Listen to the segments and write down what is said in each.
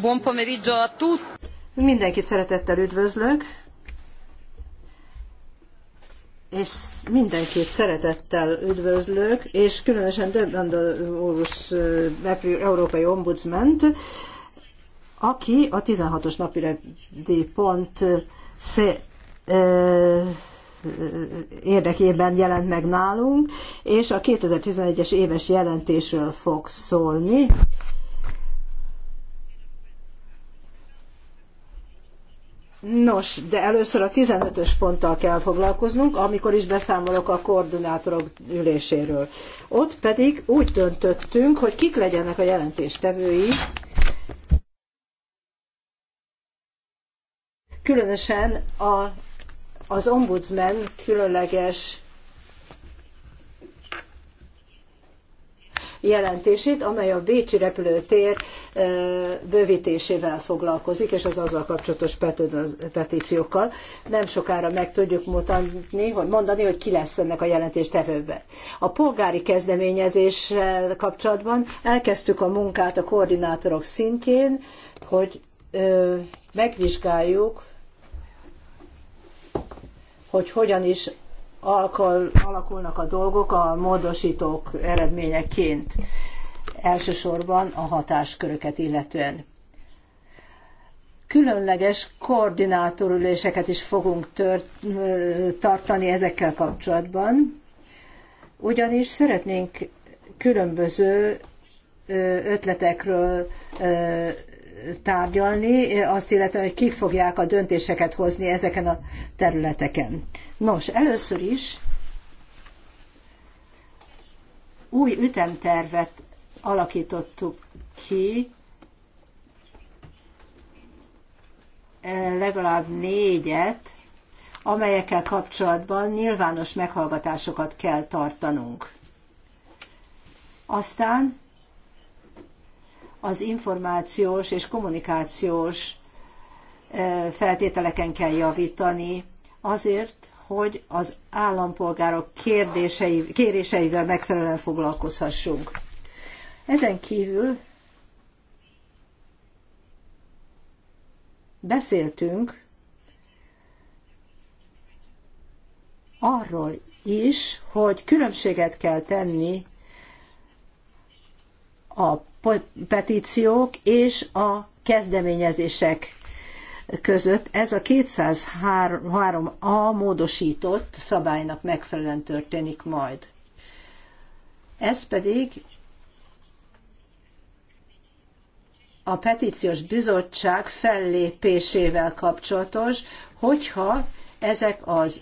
Buon pomeriggio a tutti. Mindenkit szeretettel üdvözlök, és mindenkit szeretettel üdvözlök, és különösen Döbbendorus Európai Ombudsment, aki a 16-os napirendi pont szé, ö, érdekében jelent meg nálunk, és a 2011-es éves jelentésről fog szólni. Nos, de először a 15-ös ponttal kell foglalkoznunk, amikor is beszámolok a koordinátorok üléséről. Ott pedig úgy döntöttünk, hogy kik legyenek a jelentéstevői, különösen a, az ombudsman különleges jelentését, amely a Bécsi repülőtér bővítésével foglalkozik, és az azzal kapcsolatos petíciókkal. Nem sokára meg tudjuk mutatni, hogy mondani, hogy ki lesz ennek a jelentés tevőbe. A polgári kezdeményezéssel kapcsolatban elkezdtük a munkát a koordinátorok szintjén, hogy megvizsgáljuk, hogy hogyan is alkal, alakulnak a dolgok a módosítók eredményeként, elsősorban a hatásköröket illetően. Különleges koordinátorüléseket is fogunk tört, tartani ezekkel kapcsolatban, ugyanis szeretnénk különböző ötletekről tárgyalni, azt illetve, hogy kik fogják a döntéseket hozni ezeken a területeken. Nos, először is új ütemtervet alakítottuk ki, e, legalább négyet, amelyekkel kapcsolatban nyilvános meghallgatásokat kell tartanunk. Aztán az információs és kommunikációs feltételeken kell javítani azért, hogy az állampolgárok kérdései, kéréseivel megfelelően foglalkozhassunk. Ezen kívül beszéltünk arról is, hogy különbséget kell tenni a petíciók és a kezdeményezések között ez a 203a módosított szabálynak megfelelően történik majd. Ez pedig a petíciós bizottság fellépésével kapcsolatos, hogyha ezek az,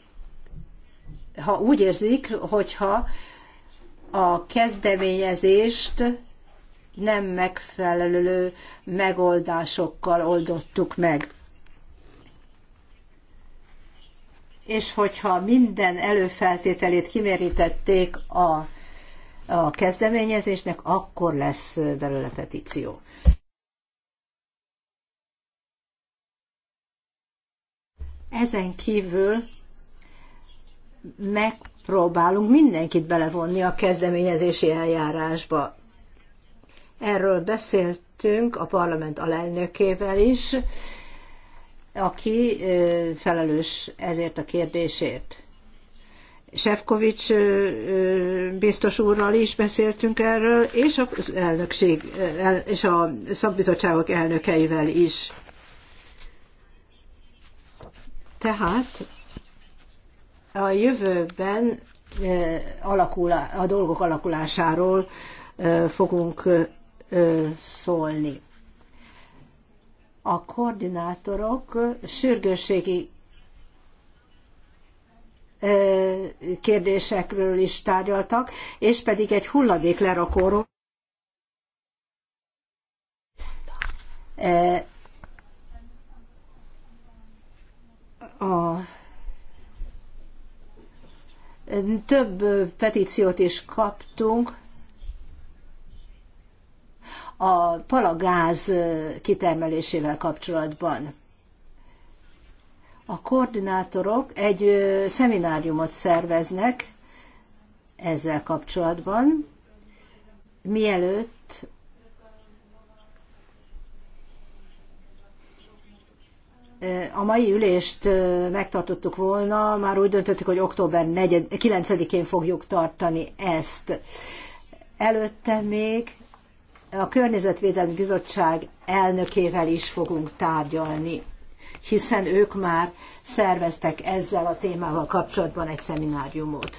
ha úgy érzik, hogyha a kezdeményezést nem megfelelő megoldásokkal oldottuk meg. És hogyha minden előfeltételét kimerítették a, a kezdeményezésnek, akkor lesz belőle petíció. Ezen kívül megpróbálunk mindenkit belevonni a kezdeményezési eljárásba. Erről beszéltünk a parlament alelnökével is, aki felelős ezért a kérdésért. Sefcovics biztos úrral is beszéltünk erről, és az elnökség, és a szakbizottságok elnökeivel is. Tehát a jövőben alakul, a dolgok alakulásáról fogunk szólni. A koordinátorok sürgősségi kérdésekről is tárgyaltak, és pedig egy hulladék lerakóról. A több petíciót is kaptunk, a palagáz kitermelésével kapcsolatban. A koordinátorok egy szemináriumot szerveznek ezzel kapcsolatban, mielőtt a mai ülést megtartottuk volna, már úgy döntöttük, hogy október 9-én fogjuk tartani ezt. Előtte még a Környezetvédelmi Bizottság elnökével is fogunk tárgyalni, hiszen ők már szerveztek ezzel a témával kapcsolatban egy szemináriumot.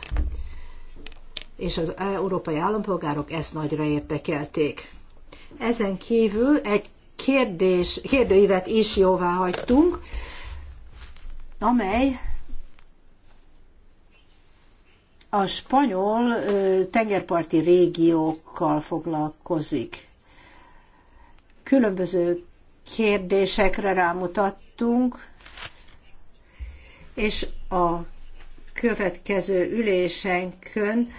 És az európai állampolgárok ezt nagyra értekelték. Ezen kívül egy kérdés, kérdőívet is jóvá hagytunk, amely a spanyol tengerparti régiókkal foglalkozik. Különböző kérdésekre rámutattunk, és a következő ülésenkön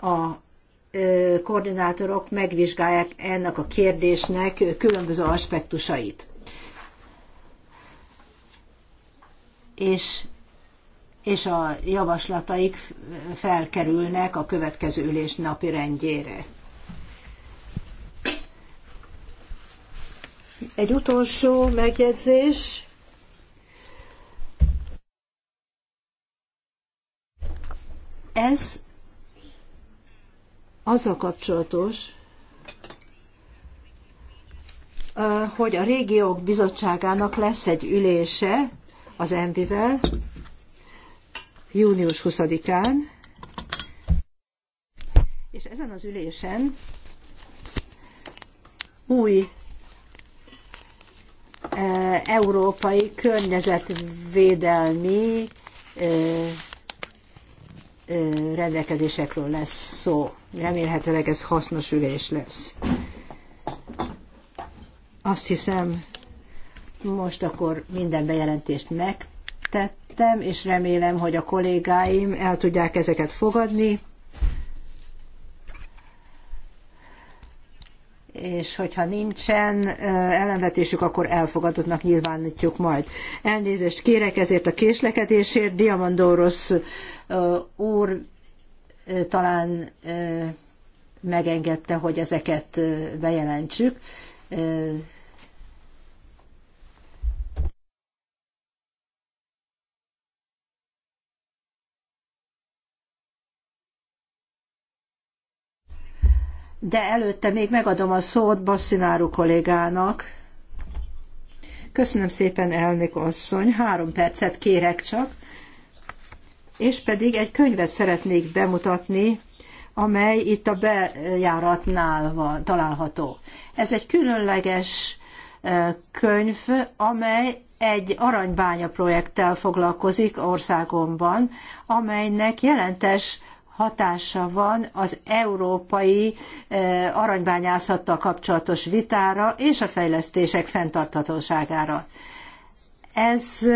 a koordinátorok megvizsgálják ennek a kérdésnek különböző aspektusait. És és a javaslataik felkerülnek a következő ülés napi rendjére. Egy utolsó megjegyzés. Ez az a kapcsolatos, eh, hogy a régiók bizottságának lesz egy ülése az Envivel, június 20-án, és ezen az ülésen új e, európai környezetvédelmi e, e, rendelkezésekről lesz szó. Remélhetőleg ez hasznos ülés lesz. Azt hiszem, most akkor minden bejelentést megtett tettem, és remélem, hogy a kollégáim el tudják ezeket fogadni. és hogyha nincsen ellenvetésük, akkor elfogadottnak nyilvánítjuk majd. Elnézést kérek ezért a késlekedésért. Diamandoros úr talán megengedte, hogy ezeket bejelentsük. de előtte még megadom a szót Basszináru kollégának. Köszönöm szépen, elnök asszony. Három percet kérek csak. És pedig egy könyvet szeretnék bemutatni, amely itt a bejáratnál van, található. Ez egy különleges e, könyv, amely egy aranybánya projekttel foglalkozik országomban, amelynek jelentes hatása van az európai e, aranybányászattal kapcsolatos vitára és a fejlesztések fenntarthatóságára. Ez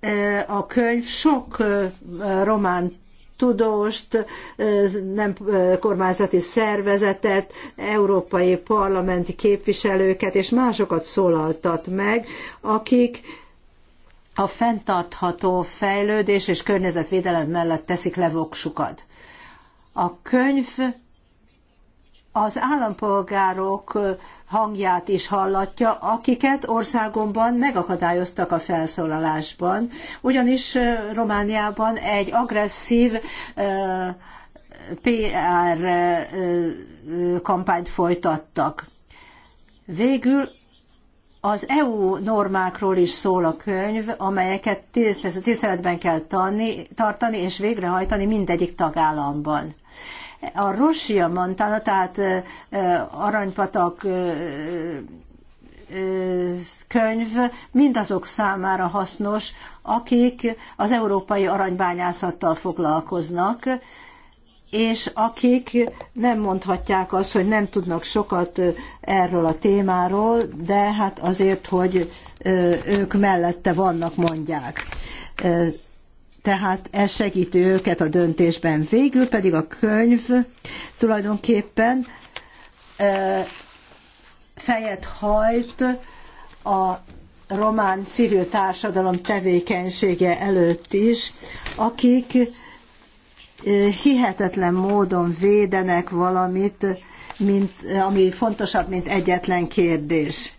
e, a könyv sok e, román tudóst, nem kormányzati szervezetet, európai parlamenti képviselőket és másokat szólaltat meg, akik a fenntartható fejlődés és környezetvédelem mellett teszik le voksukat. A könyv az állampolgárok hangját is hallatja, akiket országomban megakadályoztak a felszólalásban, ugyanis Romániában egy agresszív PR kampányt folytattak. Végül az EU normákról is szól a könyv, amelyeket tiszteletben kell tanni, tartani és végrehajtani mindegyik tagállamban. A Russia Montana, tehát Aranypatak könyv mindazok számára hasznos, akik az európai aranybányászattal foglalkoznak, és akik nem mondhatják azt, hogy nem tudnak sokat erről a témáról, de hát azért, hogy ők mellette vannak, mondják. Tehát ez segíti őket a döntésben. Végül pedig a könyv tulajdonképpen fejet hajt a román civil társadalom tevékenysége előtt is, akik hihetetlen módon védenek valamit, mint, ami fontosabb, mint egyetlen kérdés.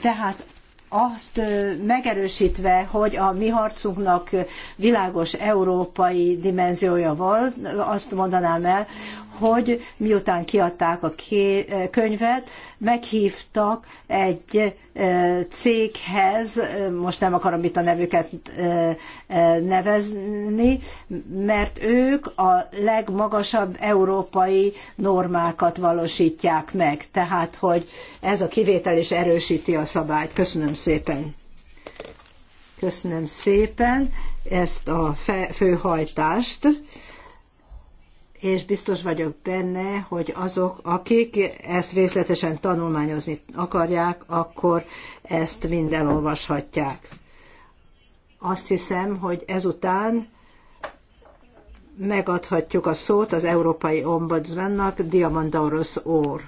Tehát azt megerősítve, hogy a mi harcunknak világos európai dimenziója van, azt mondanám el, hogy miután kiadták a könyvet, meghívtak egy céghez, most nem akarom itt a nevüket nevezni, mert ők a legmagasabb európai normákat valósítják meg. Tehát, hogy ez a kivétel is erősíti a szabályt. Köszönöm szépen. Köszönöm szépen ezt a főhajtást és biztos vagyok benne, hogy azok, akik ezt részletesen tanulmányozni akarják, akkor ezt mind elolvashatják. Azt hiszem, hogy ezután megadhatjuk a szót az Európai Ombudsmannak, Diamandouros úr.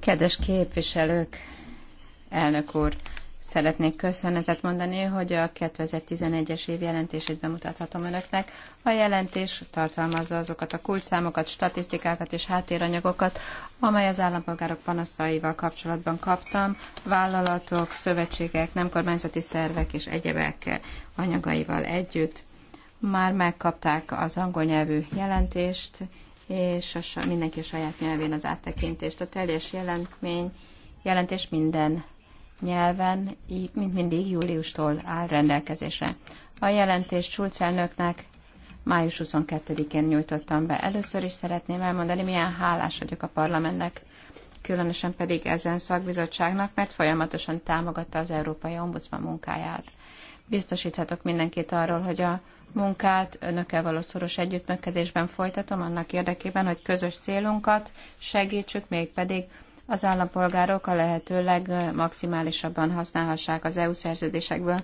Kedves képviselők, elnök úr, Szeretnék köszönetet mondani, hogy a 2011-es év jelentését bemutathatom önöknek. A jelentés tartalmazza azokat a kulcsszámokat, statisztikákat és háttéranyagokat, amely az állampolgárok panaszaival kapcsolatban kaptam, vállalatok, szövetségek, nem kormányzati szervek és egyebek anyagaival együtt. Már megkapták az angol nyelvű jelentést, és a, mindenki a saját nyelvén az áttekintést. A teljes jelentmény, jelentés minden nyelven, így, mint mindig, júliustól áll rendelkezésre. A jelentést Schulz elnöknek május 22-én nyújtottam be. Először is szeretném elmondani, milyen hálás vagyok a parlamentnek, különösen pedig ezen szakbizottságnak, mert folyamatosan támogatta az Európai Ombudsman munkáját. Biztosíthatok mindenkit arról, hogy a munkát önökkel való szoros együttműködésben folytatom, annak érdekében, hogy közös célunkat segítsük, mégpedig pedig az állampolgárok a lehető legmaximálisabban használhassák az EU szerződésekből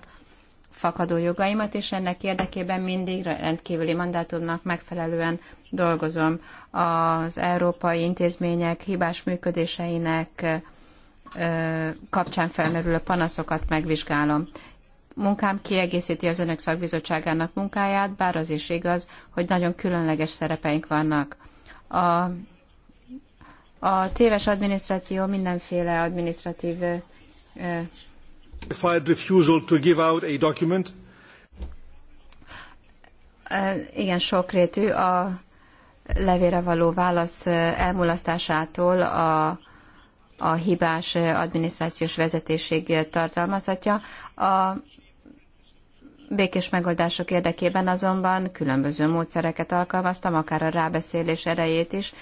fakadó jogaimat, és ennek érdekében mindig rendkívüli mandátumnak megfelelően dolgozom. Az európai intézmények hibás működéseinek kapcsán felmerülő panaszokat megvizsgálom. Munkám kiegészíti az Önök szakbizottságának munkáját, bár az is igaz, hogy nagyon különleges szerepeink vannak. A a téves adminisztráció mindenféle adminisztratív Igen, sokrétű a levére való válasz elmulasztásától a a hibás adminisztrációs vezetésig tartalmazhatja. A békés megoldások érdekében azonban különböző módszereket alkalmaztam, akár a rábeszélés erejét is,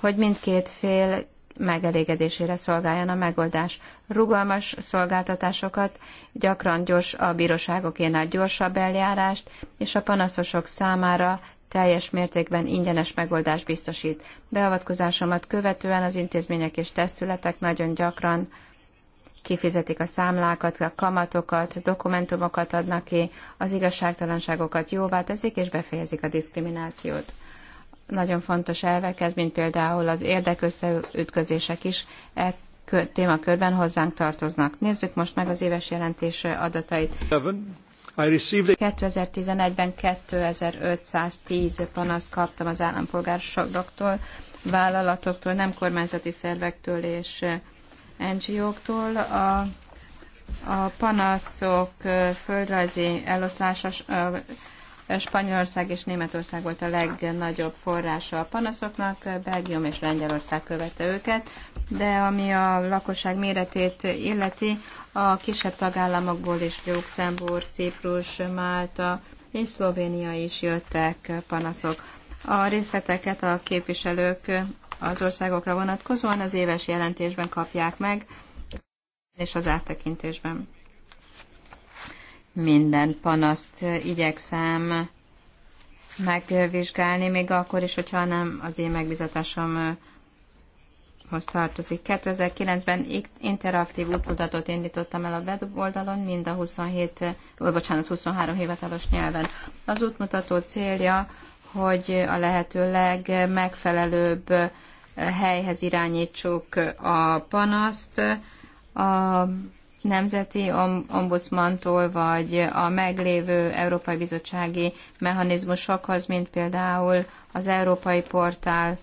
hogy mindkét fél megelégedésére szolgáljon a megoldás. Rugalmas szolgáltatásokat, gyakran gyors a bíróságokénál gyorsabb eljárást, és a panaszosok számára teljes mértékben ingyenes megoldás biztosít. Beavatkozásomat követően az intézmények és testületek nagyon gyakran kifizetik a számlákat, a kamatokat, dokumentumokat adnak ki, az igazságtalanságokat jóvá teszik és befejezik a diszkriminációt nagyon fontos elvekhez, mint például az érdekösszeütközések is e témakörben hozzánk tartoznak. Nézzük most meg az éves jelentés adatait. 2011-ben 2510 panaszt kaptam az állampolgároktól, vállalatoktól, nem kormányzati szervektől és NGO-któl. A, a panaszok földrajzi eloszlása Spanyolország és Németország volt a legnagyobb forrása a panaszoknak, Belgium és Lengyelország követte őket, de ami a lakosság méretét illeti, a kisebb tagállamokból is Luxemburg, Ciprus, Málta és Szlovénia is jöttek panaszok. A részleteket a képviselők az országokra vonatkozóan az éves jelentésben kapják meg, és az áttekintésben minden panaszt igyekszem megvizsgálni, még akkor is, hogyha nem az én hoz tartozik. 2009-ben interaktív útmutatót indítottam el a weboldalon, mind a 27, ó, bocsánat, 23 hivatalos nyelven. Az útmutató célja, hogy a lehető legmegfelelőbb helyhez irányítsuk a panaszt, a nemzeti ombudsmantól, vagy a meglévő Európai Bizottsági mechanizmusokhoz, mint például az Európai Portál,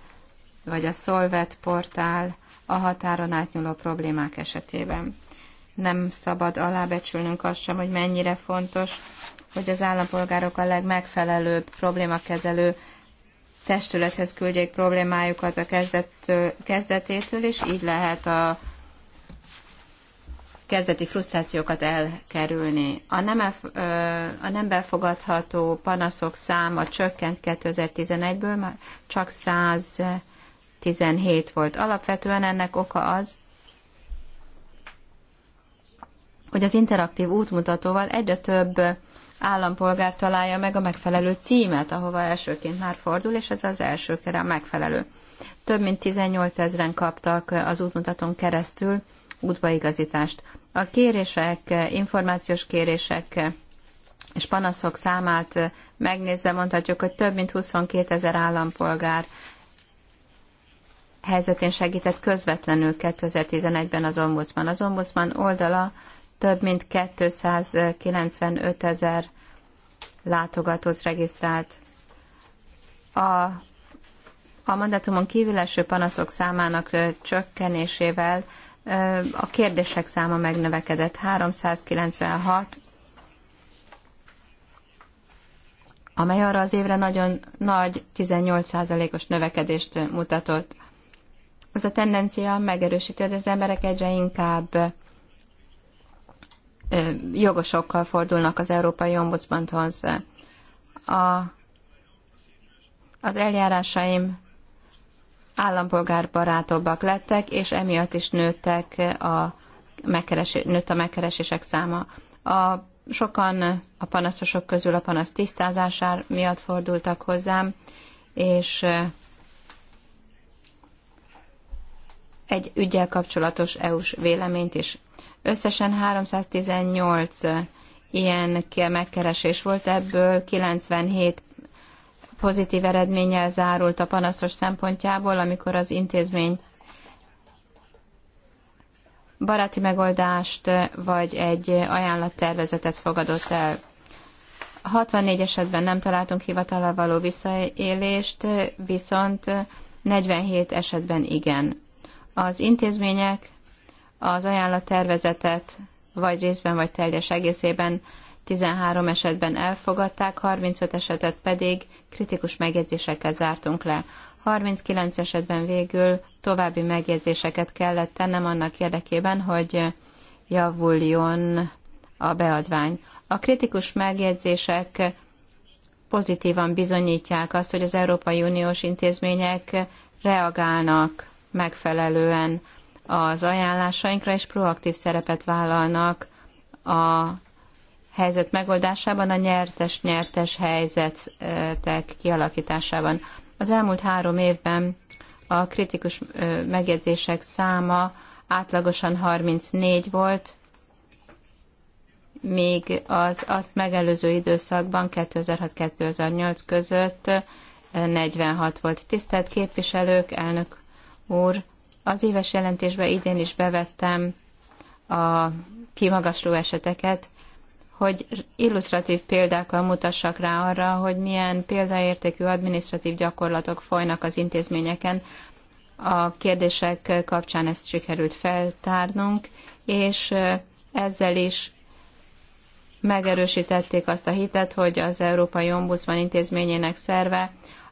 vagy a Solvet Portál a határon átnyúló problémák esetében. Nem szabad alábecsülnünk azt sem, hogy mennyire fontos, hogy az állampolgárok a legmegfelelőbb problémakezelő testülethez küldjék problémájukat a kezdettől, kezdetétől, és így lehet a kezdeti frusztrációkat elkerülni. A nem, elf, a nem befogadható panaszok száma csökkent 2011-ből, már csak 117 volt. Alapvetően ennek oka az, hogy az interaktív útmutatóval egyre több állampolgár találja meg a megfelelő címet, ahova elsőként már fordul, és ez az első a megfelelő. Több mint 18 ezeren kaptak az útmutatón keresztül útbaigazítást. A kérések, információs kérések és panaszok számát megnézve mondhatjuk, hogy több mint 22 ezer állampolgár helyzetén segített közvetlenül 2011-ben az ombudsman. Az ombudsman oldala több mint 295 ezer látogatót regisztrált. A, a mandátumon kívül eső panaszok számának csökkenésével a kérdések száma megnövekedett 396, amely arra az évre nagyon nagy 18%-os növekedést mutatott. Ez a tendencia megerősíti, hogy az emberek egyre inkább jogosokkal fordulnak az Európai Ombudsmanhoz. A, az eljárásaim állampolgárbarátabbak lettek, és emiatt is nőttek a megkeresés, nőtt a megkeresések száma. A sokan a panaszosok közül a panasz tisztázásár miatt fordultak hozzám, és eh, egy ügyel kapcsolatos EU-s véleményt is. Összesen 318 ilyen megkeresés volt, ebből 97 pozitív eredménnyel zárult a panaszos szempontjából, amikor az intézmény baráti megoldást vagy egy ajánlattervezetet fogadott el. 64 esetben nem találtunk hivatalal való visszaélést, viszont 47 esetben igen. Az intézmények az ajánlattervezetet vagy részben, vagy teljes egészében 13 esetben elfogadták, 35 esetet pedig kritikus megjegyzésekkel zártunk le. 39 esetben végül további megjegyzéseket kellett tennem annak érdekében, hogy javuljon a beadvány. A kritikus megjegyzések pozitívan bizonyítják azt, hogy az Európai Uniós intézmények reagálnak megfelelően az ajánlásainkra, és proaktív szerepet vállalnak a helyzet megoldásában, a nyertes-nyertes helyzetek kialakításában. Az elmúlt három évben a kritikus megjegyzések száma átlagosan 34 volt, még az azt megelőző időszakban 2006-2008 között 46 volt. Tisztelt képviselők, elnök úr, az éves jelentésbe idén is bevettem a kimagasló eseteket, hogy illusztratív példákkal mutassak rá arra, hogy milyen példaértékű administratív gyakorlatok folynak az intézményeken. A kérdések kapcsán ezt sikerült feltárnunk, és ezzel is megerősítették azt a hitet, hogy az Európai Ombudsman intézményének szerve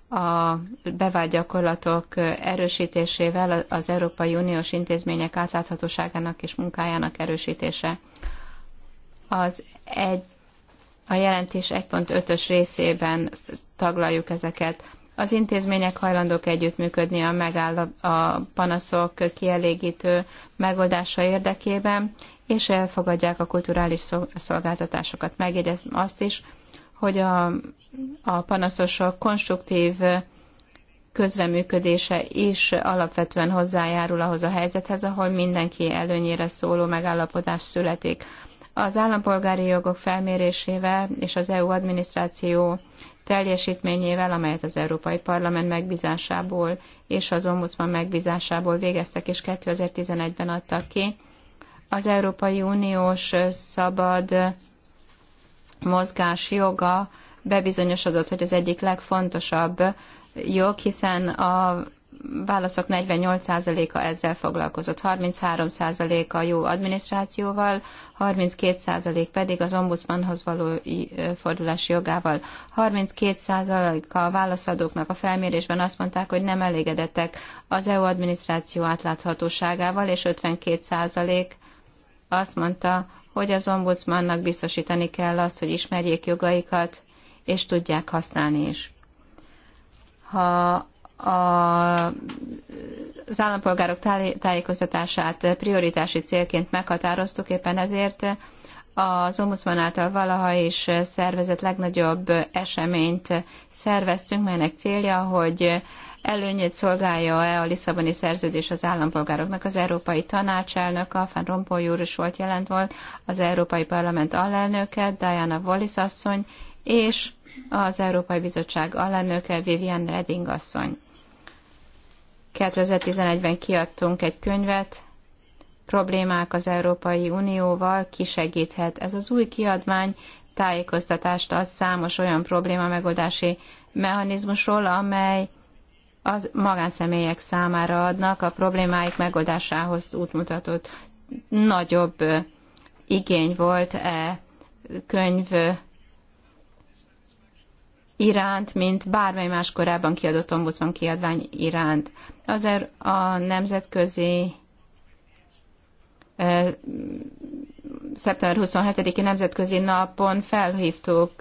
a bevált gyakorlatok erősítésével az Európai Uniós intézmények átláthatóságának és munkájának erősítése az egy, a jelentés 1.5-ös részében taglaljuk ezeket. Az intézmények hajlandók együttműködni a, megáll a panaszok kielégítő megoldása érdekében, és elfogadják a kulturális szolgáltatásokat. Megjegyezem azt is, hogy a, a panaszosok konstruktív közreműködése is alapvetően hozzájárul ahhoz a helyzethez, ahol mindenki előnyére szóló megállapodás születik. Az állampolgári jogok felmérésével és az EU adminisztráció teljesítményével, amelyet az Európai Parlament megbízásából és az Ombudsman megbízásából végeztek és 2011-ben adtak ki. Az Európai Uniós szabad mozgás joga bebizonyosodott, hogy az egyik legfontosabb jog, hiszen a válaszok 48%-a ezzel foglalkozott, 33%-a jó adminisztrációval, 32% pedig az ombudsmanhoz való fordulási jogával. 32%-a a válaszadóknak a felmérésben azt mondták, hogy nem elégedettek az EU adminisztráció átláthatóságával, és 52% azt mondta, hogy az ombudsmannak biztosítani kell azt, hogy ismerjék jogaikat, és tudják használni is. Ha a az állampolgárok tájékoztatását prioritási célként meghatároztuk, éppen ezért az ombudsman által valaha is szervezett legnagyobb eseményt szerveztünk, melynek célja, hogy előnyét szolgálja-e a Lisszaboni szerződés az állampolgároknak. Az Európai Tanács elnöke, Van Rompuy úr is volt jelent volt, az Európai Parlament alelnöke, Diana Wallis asszony, és az Európai Bizottság alelnöke, Vivian Redding asszony. 2011-ben kiadtunk egy könyvet, problémák az Európai Unióval kisegíthet. Ez az új kiadvány tájékoztatást ad számos olyan probléma megoldási mechanizmusról, amely az magánszemélyek számára adnak a problémáik megoldásához útmutatót. Nagyobb igény volt e könyv iránt, mint bármely más korábban kiadott ombudsman kiadvány iránt. Azért er- a nemzetközi szeptember 27-i nemzetközi napon felhívtuk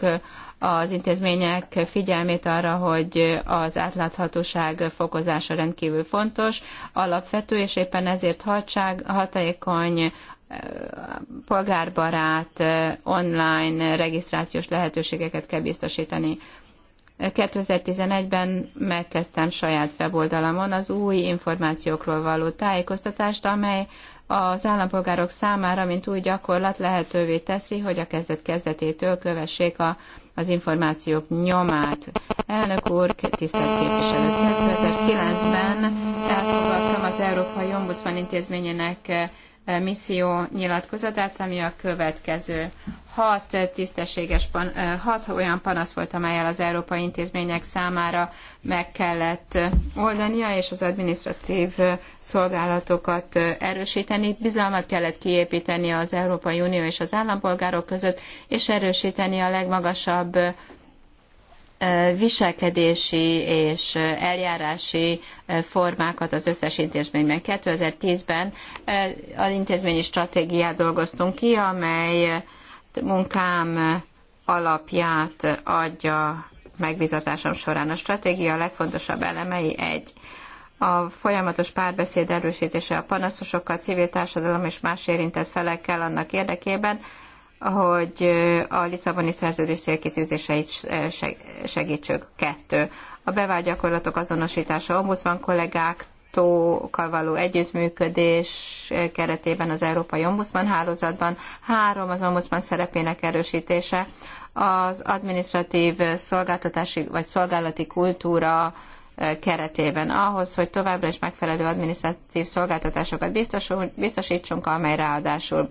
az intézmények figyelmét arra, hogy az átláthatóság fokozása rendkívül fontos, alapvető, és éppen ezért hatság, hatékony polgárbarát online regisztrációs lehetőségeket kell biztosítani. 2011-ben megkezdtem saját weboldalamon az új információkról való tájékoztatást, amely az állampolgárok számára, mint új gyakorlat lehetővé teszi, hogy a kezdet kezdetétől kövessék a, az információk nyomát. Elnök úr, tisztelt képviselő, 2009-ben elfogadtam az Európai Ombudsman Intézményének Eh, misszió nyilatkozatát, ami a következő. Hat eh, tisztességes, pan, eh, hat olyan panasz volt, amelyel az európai intézmények számára meg kellett oldania, és az adminisztratív szolgálatokat erősíteni. Bizalmat kellett kiépíteni az Európai Unió és az állampolgárok között, és erősíteni a legmagasabb viselkedési és eljárási formákat az összes intézményben. 2010-ben az intézményi stratégiát dolgoztunk ki, amely munkám alapját adja megbizatásom során. A stratégia legfontosabb elemei egy a folyamatos párbeszéd erősítése a panaszosokkal, civil társadalom és más érintett felekkel annak érdekében, hogy a Lisszaboni szerződés célkitűzéseit segítsük. Kettő. A bevált gyakorlatok azonosítása ombudsman kollégák való együttműködés keretében az Európai Ombudsman hálózatban. Három, az ombudsman szerepének erősítése, az administratív szolgáltatási vagy szolgálati kultúra keretében ahhoz, hogy továbbra is megfelelő adminisztratív szolgáltatásokat biztosítsunk, amely ráadásul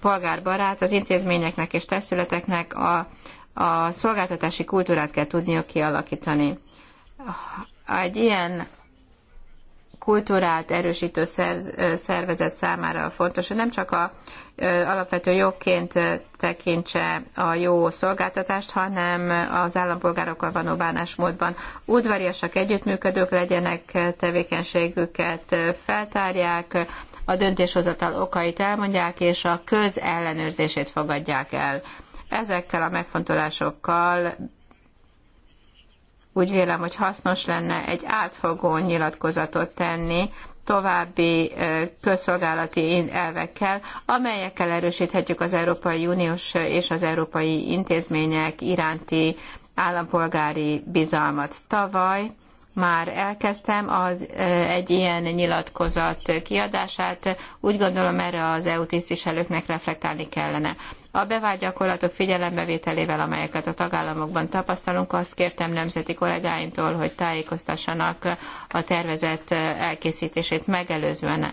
polgárbarát, az intézményeknek és testületeknek a, a szolgáltatási kultúrát kell tudniuk kialakítani. Egy ilyen kultúrát erősítő szervezet számára fontos, hogy nem csak a alapvető jogként tekintse a jó szolgáltatást, hanem az állampolgárokkal való bánásmódban udvariasak, együttműködők legyenek, tevékenységüket feltárják, a döntéshozatal okait elmondják, és a köz ellenőrzését fogadják el. Ezekkel a megfontolásokkal úgy vélem, hogy hasznos lenne egy átfogó nyilatkozatot tenni, további közszolgálati elvekkel, amelyekkel erősíthetjük az Európai Uniós és az európai intézmények iránti állampolgári bizalmat. Tavaly már elkezdtem az egy ilyen nyilatkozat kiadását. Úgy gondolom erre az EU tisztviselőknek reflektálni kellene. A bevált gyakorlatok figyelembevételével, amelyeket a tagállamokban tapasztalunk, azt kértem nemzeti kollégáimtól, hogy tájékoztassanak a tervezet elkészítését megelőzően.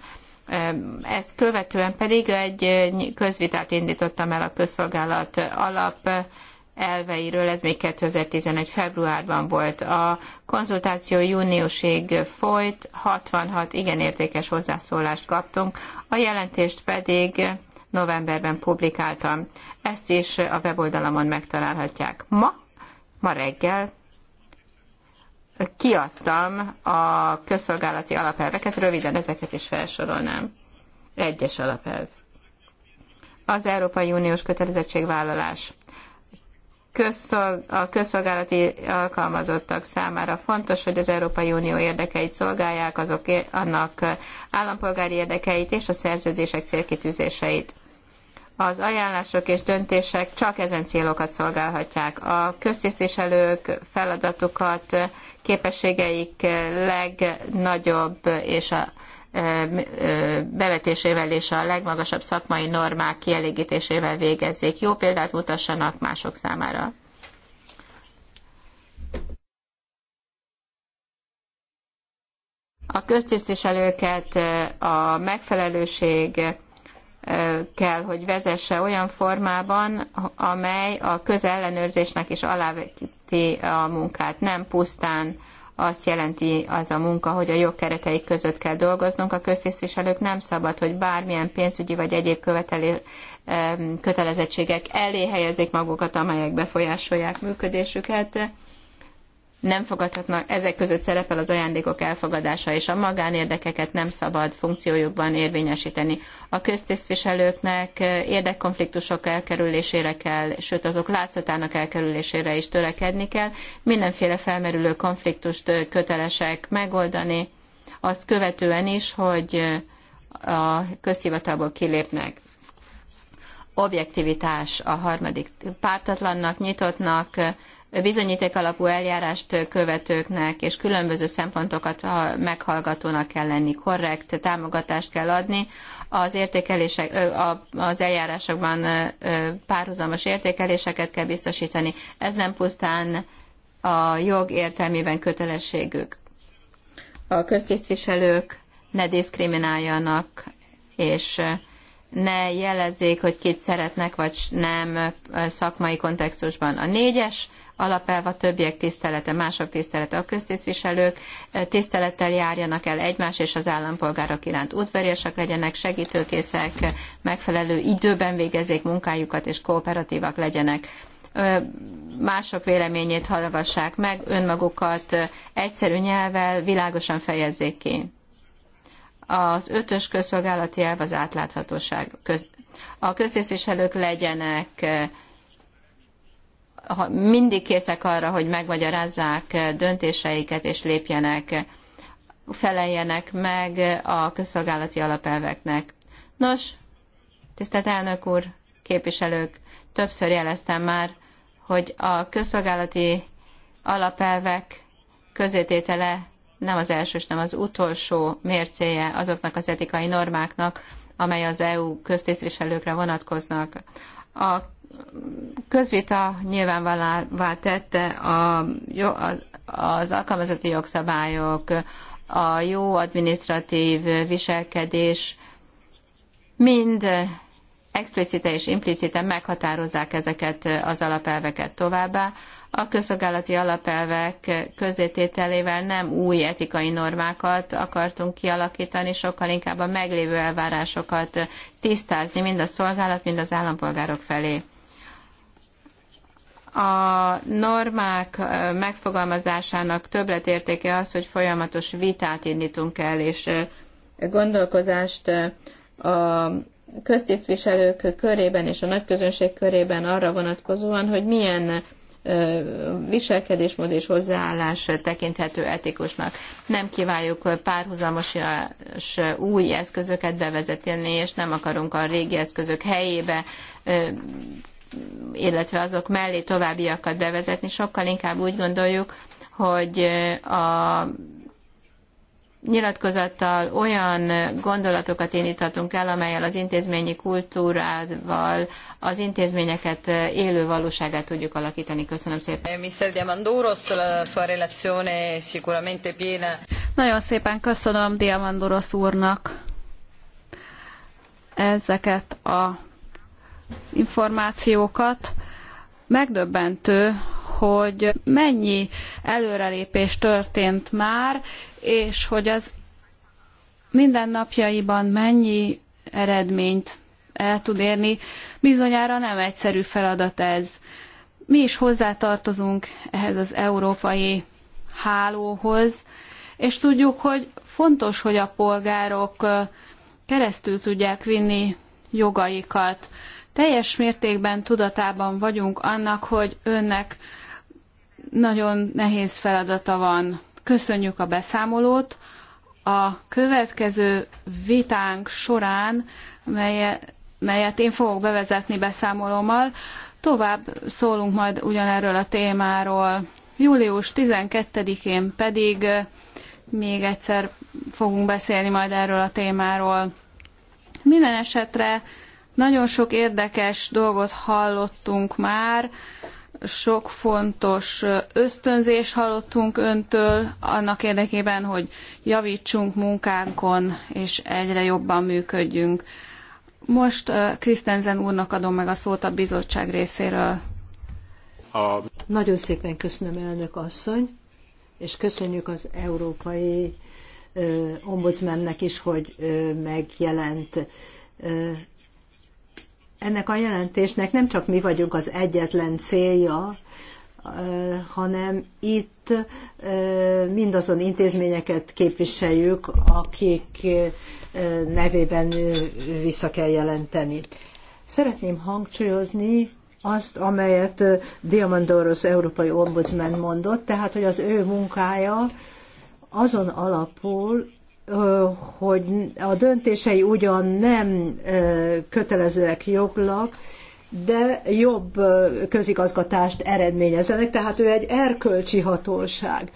Ezt követően pedig egy közvitát indítottam el a közszolgálat alap elveiről, ez még 2011. februárban volt. A konzultáció júniusig folyt, 66 igen értékes hozzászólást kaptunk, a jelentést pedig novemberben publikáltam. Ezt is a weboldalamon megtalálhatják. Ma, ma reggel kiadtam a közszolgálati alapelveket, röviden ezeket is felsorolnám. Egyes alapelv. Az Európai Uniós kötelezettségvállalás közszol, a közszolgálati alkalmazottak számára fontos, hogy az Európai Unió érdekeit szolgálják, azok annak állampolgári érdekeit és a szerződések célkitűzéseit. Az ajánlások és döntések csak ezen célokat szolgálhatják. A köztisztviselők feladatukat, képességeik legnagyobb és a bevetésével és a legmagasabb szakmai normák kielégítésével végezzék. Jó példát mutassanak mások számára. A köztisztviselőket a megfelelőség kell, hogy vezesse olyan formában, amely a közellenőrzésnek is aláveti a munkát, nem pusztán azt jelenti az a munka, hogy a jogkereteik között kell dolgoznunk. A köztisztviselők nem szabad, hogy bármilyen pénzügyi vagy egyéb követelé, kötelezettségek elé helyezik magukat, amelyek befolyásolják működésüket nem fogadhatnak, ezek között szerepel az ajándékok elfogadása, és a magánérdekeket nem szabad funkciójukban érvényesíteni. A köztisztviselőknek eh, érdekkonfliktusok elkerülésére kell, sőt azok látszatának elkerülésére is törekedni kell. Mindenféle felmerülő konfliktust eh, kötelesek megoldani, azt követően is, hogy eh, a közhivatalból kilépnek. Objektivitás a harmadik pártatlannak, nyitottnak, bizonyíték alapú eljárást követőknek és különböző szempontokat meghallgatónak kell lenni, korrekt támogatást kell adni. Az, értékelések, az eljárásokban párhuzamos értékeléseket kell biztosítani. Ez nem pusztán a jog értelmében kötelességük. A köztisztviselők ne diszkrimináljanak, és ne jelezzék, hogy kit szeretnek, vagy nem szakmai kontextusban. A négyes alapelve a többiek tisztelete, mások tisztelete, a köztisztviselők e, tisztelettel járjanak el egymás és az állampolgárok iránt udvariasak legyenek, segítőkészek, megfelelő időben végezzék munkájukat és kooperatívak legyenek mások véleményét hallgassák meg, önmagukat egyszerű nyelvel világosan fejezzék ki. Az ötös közszolgálati elv az átláthatóság. A köztisztviselők legyenek mindig készek arra, hogy megmagyarázzák döntéseiket és lépjenek, feleljenek meg a közszolgálati alapelveknek. Nos, tisztelt elnök úr, képviselők, többször jeleztem már, hogy a közszolgálati alapelvek közététele nem az első és nem az utolsó mércéje azoknak az etikai normáknak, amely az EU köztisztviselőkre vonatkoznak. A közvita nyilvánvalóvá tette a, az alkalmazotti jogszabályok, a jó adminisztratív viselkedés mind explicite és implicite meghatározzák ezeket az alapelveket továbbá. A közszolgálati alapelvek közétételével nem új etikai normákat akartunk kialakítani, sokkal inkább a meglévő elvárásokat tisztázni mind a szolgálat, mind az állampolgárok felé a normák megfogalmazásának többletértéke az, hogy folyamatos vitát indítunk el, és gondolkozást a köztisztviselők körében és a nagyközönség körében arra vonatkozóan, hogy milyen viselkedésmód és hozzáállás tekinthető etikusnak. Nem kívánjuk párhuzamos új eszközöket bevezetni, és nem akarunk a régi eszközök helyébe illetve azok mellé továbbiakat bevezetni, sokkal inkább úgy gondoljuk, hogy a nyilatkozattal olyan gondolatokat indíthatunk el, amelyel az intézményi kultúrával az intézményeket élő valóságát tudjuk alakítani. Köszönöm szépen. Eh, Mr. Diamandouros, la sua relazione sicuramente piena. Nagyon szépen köszönöm Diamandouros úrnak ezeket a információkat. Megdöbbentő, hogy mennyi előrelépés történt már, és hogy az mindennapjaiban mennyi eredményt el tud érni, bizonyára nem egyszerű feladat ez. Mi is hozzátartozunk ehhez az európai hálóhoz, és tudjuk, hogy fontos, hogy a polgárok keresztül tudják vinni jogaikat. Teljes mértékben tudatában vagyunk annak, hogy önnek nagyon nehéz feladata van. Köszönjük a beszámolót. A következő vitánk során, melyet, én fogok bevezetni beszámolómmal, tovább szólunk majd ugyanerről a témáról. Július 12-én pedig eh, még egyszer fogunk beszélni majd erről a témáról. Minden esetre nagyon sok érdekes dolgot hallottunk már, sok fontos ösztönzés hallottunk öntől annak érdekében, hogy javítsunk munkánkon, és egyre jobban működjünk. Most Krisztenzen úrnak adom meg a szót a bizottság részéről. A... Nagyon szépen köszönöm, elnök asszony, és köszönjük az európai ombudsmannek is, hogy megjelent ennek a jelentésnek nem csak mi vagyunk az egyetlen célja, hanem itt mindazon intézményeket képviseljük, akik nevében vissza kell jelenteni. Szeretném hangsúlyozni azt, amelyet Diamandoros európai ombudsman mondott, tehát, hogy az ő munkája azon alapul, hogy a döntései ugyan nem kötelezőek joglak, de jobb közigazgatást eredményezenek, tehát ő egy erkölcsi hatóság.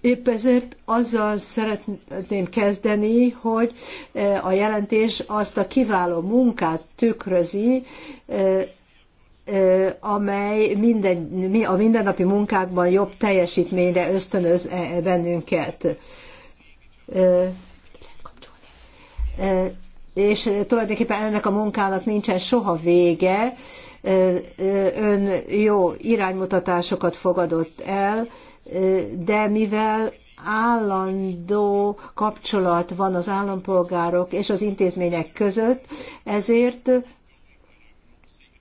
Épp ezért azzal szeretném kezdeni, hogy a jelentés azt a kiváló munkát tükrözi, amely minden, a mindennapi munkákban jobb teljesítményre ösztönöz eh, bennünket és tulajdonképpen ennek a munkának nincsen soha vége. Ön jó iránymutatásokat fogadott el, de mivel állandó kapcsolat van az állampolgárok és az intézmények között, ezért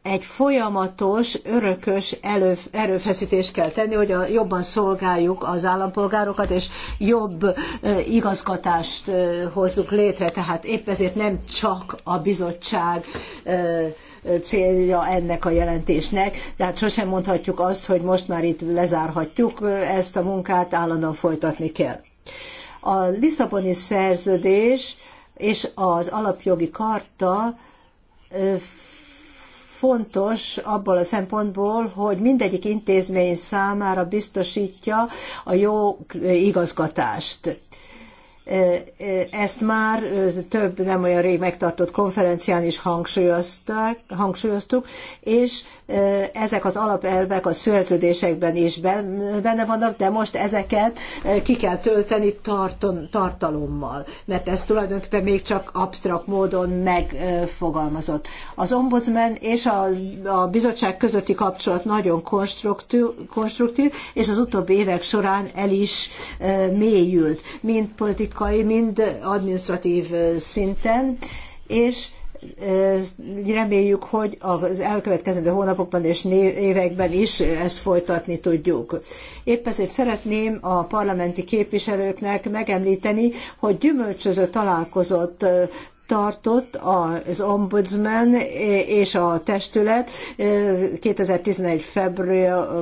egy folyamatos, örökös elő, erőfeszítést kell tenni, hogy a, jobban szolgáljuk az állampolgárokat, és jobb igazgatást hozzuk létre. Tehát épp ezért nem csak a bizottság célja ennek a jelentésnek. Tehát sosem mondhatjuk azt, hogy most már itt lezárhatjuk ezt a munkát, állandóan folytatni kell. A Lisszaboni szerződés és az alapjogi karta fontos abból a szempontból, hogy mindegyik intézmény számára biztosítja a jó igazgatást. Ezt már több nem olyan rég megtartott konferencián is hangsúlyoztuk, és ezek az alapelvek a szerződésekben is benne vannak, de most ezeket ki kell tölteni tartalommal, mert ez tulajdonképpen még csak absztrakt módon megfogalmazott. Az ombudsman és a, a bizottság közötti kapcsolat nagyon konstruktív, konstruktív, és az utóbbi évek során el is mélyült, mind politikai, mind administratív szinten, és Reméljük, hogy az elkövetkezendő hónapokban és években is ezt folytatni tudjuk. Épp ezért szeretném a parlamenti képviselőknek megemlíteni, hogy gyümölcsöző találkozott tartott az ombudsman és a testület 2011 eh,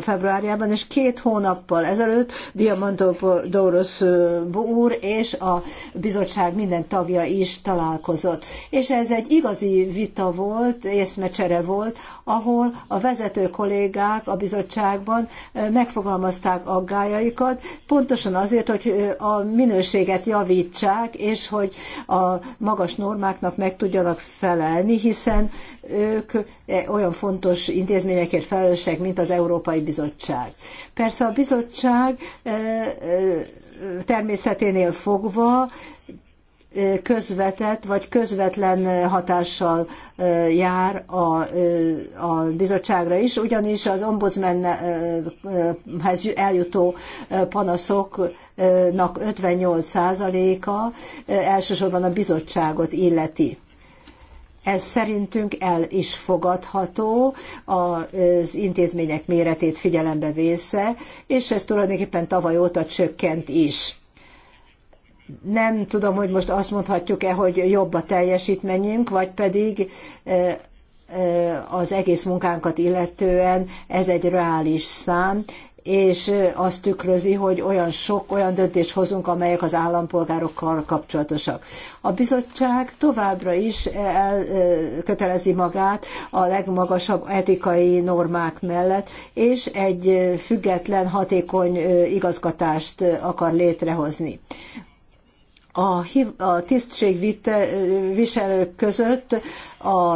februárjában, és két hónappal ezelőtt Diamantopoulos eh, úr és a bizottság minden tagja is találkozott. És ez egy igazi vita volt, észmecsere volt, ahol a vezető kollégák a bizottságban eh, megfogalmazták aggájaikat, pontosan azért, hogy a minőséget javítsák, és hogy a magas normák normáknak meg tudjanak felelni, hiszen ők e, olyan fontos intézményekért felelősek, mint az Európai Bizottság. Persze a bizottság e, e, természeténél fogva közvetett vagy közvetlen hatással jár a, a bizottságra is, ugyanis az ombudsmanhez eljutó panaszoknak 58%-a elsősorban a bizottságot illeti. Ez szerintünk el is fogadható az intézmények méretét figyelembe vésze, és ez tulajdonképpen tavaly óta csökkent is nem tudom, hogy most azt mondhatjuk-e, hogy jobb a teljesítményünk, vagy pedig e, e, az egész munkánkat illetően ez egy reális szám, és azt tükrözi, hogy olyan sok olyan döntést hozunk, amelyek az állampolgárokkal kapcsolatosak. A bizottság továbbra is el, e, kötelezi magát a legmagasabb etikai normák mellett, és egy független, hatékony igazgatást akar létrehozni a, a tisztségviselők között a,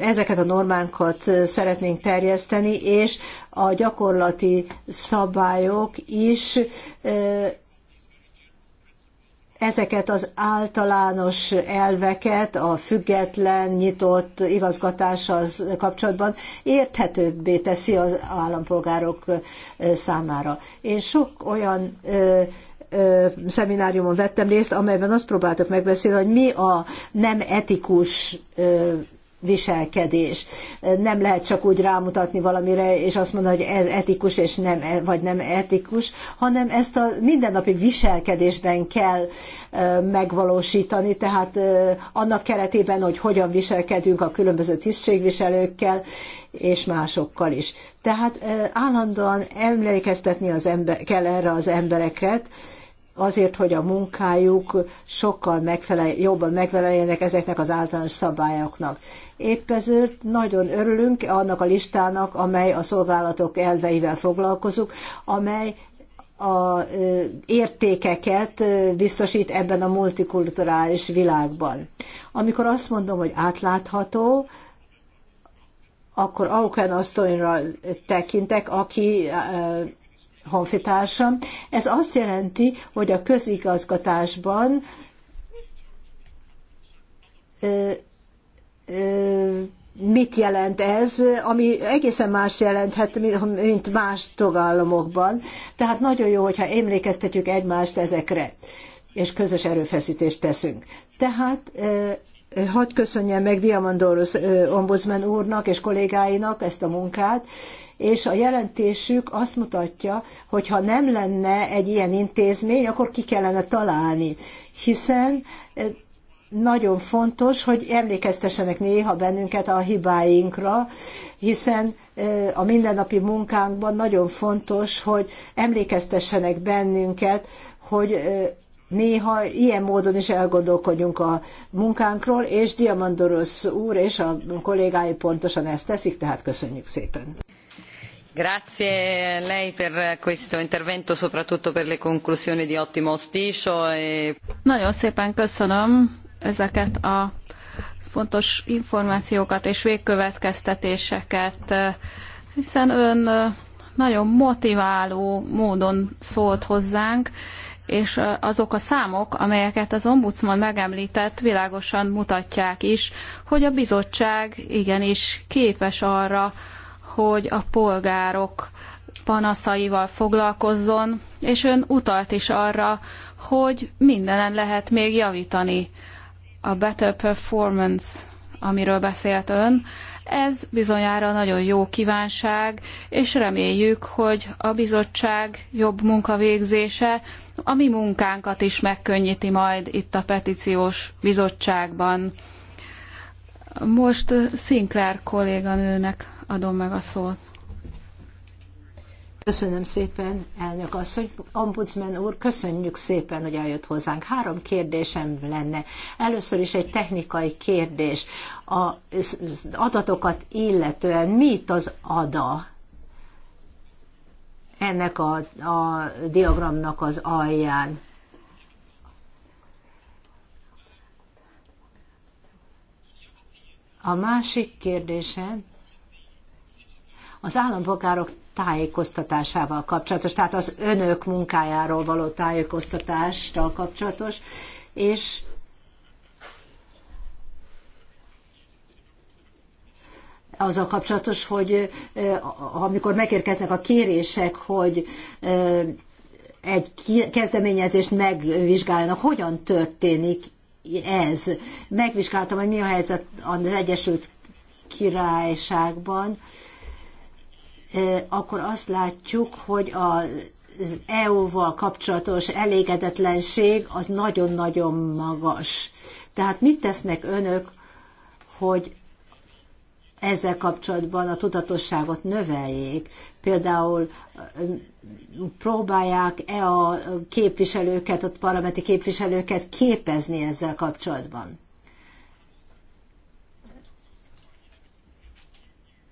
ezeket a normákat szeretnénk terjeszteni, és a gyakorlati szabályok is ezeket az általános elveket a független, nyitott igazgatással kapcsolatban érthetőbbé teszi az állampolgárok számára. És sok olyan szemináriumon vettem részt, amelyben azt próbáltuk megbeszélni, hogy mi a nem etikus viselkedés. Nem lehet csak úgy rámutatni valamire, és azt mondani, hogy ez etikus, és nem, e, vagy nem etikus, hanem ezt a mindennapi viselkedésben kell megvalósítani, tehát annak keretében, hogy hogyan viselkedünk a különböző tisztségviselőkkel, és másokkal is. Tehát állandóan emlékeztetni az ember, kell erre az embereket, azért, hogy a munkájuk sokkal megfelel, jobban megfeleljenek ezeknek az általános szabályoknak. Épp ezért nagyon örülünk annak a listának, amely a szolgálatok elveivel foglalkozunk, amely a értékeket biztosít ebben a multikulturális világban. Amikor azt mondom, hogy átlátható, akkor Auken asszonyra tekintek, aki honfitársam. Ez azt jelenti, hogy a közigazgatásban mit jelent ez, ami egészen más jelenthet, mint más tagállamokban. Tehát nagyon jó, hogyha emlékeztetjük egymást ezekre, és közös erőfeszítést teszünk. Tehát hadd köszönjem meg Diamandoros ombudsman úrnak és kollégáinak ezt a munkát, és a jelentésük azt mutatja, hogy ha nem lenne egy ilyen intézmény, akkor ki kellene találni, hiszen eh, nagyon fontos, hogy emlékeztessenek néha bennünket a hibáinkra, hiszen eh, a mindennapi munkánkban nagyon fontos, hogy emlékeztessenek bennünket, hogy eh, néha ilyen módon is elgondolkodjunk a munkánkról, és Diamandoros úr és a kollégái pontosan ezt teszik, tehát köszönjük szépen. Grazie a lei per questo intervento, soprattutto per le conclusioni di ottimo auspicio. E... Nagyon szépen köszönöm ezeket a fontos információkat és végkövetkeztetéseket, hiszen ön nagyon motiváló módon szólt hozzánk, és azok a számok, amelyeket az ombudsman megemlített, világosan mutatják is, hogy a bizottság igenis képes arra, hogy a polgárok panaszaival foglalkozzon, és ön utalt is arra, hogy mindenen lehet még javítani. A Better Performance, amiről beszélt ön, ez bizonyára nagyon jó kívánság, és reméljük, hogy a bizottság jobb munkavégzése a mi munkánkat is megkönnyíti majd itt a petíciós bizottságban. Most Sinclair kolléganőnek adom meg a szót. Köszönöm szépen, elnök asszony, ombudsman úr, köszönjük szépen, hogy eljött hozzánk. Három kérdésem lenne. Először is egy technikai kérdés. Az adatokat illetően mi itt az ADA? Ennek a, a diagramnak az alján. A másik kérdésem, az állampolgárok tájékoztatásával kapcsolatos, tehát az önök munkájáról való tájékoztatástal kapcsolatos, és azzal kapcsolatos, hogy amikor megérkeznek a kérések, hogy egy kezdeményezést megvizsgáljanak, hogyan történik ez. Megvizsgáltam, hogy mi a helyzet az Egyesült Királyságban, akkor azt látjuk, hogy az EU-val kapcsolatos elégedetlenség az nagyon-nagyon magas. Tehát mit tesznek önök, hogy ezzel kapcsolatban a tudatosságot növeljék. Például próbálják-e a képviselőket, a parlamenti képviselőket képezni ezzel kapcsolatban?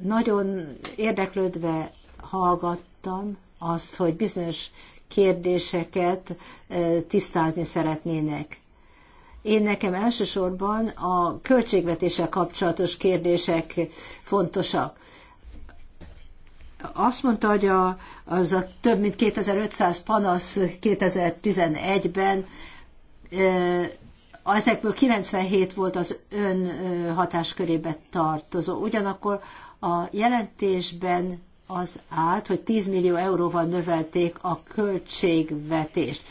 Nagyon érdeklődve hallgattam azt, hogy bizonyos kérdéseket tisztázni szeretnének. Én nekem elsősorban a költségvetéssel kapcsolatos kérdések fontosak. Azt mondta, hogy a, az a több mint 2500 panasz 2011-ben, ezekből 97 volt az ön hatáskörébe tartozó. Ugyanakkor a jelentésben az állt, hogy 10 millió euróval növelték a költségvetést.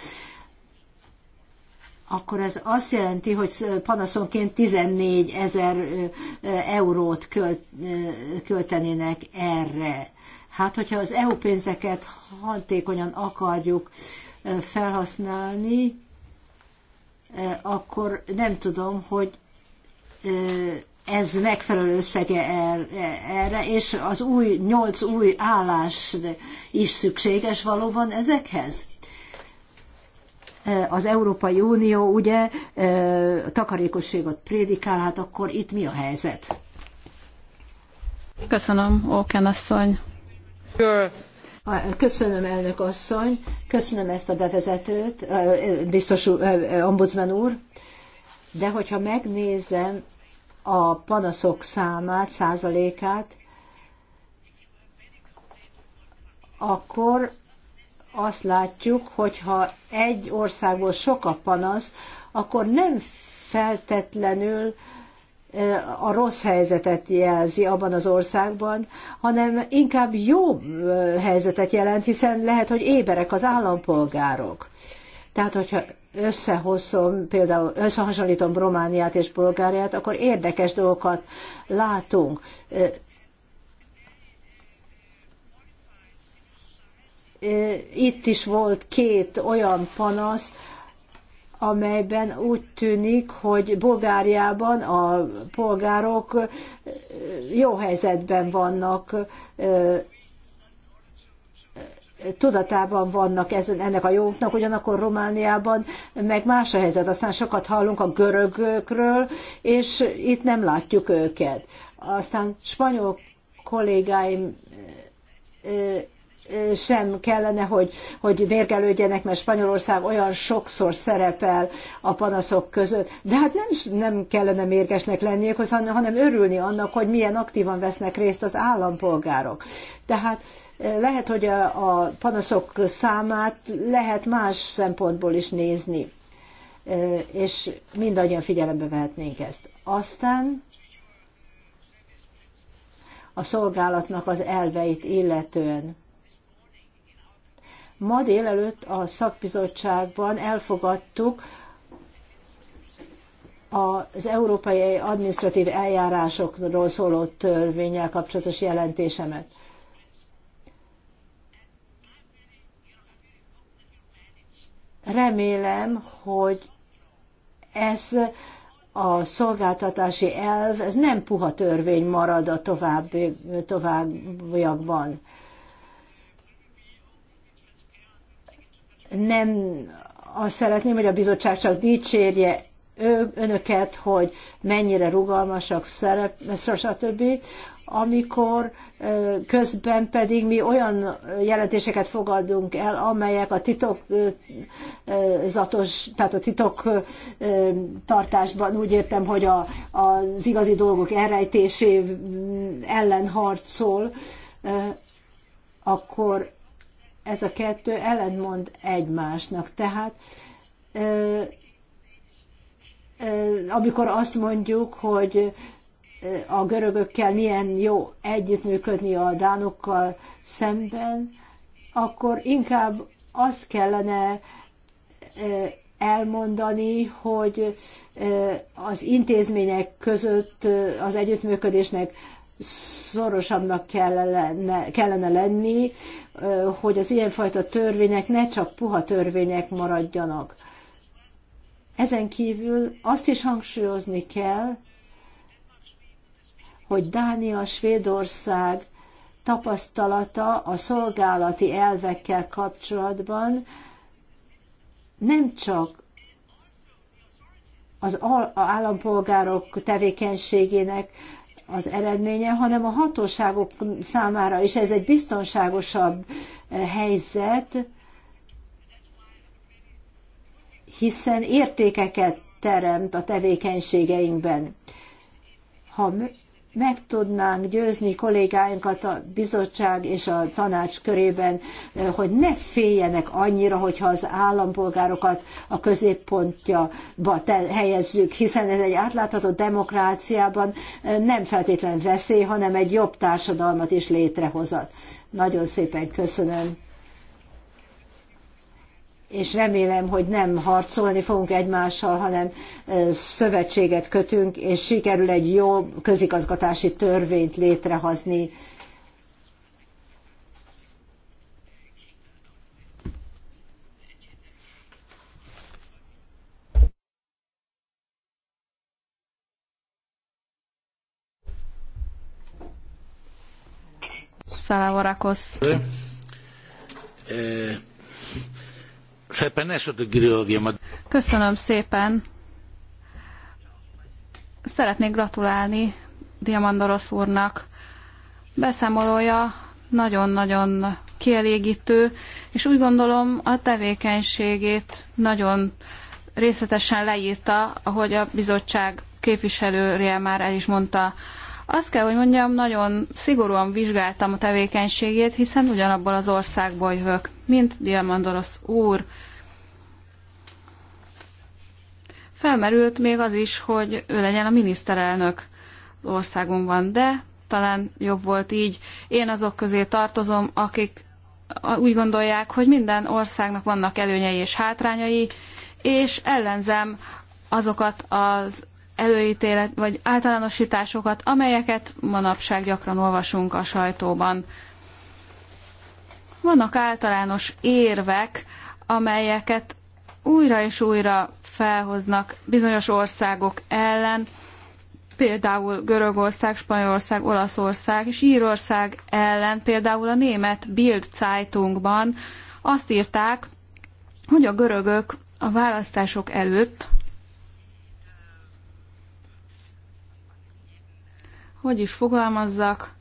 Akkor ez azt jelenti, hogy panaszonként 14 ezer eurót költ, költenének erre. Hát, hogyha az EU pénzeket hatékonyan akarjuk felhasználni, akkor nem tudom, hogy ez megfelelő összege er, erre, és az új, nyolc új állás is szükséges valóban ezekhez? Az Európai Unió ugye takarékosságot prédikál, hát akkor itt mi a helyzet? Köszönöm, Óken asszony. Köszönöm, elnök asszony, köszönöm ezt a bevezetőt, biztos ombudsman úr, de hogyha megnézem a panaszok számát, százalékát, akkor azt látjuk, hogy ha egy országból sok a panasz, akkor nem feltetlenül a rossz helyzetet jelzi abban az országban, hanem inkább jobb helyzetet jelent, hiszen lehet, hogy éberek az állampolgárok. Tehát, hogyha összehozom, például összehasonlítom Romániát és Bulgáriát, akkor érdekes dolgokat látunk. Itt is volt két olyan panasz, amelyben úgy tűnik, hogy Bulgáriában a polgárok jó helyzetben vannak, tudatában vannak ezen, ennek a jognak, ugyanakkor Romániában meg más a helyzet. Aztán sokat hallunk a görögökről, és itt nem látjuk őket. Aztán spanyol kollégáim sem kellene, hogy, hogy vérgelődjenek, mert Spanyolország olyan sokszor szerepel a panaszok között. De hát nem, nem kellene mérgesnek lenniük, hanem örülni annak, hogy milyen aktívan vesznek részt az állampolgárok. Tehát eh, lehet, hogy a, a panaszok számát lehet más szempontból is nézni, eh, és mindannyian figyelembe vehetnénk ezt. Aztán a szolgálatnak az elveit illetően Ma délelőtt a szakbizottságban elfogadtuk az európai administratív eljárásokról szóló törvényel kapcsolatos jelentésemet. Remélem, hogy ez a szolgáltatási elv, ez nem puha törvény marad a további, továbbiakban. nem azt szeretném, hogy a bizottság csak dicsérje ő, önöket, hogy mennyire rugalmasak, szerep, stb. Amikor közben pedig mi olyan jelentéseket fogadunk el, amelyek a titok zatos, tehát a titok tartásban úgy értem, hogy a, az igazi dolgok elrejtésé mm, ellen harcol, akkor ez a kettő ellentmond egymásnak. Tehát amikor azt mondjuk, hogy a görögökkel milyen jó együttműködni a dánokkal szemben, akkor inkább azt kellene elmondani, hogy az intézmények között az együttműködésnek szorosabbnak kellene, kellene lenni, hogy az ilyenfajta törvények ne csak puha törvények maradjanak. Ezen kívül azt is hangsúlyozni kell, hogy Dánia, Svédország tapasztalata a szolgálati elvekkel kapcsolatban nem csak az állampolgárok tevékenységének az eredménye, hanem a hatóságok számára is ez egy biztonságosabb eh, helyzet, hiszen értékeket teremt a tevékenységeinkben. Ha meg tudnánk győzni kollégáinkat a bizottság és a tanács körében, eh, hogy ne féljenek annyira, hogyha az állampolgárokat a középpontjába helyezzük, hiszen ez egy átlátható demokráciában eh, nem feltétlen veszély, hanem egy jobb társadalmat is létrehozat. Nagyon szépen köszönöm és remélem, hogy nem harcolni fogunk egymással, hanem szövetséget kötünk, és sikerül egy jó közigazgatási törvényt létrehozni. Szalavorrakosz. Köszönöm szépen. Szeretnék gratulálni Diamandoros úrnak. Beszámolója nagyon-nagyon kielégítő, és úgy gondolom a tevékenységét nagyon részletesen leírta, ahogy a bizottság képviselője már el is mondta. Azt kell, hogy mondjam, nagyon szigorúan vizsgáltam a tevékenységét, hiszen ugyanabból az országból jövök, mint Diamandoros úr. Felmerült még az is, hogy ő legyen a miniszterelnök országunkban, de talán jobb volt így. Én azok közé tartozom, akik úgy gondolják, hogy minden országnak vannak előnyei és hátrányai, és ellenzem azokat az előítélet vagy általánosításokat, amelyeket manapság gyakran olvasunk a sajtóban. Vannak általános érvek, amelyeket újra és újra felhoznak bizonyos országok ellen, például Görögország, Spanyolország, Olaszország és Írország ellen, például a német Bild Zeitungban azt írták, hogy a görögök a választások előtt, hogy is fogalmazzak,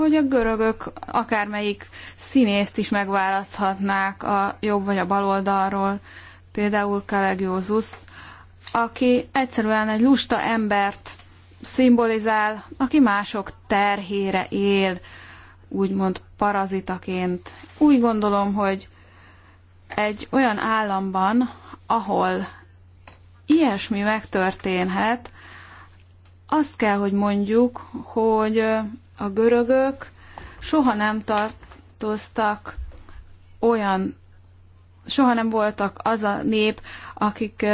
hogy a görögök akármelyik színészt is megválaszthatnák a jobb vagy a bal oldalról, például Kalegiózus, aki egyszerűen egy lusta embert szimbolizál, aki mások terhére él, úgymond parazitaként. Úgy gondolom, hogy egy olyan államban, ahol ilyesmi megtörténhet, azt kell, hogy mondjuk, hogy a görögök soha nem tartoztak olyan, soha nem voltak az a nép, akik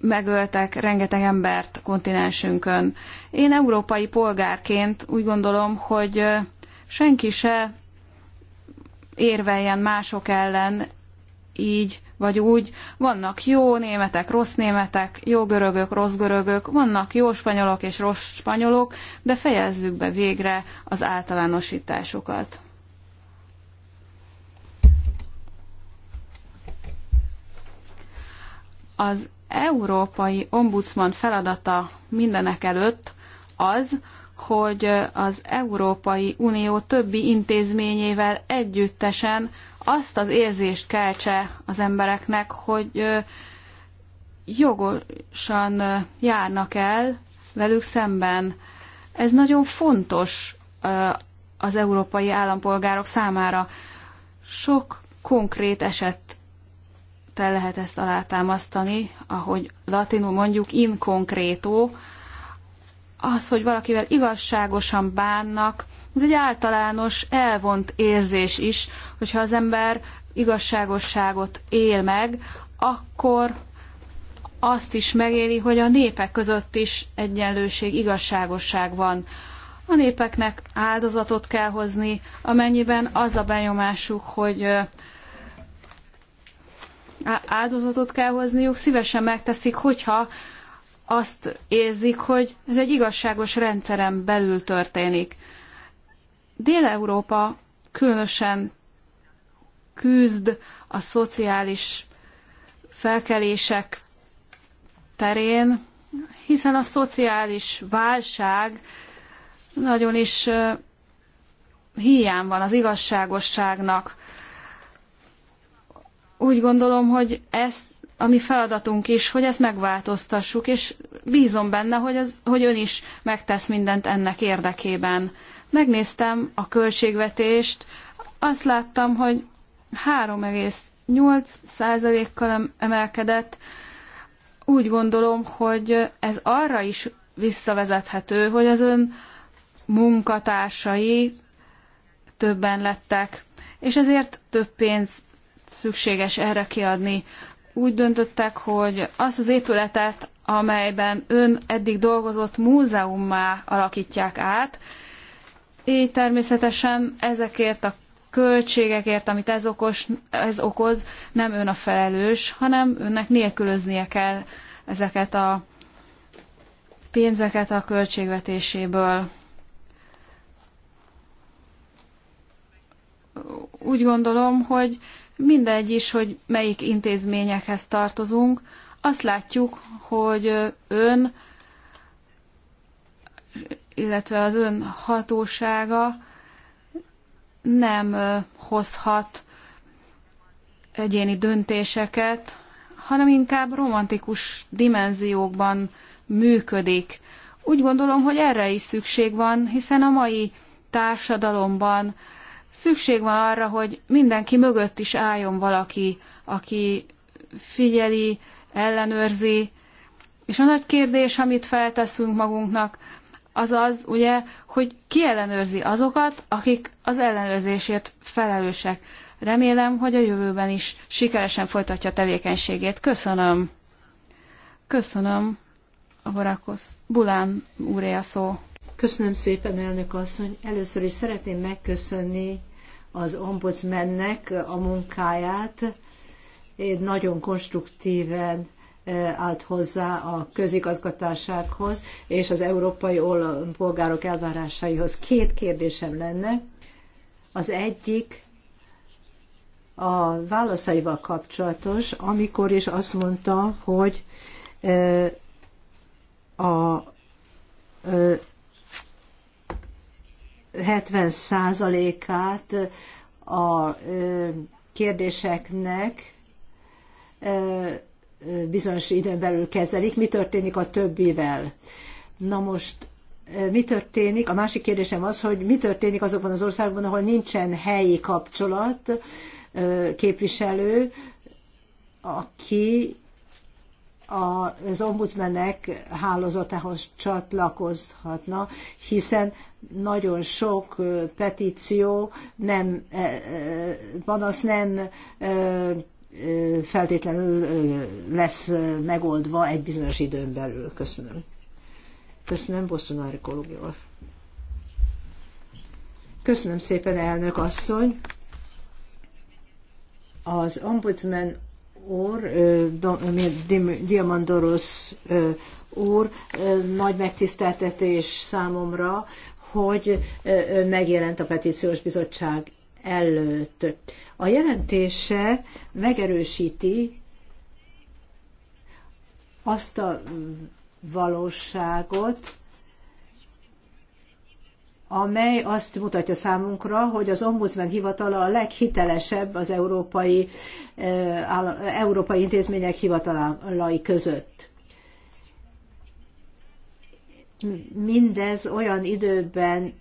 megöltek rengeteg embert a kontinensünkön. Én európai polgárként úgy gondolom, hogy senki se érveljen mások ellen így vagy úgy. Vannak jó németek, rossz németek, jó görögök, rossz görögök, vannak jó spanyolok és rossz spanyolok, de fejezzük be végre az általánosításokat. Az európai ombudsman feladata mindenek előtt az, hogy az Európai Unió többi intézményével együttesen azt az érzést keltse az embereknek, hogy jogosan járnak el velük szemben. Ez nagyon fontos az európai állampolgárok számára. Sok konkrét esettel lehet ezt alátámasztani, ahogy latinul mondjuk in concreto, az, hogy valakivel igazságosan bánnak, ez egy általános elvont érzés is, hogyha az ember igazságosságot él meg, akkor azt is megéli, hogy a népek között is egyenlőség, igazságosság van. A népeknek áldozatot kell hozni, amennyiben az a benyomásuk, hogy áldozatot kell hozniuk, szívesen megteszik, hogyha azt érzik, hogy ez egy igazságos rendszeren belül történik. Dél-Európa különösen küzd a szociális felkelések terén, hiszen a szociális válság nagyon is hiány van az igazságosságnak. Úgy gondolom, hogy ezt a mi feladatunk is, hogy ezt megváltoztassuk, és bízom benne, hogy, az, hogy ön is megtesz mindent ennek érdekében. Megnéztem a költségvetést, azt láttam, hogy 3,8%-kal emelkedett. Úgy gondolom, hogy ez arra is visszavezethető, hogy az ön munkatársai többen lettek, és ezért több pénz szükséges erre kiadni úgy döntöttek, hogy azt az épületet, amelyben ön eddig dolgozott múzeummá alakítják át, így természetesen ezekért a költségekért, amit ez, okos, ez okoz, nem ön a felelős, hanem önnek nélkülöznie kell ezeket a pénzeket a költségvetéséből. Úgy gondolom, hogy mindegy is, hogy melyik intézményekhez tartozunk, azt látjuk, hogy ön, illetve az ön hatósága nem hozhat egyéni döntéseket, hanem inkább romantikus dimenziókban működik. Úgy gondolom, hogy erre is szükség van, hiszen a mai társadalomban szükség van arra, hogy mindenki mögött is álljon valaki, aki figyeli, ellenőrzi. És a nagy kérdés, amit felteszünk magunknak, az az, ugye, hogy ki ellenőrzi azokat, akik az ellenőrzésért felelősek. Remélem, hogy a jövőben is sikeresen folytatja a tevékenységét. Köszönöm. Köszönöm, Horakosz. Bulán úré a szó. Köszönöm szépen, elnök asszony. Először is szeretném megköszönni az ombudsmannek a munkáját. Én nagyon konstruktíven e, állt hozzá a közigazgatásághoz és az európai polgárok elvárásaihoz. Két kérdésem lenne. Az egyik a válaszaival kapcsolatos, amikor is azt mondta, hogy e, a e, 70%-át a kérdéseknek bizonyos időn belül kezelik. Mi történik a többivel? Na most mi történik? A másik kérdésem az, hogy mi történik azokban az országban, ahol nincsen helyi kapcsolat, képviselő, aki az ombudsmanek hálózatához csatlakozhatna, hiszen nagyon sok petíció, nem, az nem feltétlenül lesz megoldva egy bizonyos időn belül. Köszönöm. Köszönöm, Bosztonári Kológival. Köszönöm szépen, elnök asszony. Az ombudsman úr, Diamandoros úr, nagy megtiszteltetés számomra, hogy megjelent a petíciós bizottság előtt. A jelentése megerősíti azt a valóságot, amely azt mutatja számunkra, hogy az ombudsman hivatala a leghitelesebb az európai, eh, európai intézmények hivatalai között. Mindez olyan időben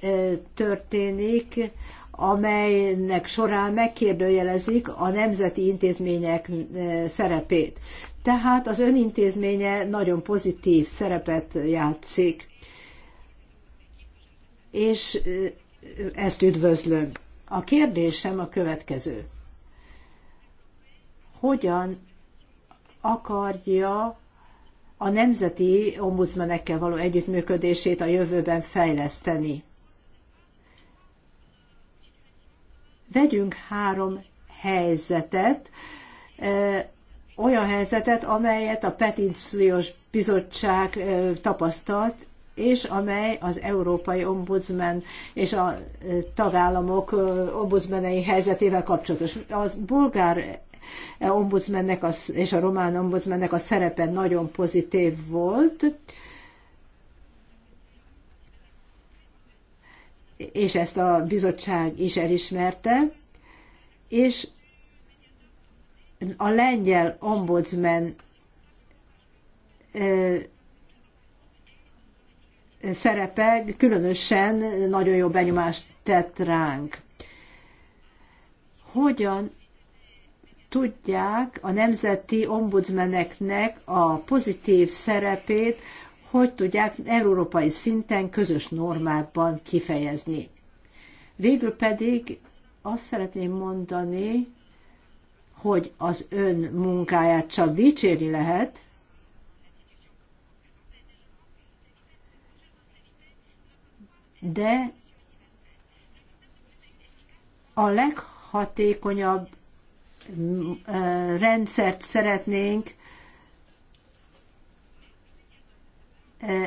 eh, történik, amelynek során megkérdőjelezik a nemzeti intézmények eh, szerepét. Tehát az önintézménye nagyon pozitív szerepet játszik és ezt üdvözlöm. A kérdésem a következő. Hogyan akarja a nemzeti ombudsmanekkel való együttműködését a jövőben fejleszteni? Vegyünk három helyzetet, olyan helyzetet, amelyet a petíciós bizottság tapasztalt, és amely az Európai Ombudsman és a tagállamok ombudsmanei helyzetével kapcsolatos. A bulgár ombudsmannek és a román ombudsmannek a szerepe nagyon pozitív volt, és ezt a bizottság is elismerte, és a lengyel ombudsman szerepe különösen nagyon jó benyomást tett ránk. Hogyan tudják a nemzeti ombudsmeneknek a pozitív szerepét, hogy tudják európai szinten közös normákban kifejezni. Végül pedig azt szeretném mondani, hogy az ön munkáját csak dicsérni lehet, de a leghatékonyabb rendszert szeretnénk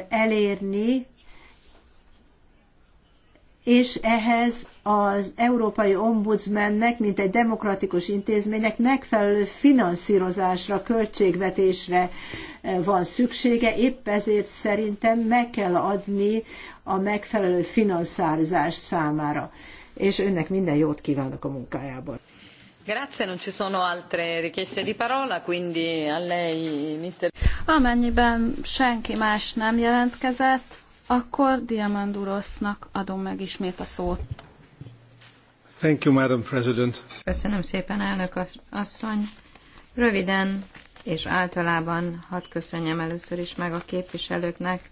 elérni, és ehhez az Európai Ombudsmannek, mint egy demokratikus intézménynek megfelelő finanszírozásra, költségvetésre eh, van szüksége, épp ezért szerintem meg kell adni a megfelelő finanszírozás számára. És önnek minden jót kívánok a munkájában. Grazie, non ci sono altre richieste di parola, quindi a lei, Amennyiben senki más nem jelentkezett, akkor Diamandurosznak adom meg ismét a szót. Thank you, Madam President. Köszönöm szépen, elnök asszony. Röviden és általában hadd köszönjem először is meg a képviselőknek,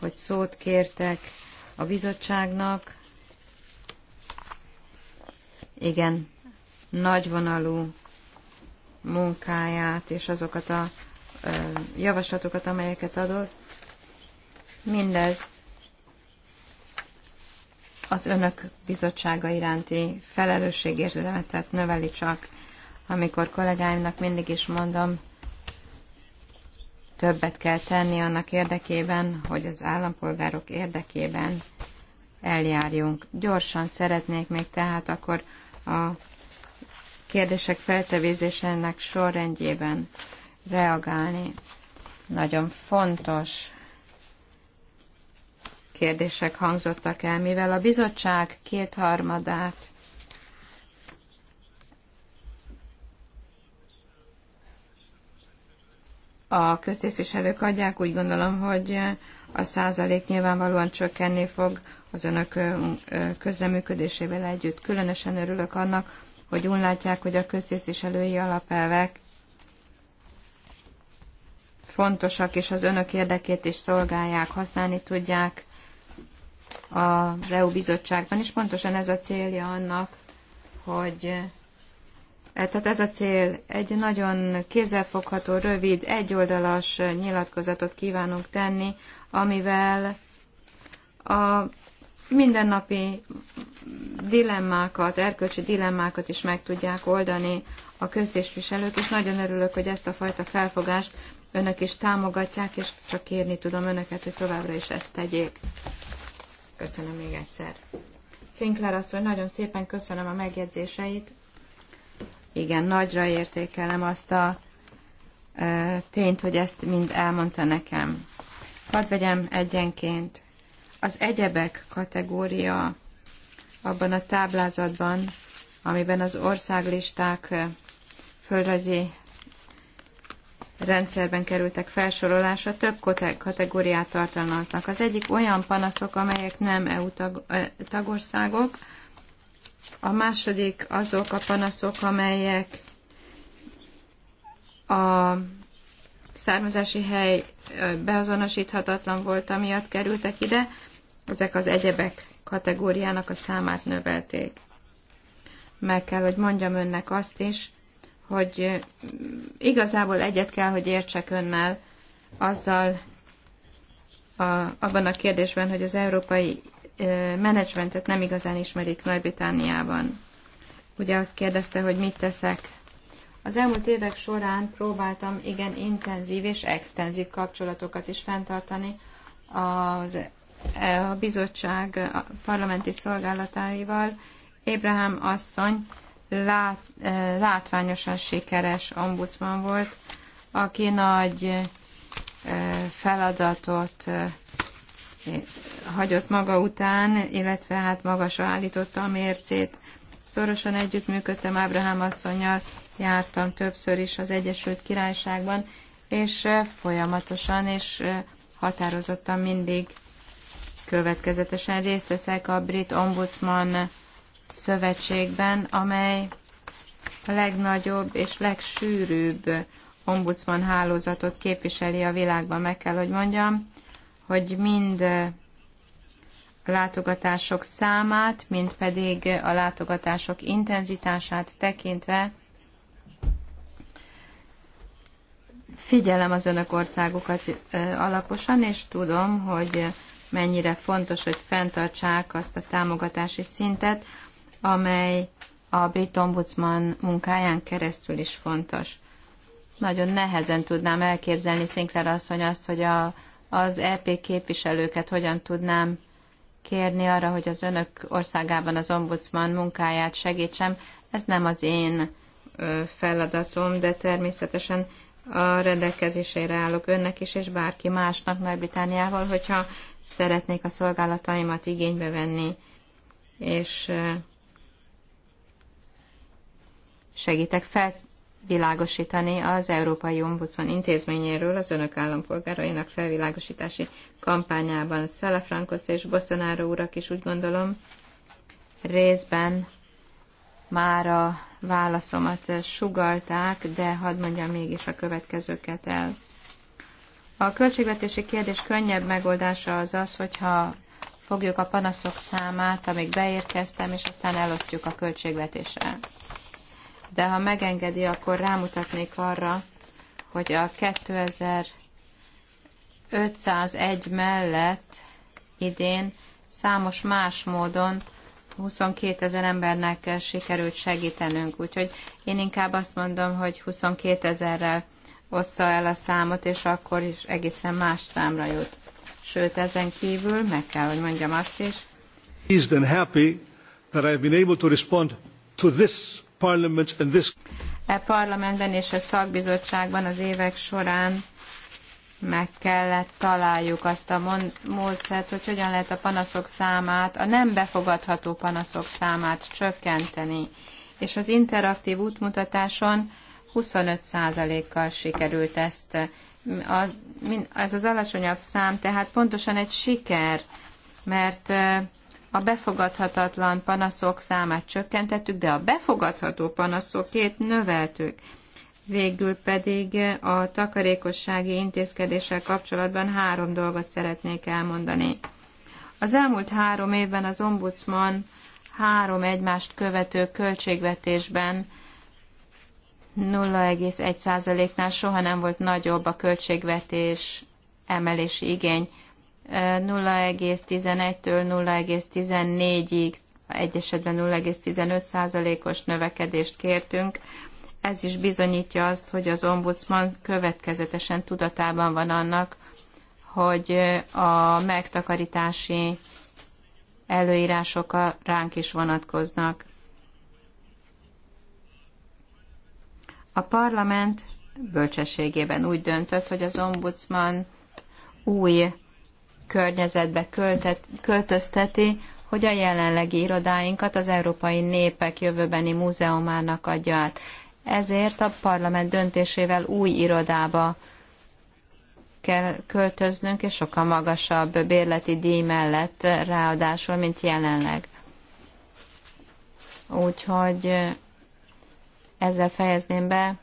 hogy szót kértek a bizottságnak. Igen, nagyvonalú munkáját és azokat a javaslatokat, amelyeket adott. Mindez az önök bizottsága iránti felelősségérzetet növeli csak, amikor kollégáimnak mindig is mondom, többet kell tenni annak érdekében, hogy az állampolgárok érdekében eljárjunk. Gyorsan szeretnék még tehát akkor a kérdések feltevézésének sorrendjében reagálni. Nagyon fontos kérdések hangzottak el, mivel a bizottság kétharmadát a köztisztviselők adják, úgy gondolom, hogy a százalék nyilvánvalóan csökkenni fog az önök közreműködésével együtt. Különösen örülök annak, hogy úgy látják, hogy a köztisztviselői alapelvek fontosak, és az önök érdekét is szolgálják, használni tudják az EU bizottságban, és pontosan ez a célja annak, hogy e, tehát ez a cél, egy nagyon kézzelfogható, rövid, egyoldalas nyilatkozatot kívánunk tenni, amivel a mindennapi dilemmákat, erkölcsi dilemmákat is meg tudják oldani a köztisviselők, és nagyon örülök, hogy ezt a fajta felfogást önök is támogatják, és csak kérni tudom önöket, hogy továbbra is ezt tegyék. Köszönöm még egyszer. Sinclair asszony, nagyon szépen köszönöm a megjegyzéseit. Igen, nagyra értékelem azt a e, tényt, hogy ezt mind elmondta nekem. Hadd vegyem egyenként. Az egyebek kategória abban a táblázatban, amiben az országlisták földrajzi rendszerben kerültek felsorolásra, több kategóriát tartalmaznak. Az egyik olyan panaszok, amelyek nem EU tag, e tagországok, a második azok a panaszok, amelyek a származási hely beazonosíthatatlan volt, amiatt kerültek ide, ezek az egyebek kategóriának a számát növelték. Meg kell, hogy mondjam önnek azt is, hogy igazából egyet kell, hogy értsek önnel azzal a, abban a kérdésben, hogy az európai menedzsmentet nem igazán ismerik Nagy-Britániában. Ugye azt kérdezte, hogy mit teszek. Az elmúlt évek során próbáltam igen intenzív és extenzív kapcsolatokat is fenntartani az, a bizottság parlamenti szolgálatáival. Ébrahám asszony lát, eh, látványosan sikeres ombudsman volt, aki nagy eh, feladatot eh, hagyott maga után, illetve hát magasra állította a mércét. Szorosan együttműködtem Ábrahám asszonynal, jártam többször is az Egyesült Királyságban, és folyamatosan és határozottan mindig következetesen részt veszek a brit ombudsman szövetségben, amely a legnagyobb és legsűrűbb ombudsman hálózatot képviseli a világban, meg kell, hogy mondjam, hogy mind a látogatások számát, mind pedig a látogatások intenzitását tekintve figyelem az önök országukat alaposan, és tudom, hogy mennyire fontos, hogy fenntartsák azt a támogatási szintet, amely a brit ombudsman munkáján keresztül is fontos. Nagyon nehezen tudnám elképzelni, Sinclair asszony, azt, hogy a, az EP képviselőket hogyan tudnám kérni arra, hogy az önök országában az ombudsman munkáját segítsem. Ez nem az én feladatom, de természetesen a rendelkezésére állok önnek is, és bárki másnak Nagy-Britániával, hogyha szeretnék a szolgálataimat igénybe venni, és segítek felvilágosítani az Európai Ombudsman intézményéről az önök állampolgárainak felvilágosítási kampányában. Szelefrankos és Bostonáró urak is úgy gondolom részben már a válaszomat sugalták, de hadd mondjam mégis a következőket el. A költségvetési kérdés könnyebb megoldása az az, hogyha fogjuk a panaszok számát, amik beérkeztem, és aztán elosztjuk a költségvetéssel de ha megengedi, akkor rámutatnék arra, hogy a 2501 mellett idén számos más módon 22 ezer embernek sikerült segítenünk. Úgyhogy én inkább azt mondom, hogy 22 ezerrel ossza el a számot, és akkor is egészen más számra jut. Sőt, ezen kívül meg kell, hogy mondjam azt is. happy that I've been able to respond to this Parliament and this... E parlamentben és a szakbizottságban az évek során meg kellett találjuk azt a módszert, hogy hogyan lehet a panaszok számát, a nem befogadható panaszok számát csökkenteni. És az interaktív útmutatáson 25%-kal sikerült ezt. Az, ez az alacsonyabb szám, tehát pontosan egy siker, mert a befogadhatatlan panaszok számát csökkentettük, de a befogadható panaszokét növeltük. Végül pedig a takarékossági intézkedéssel kapcsolatban három dolgot szeretnék elmondani. Az elmúlt három évben az ombudsman három egymást követő költségvetésben 0,1%-nál soha nem volt nagyobb a költségvetés emelési igény. 0,11-től 0,14-ig, egy esetben 0,15%-os növekedést kértünk. Ez is bizonyítja azt, hogy az ombudsman következetesen tudatában van annak, hogy a megtakarítási előírások ránk is vonatkoznak. A parlament bölcsességében úgy döntött, hogy az ombudsman új környezetbe költet, költözteti, hogy a jelenlegi irodáinkat az Európai Népek Jövőbeni Múzeumának adja át. Ezért a parlament döntésével új irodába kell költöznünk, és sokkal magasabb bérleti díj mellett ráadásul, mint jelenleg. Úgyhogy ezzel fejezném be.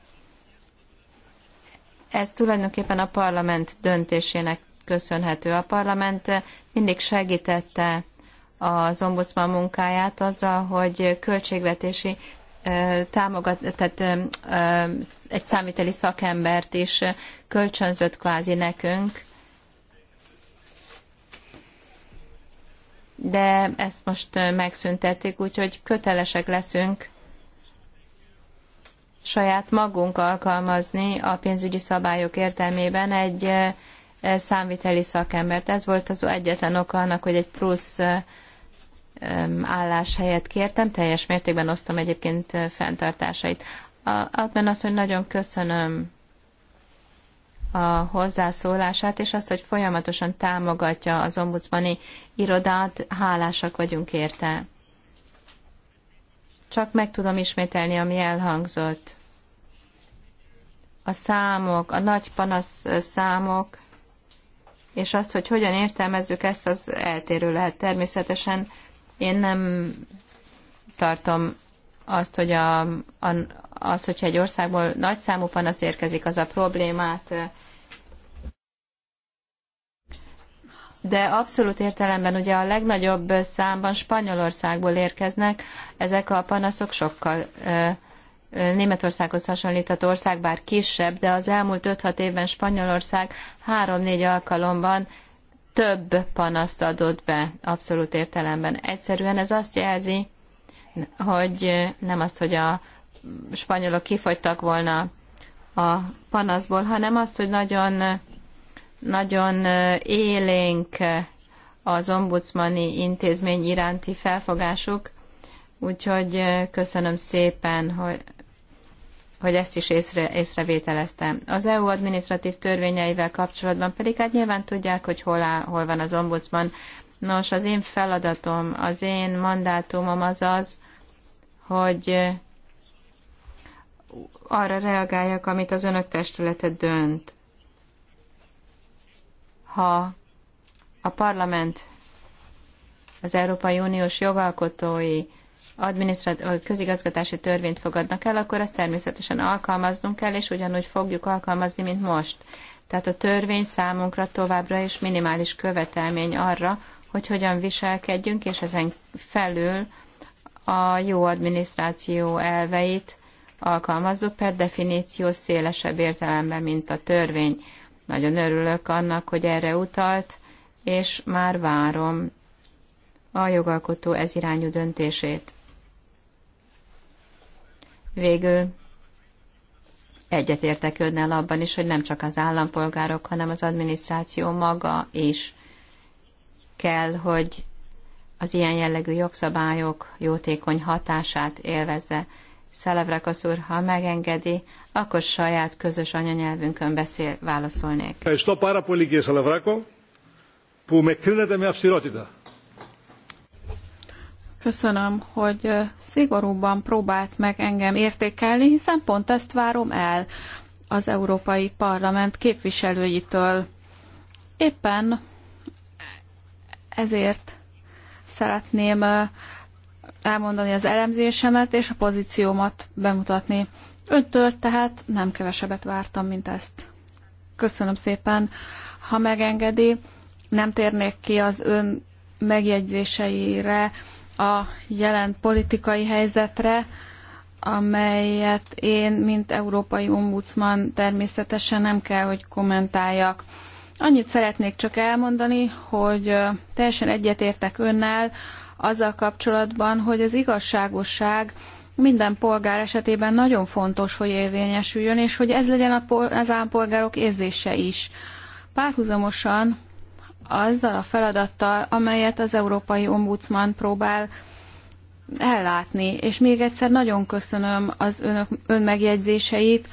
Ez tulajdonképpen a parlament döntésének köszönhető. A parlament mindig segítette az ombudsman munkáját azzal, hogy költségvetési támogat, tehát egy számíteli szakembert is kölcsönzött kvázi nekünk, de ezt most megszüntették, úgyhogy kötelesek leszünk saját magunk alkalmazni a pénzügyi szabályok értelmében egy Eh, számviteli szakembert. Ez volt az egyetlen oka annak, hogy egy plusz eh, állás helyett kértem, teljes mértékben osztom egyébként eh, fenntartásait. Altman azt, hogy nagyon köszönöm a hozzászólását, és azt, hogy folyamatosan támogatja az ombudsmani irodát, hálásak vagyunk érte. Csak meg tudom ismételni, ami elhangzott. A számok, a nagy panasz számok, és azt, hogy hogyan értelmezzük ezt, az eltérő lehet. Természetesen én nem tartom azt, hogy a, a, az, hogyha egy országból nagy számú panasz érkezik, az a problémát. De abszolút értelemben ugye a legnagyobb számban Spanyolországból érkeznek, ezek a panaszok sokkal Németországhoz hasonlítható ország, bár kisebb, de az elmúlt 5-6 évben Spanyolország 3-4 alkalomban több panaszt adott be abszolút értelemben. Egyszerűen ez azt jelzi, hogy nem azt, hogy a spanyolok kifogytak volna a panaszból, hanem azt, hogy nagyon, nagyon élénk az ombudsmani intézmény iránti felfogásuk, Úgyhogy köszönöm szépen, hogy hogy ezt is észre, észrevételezte. Az EU adminisztratív törvényeivel kapcsolatban pedig hát nyilván tudják, hogy hol, áll, hol van az ombudsman. Nos, az én feladatom, az én mandátumom az az, hogy arra reagáljak, amit az önök testülete dönt. Ha a parlament, az Európai Uniós jogalkotói közigazgatási törvényt fogadnak el, akkor azt természetesen alkalmaznunk kell, és ugyanúgy fogjuk alkalmazni, mint most. Tehát a törvény számunkra továbbra is minimális követelmény arra, hogy hogyan viselkedjünk, és ezen felül a jó adminisztráció elveit alkalmazzuk per definíció szélesebb értelemben, mint a törvény. Nagyon örülök annak, hogy erre utalt, és már várom a jogalkotó ez irányú döntését. Végül egyetértek önnel abban is, hogy nem csak az állampolgárok, hanem az adminisztráció maga is kell, hogy az ilyen jellegű jogszabályok jótékony hatását élvezze. Szelevrakasz úr, ha megengedi, akkor saját közös anyanyelvünkön beszél, válaszolnék. Köszönöm, πάρα πολύ, κύριε Σαλαβράκο, που a κρίνετε Köszönöm, hogy szigorúban próbált meg engem értékelni, hiszen pont ezt várom el az Európai Parlament képviselőitől. Éppen ezért szeretném elmondani az elemzésemet és a pozíciómat bemutatni. Öntől tehát nem kevesebbet vártam, mint ezt. Köszönöm szépen, ha megengedi, nem térnék ki az ön megjegyzéseire, a jelen politikai helyzetre, amelyet én, mint európai ombudsman természetesen nem kell, hogy kommentáljak. Annyit szeretnék csak elmondani, hogy teljesen egyetértek önnel azzal kapcsolatban, hogy az igazságosság minden polgár esetében nagyon fontos, hogy érvényesüljön, és hogy ez legyen az állampolgárok érzése is. Párhuzamosan azzal a feladattal, amelyet az Európai Ombudsman próbál ellátni. És még egyszer nagyon köszönöm az önök, ön megjegyzéseit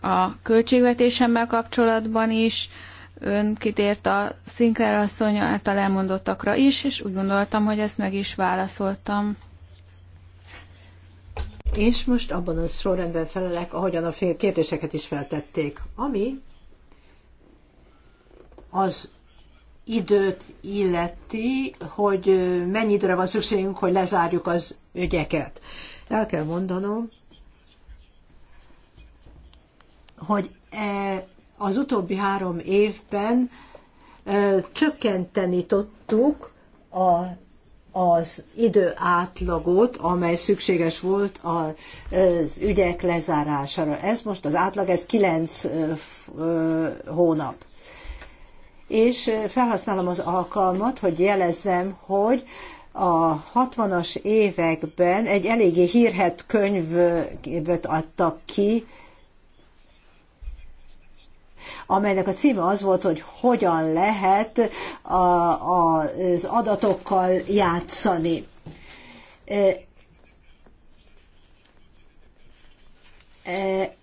a költségvetésemmel kapcsolatban is, ön kitért a Sinclair asszony által elmondottakra is, és úgy gondoltam, hogy ezt meg is válaszoltam. És most abban a sorrendben felelek, ahogyan a fél kérdéseket is feltették. Ami az időt illeti, hogy mennyi időre van szükségünk, hogy lezárjuk az ügyeket. El kell mondanom, hogy e, az utóbbi három évben csökkenteni tudtuk a, az idő átlagot, amely szükséges volt az ügyek lezárására. Ez most az átlag, ez kilenc hónap és felhasználom az alkalmat, hogy jelezzem, hogy a 60-as években egy eléggé hírhet könyvet adtak ki, amelynek a címe az volt, hogy hogyan lehet a, a, az adatokkal játszani. E, e,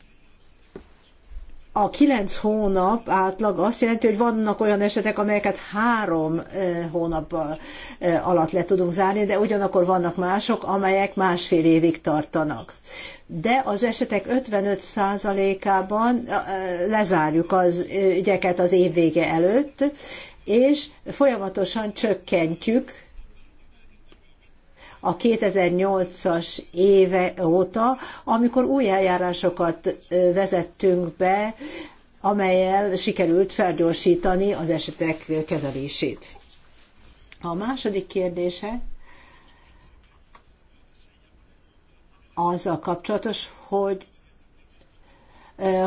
a kilenc hónap átlag azt jelenti, hogy vannak olyan esetek, amelyeket három hónap alatt le tudunk zárni, de ugyanakkor vannak mások, amelyek másfél évig tartanak. De az esetek 55%-ában lezárjuk az ügyeket az év vége előtt, és folyamatosan csökkentjük a 2008-as éve óta, amikor új eljárásokat vezettünk be, amelyel sikerült felgyorsítani az esetek kezelését. A második kérdése azzal kapcsolatos, hogy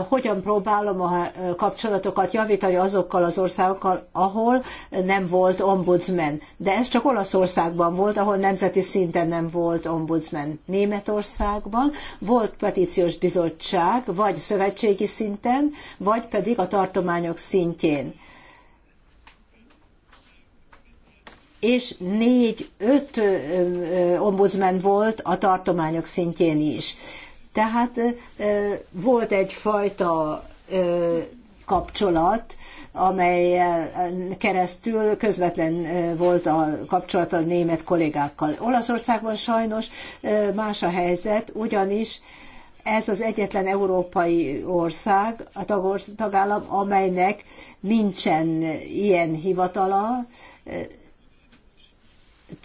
hogyan próbálom a kapcsolatokat javítani azokkal az országokkal, ahol nem volt ombudsman. De ez csak Olaszországban volt, ahol nemzeti szinten nem volt ombudsman. Németországban volt petíciós bizottság, vagy szövetségi szinten, vagy pedig a tartományok szintjén. és négy-öt ombudsman volt a tartományok szintjén is. Tehát volt egyfajta kapcsolat, amely keresztül közvetlen volt a kapcsolat a német kollégákkal. Olaszországban sajnos más a helyzet, ugyanis ez az egyetlen európai ország, a tagállam, amelynek nincsen ilyen hivatala,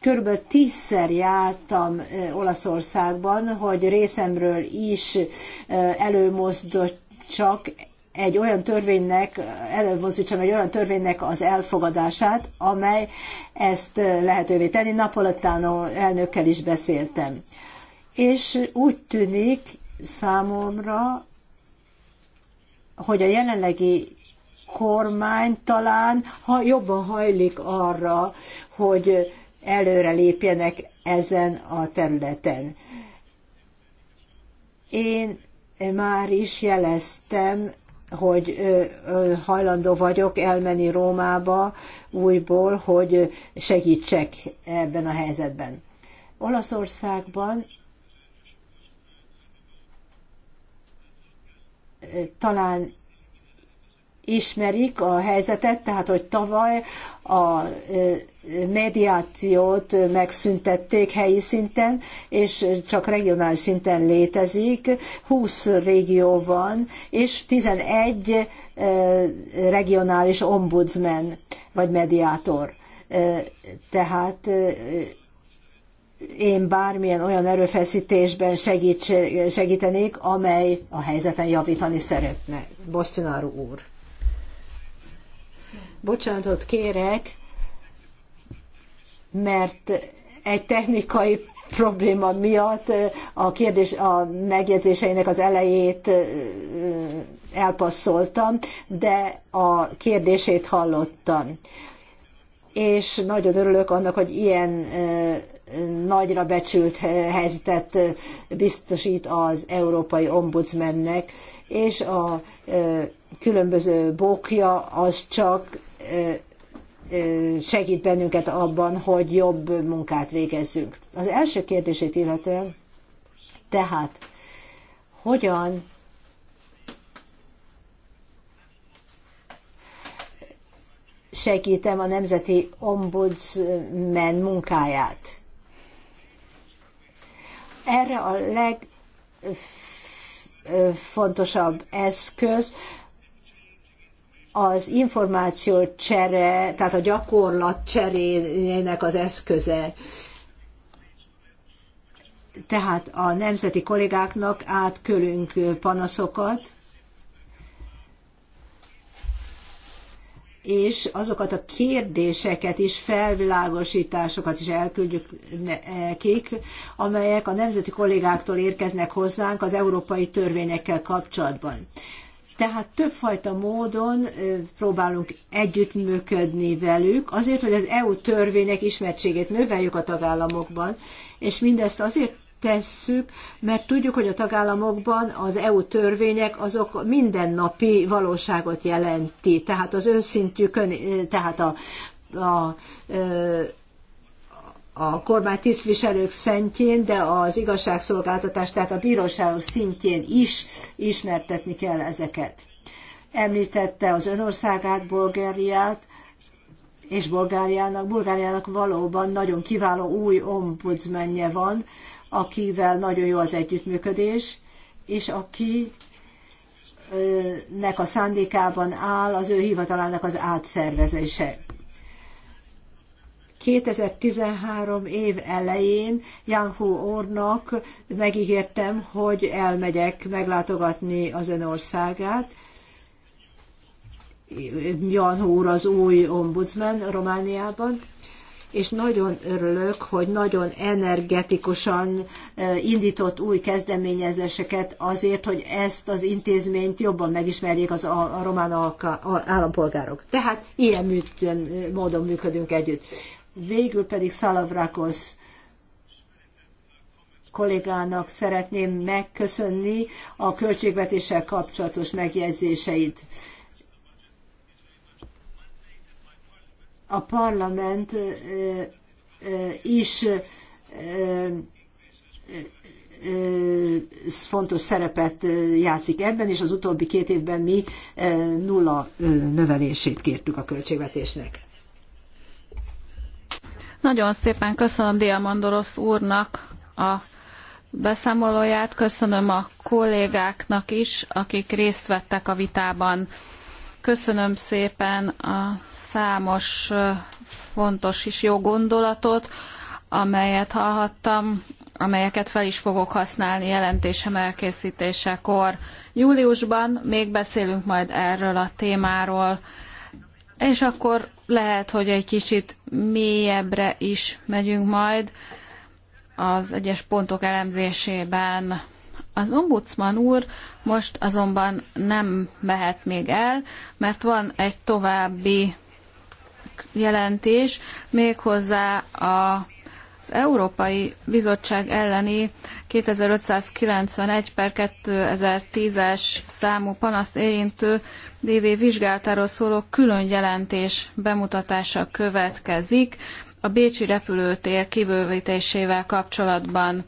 körülbelül tízszer jártam Olaszországban, hogy részemről is csak egy olyan törvénynek, előmozdítsam egy olyan törvénynek az elfogadását, amely ezt lehetővé tenni. Napolitano elnökkel is beszéltem. És úgy tűnik számomra, hogy a jelenlegi kormány talán ha jobban hajlik arra, hogy előre lépjenek ezen a területen. Én már is jeleztem, hogy hajlandó vagyok elmenni Rómába újból, hogy segítsek ebben a helyzetben. Olaszországban talán ismerik a helyzetet, tehát hogy tavaly a mediációt megszüntették helyi szinten, és csak regionális szinten létezik. 20 régió van, és 11 regionális ombudsman vagy mediátor. Tehát én bármilyen olyan erőfeszítésben segíts, segítenék, amely a helyzeten javítani szeretne. Bosztináró úr bocsánatot kérek, mert egy technikai probléma miatt a kérdés a megjegyzéseinek az elejét elpasszoltam, de a kérdését hallottam. És nagyon örülök annak, hogy ilyen nagyra becsült helyzetet biztosít az Európai Ombudsmannek, és a különböző bókja az csak segít bennünket abban, hogy jobb munkát végezzünk. Az első kérdését illetően, tehát hogyan segítem a Nemzeti Ombudsman munkáját. Erre a legfontosabb eszköz az információ csere, tehát a gyakorlat cserének az eszköze. Tehát a nemzeti kollégáknak átkölünk panaszokat, és azokat a kérdéseket is, felvilágosításokat is elküldjük nekik, amelyek a nemzeti kollégáktól érkeznek hozzánk az európai törvényekkel kapcsolatban. Tehát többfajta módon próbálunk együttműködni velük, azért, hogy az EU törvények ismertségét növeljük a tagállamokban, és mindezt azért tesszük, mert tudjuk, hogy a tagállamokban az EU törvények azok mindennapi valóságot jelenti. Tehát az őszintjükön, tehát a, a, a a kormány tisztviselők szentjén, de az igazságszolgáltatás, tehát a bíróságok szintjén is ismertetni kell ezeket. Említette az önországát, Bulgáriát, és Bulgáriának, Bulgáriának valóban nagyon kiváló új ombudsmenje van, akivel nagyon jó az együttműködés, és aki nek a szándékában áll az ő hivatalának az átszervezése. 2013 év elején Yang Ornak megígértem, hogy elmegyek meglátogatni az ön országát. Jan úr az új ombudsman Romániában, és nagyon örülök, hogy nagyon energetikusan e, indított új kezdeményezéseket azért, hogy ezt az intézményt jobban megismerjék az a, a román alka, a állampolgárok. Tehát ilyen műtön, módon működünk együtt. Végül pedig Szalavrakosz kollégának szeretném megköszönni a költségvetéssel kapcsolatos megjegyzéseit. A parlament is fontos szerepet játszik ebben, és az utóbbi két évben mi nulla növelését kértük a költségvetésnek. Nagyon szépen köszönöm Diamandoros úrnak a beszámolóját, köszönöm a kollégáknak is, akik részt vettek a vitában. Köszönöm szépen a számos fontos és jó gondolatot, amelyet hallhattam, amelyeket fel is fogok használni jelentésem elkészítésekor. Júliusban még beszélünk majd erről a témáról és akkor lehet, hogy egy kicsit mélyebbre is megyünk majd az egyes pontok elemzésében. Az ombudsman úr most azonban nem mehet még el, mert van egy további jelentés, méghozzá a az Európai Bizottság elleni 2591 per 2010-es számú panaszt érintő DV vizsgálatáról szóló külön jelentés bemutatása következik a Bécsi repülőtér kibővítésével kapcsolatban.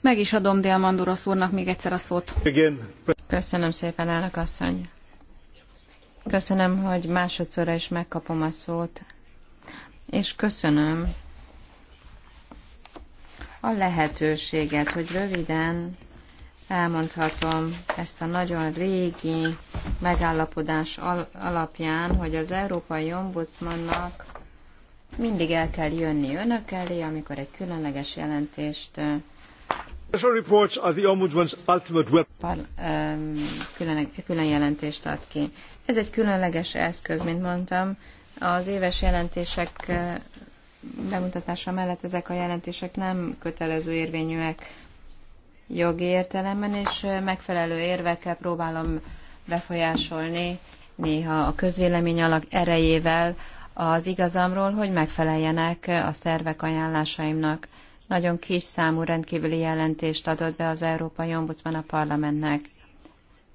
Meg is adom Diamandurosz úrnak még egyszer a szót. Köszönöm szépen, elnök asszony. Köszönöm, hogy másodszorra is megkapom a szót. És köszönöm a lehetőséget, hogy röviden elmondhatom ezt a nagyon régi megállapodás alapján, hogy az Európai Ombudsmannak mindig el kell jönni önök elé, amikor egy különleges jelentést külön, külön jelentést ad ki. Ez egy különleges eszköz, mint mondtam. Az éves jelentések bemutatása mellett ezek a jelentések nem kötelező érvényűek jogi értelemben, és megfelelő érvekkel próbálom befolyásolni néha a közvélemény alak erejével az igazamról, hogy megfeleljenek a szervek ajánlásaimnak. Nagyon kis számú rendkívüli jelentést adott be az Európai Ombudsman a parlamentnek.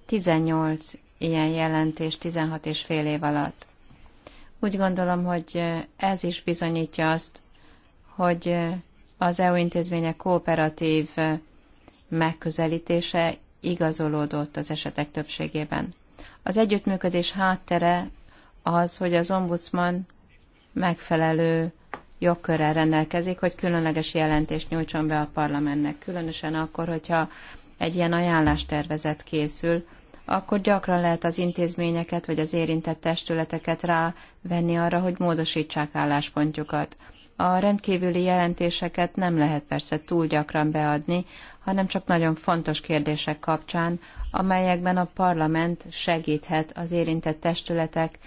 18 ilyen jelentés 16 és fél év alatt. Úgy gondolom, hogy ez is bizonyítja azt, hogy az EU intézmények kooperatív megközelítése igazolódott az esetek többségében. Az együttműködés háttere az, hogy az ombudsman megfelelő jogkörrel rendelkezik, hogy különleges jelentést nyújtson be a parlamentnek, különösen akkor, hogyha egy ilyen ajánlástervezet készül, akkor gyakran lehet az intézményeket vagy az érintett testületeket rávenni arra, hogy módosítsák álláspontjukat. A rendkívüli jelentéseket nem lehet persze túl gyakran beadni, hanem csak nagyon fontos kérdések kapcsán, amelyekben a parlament segíthet az érintett testületek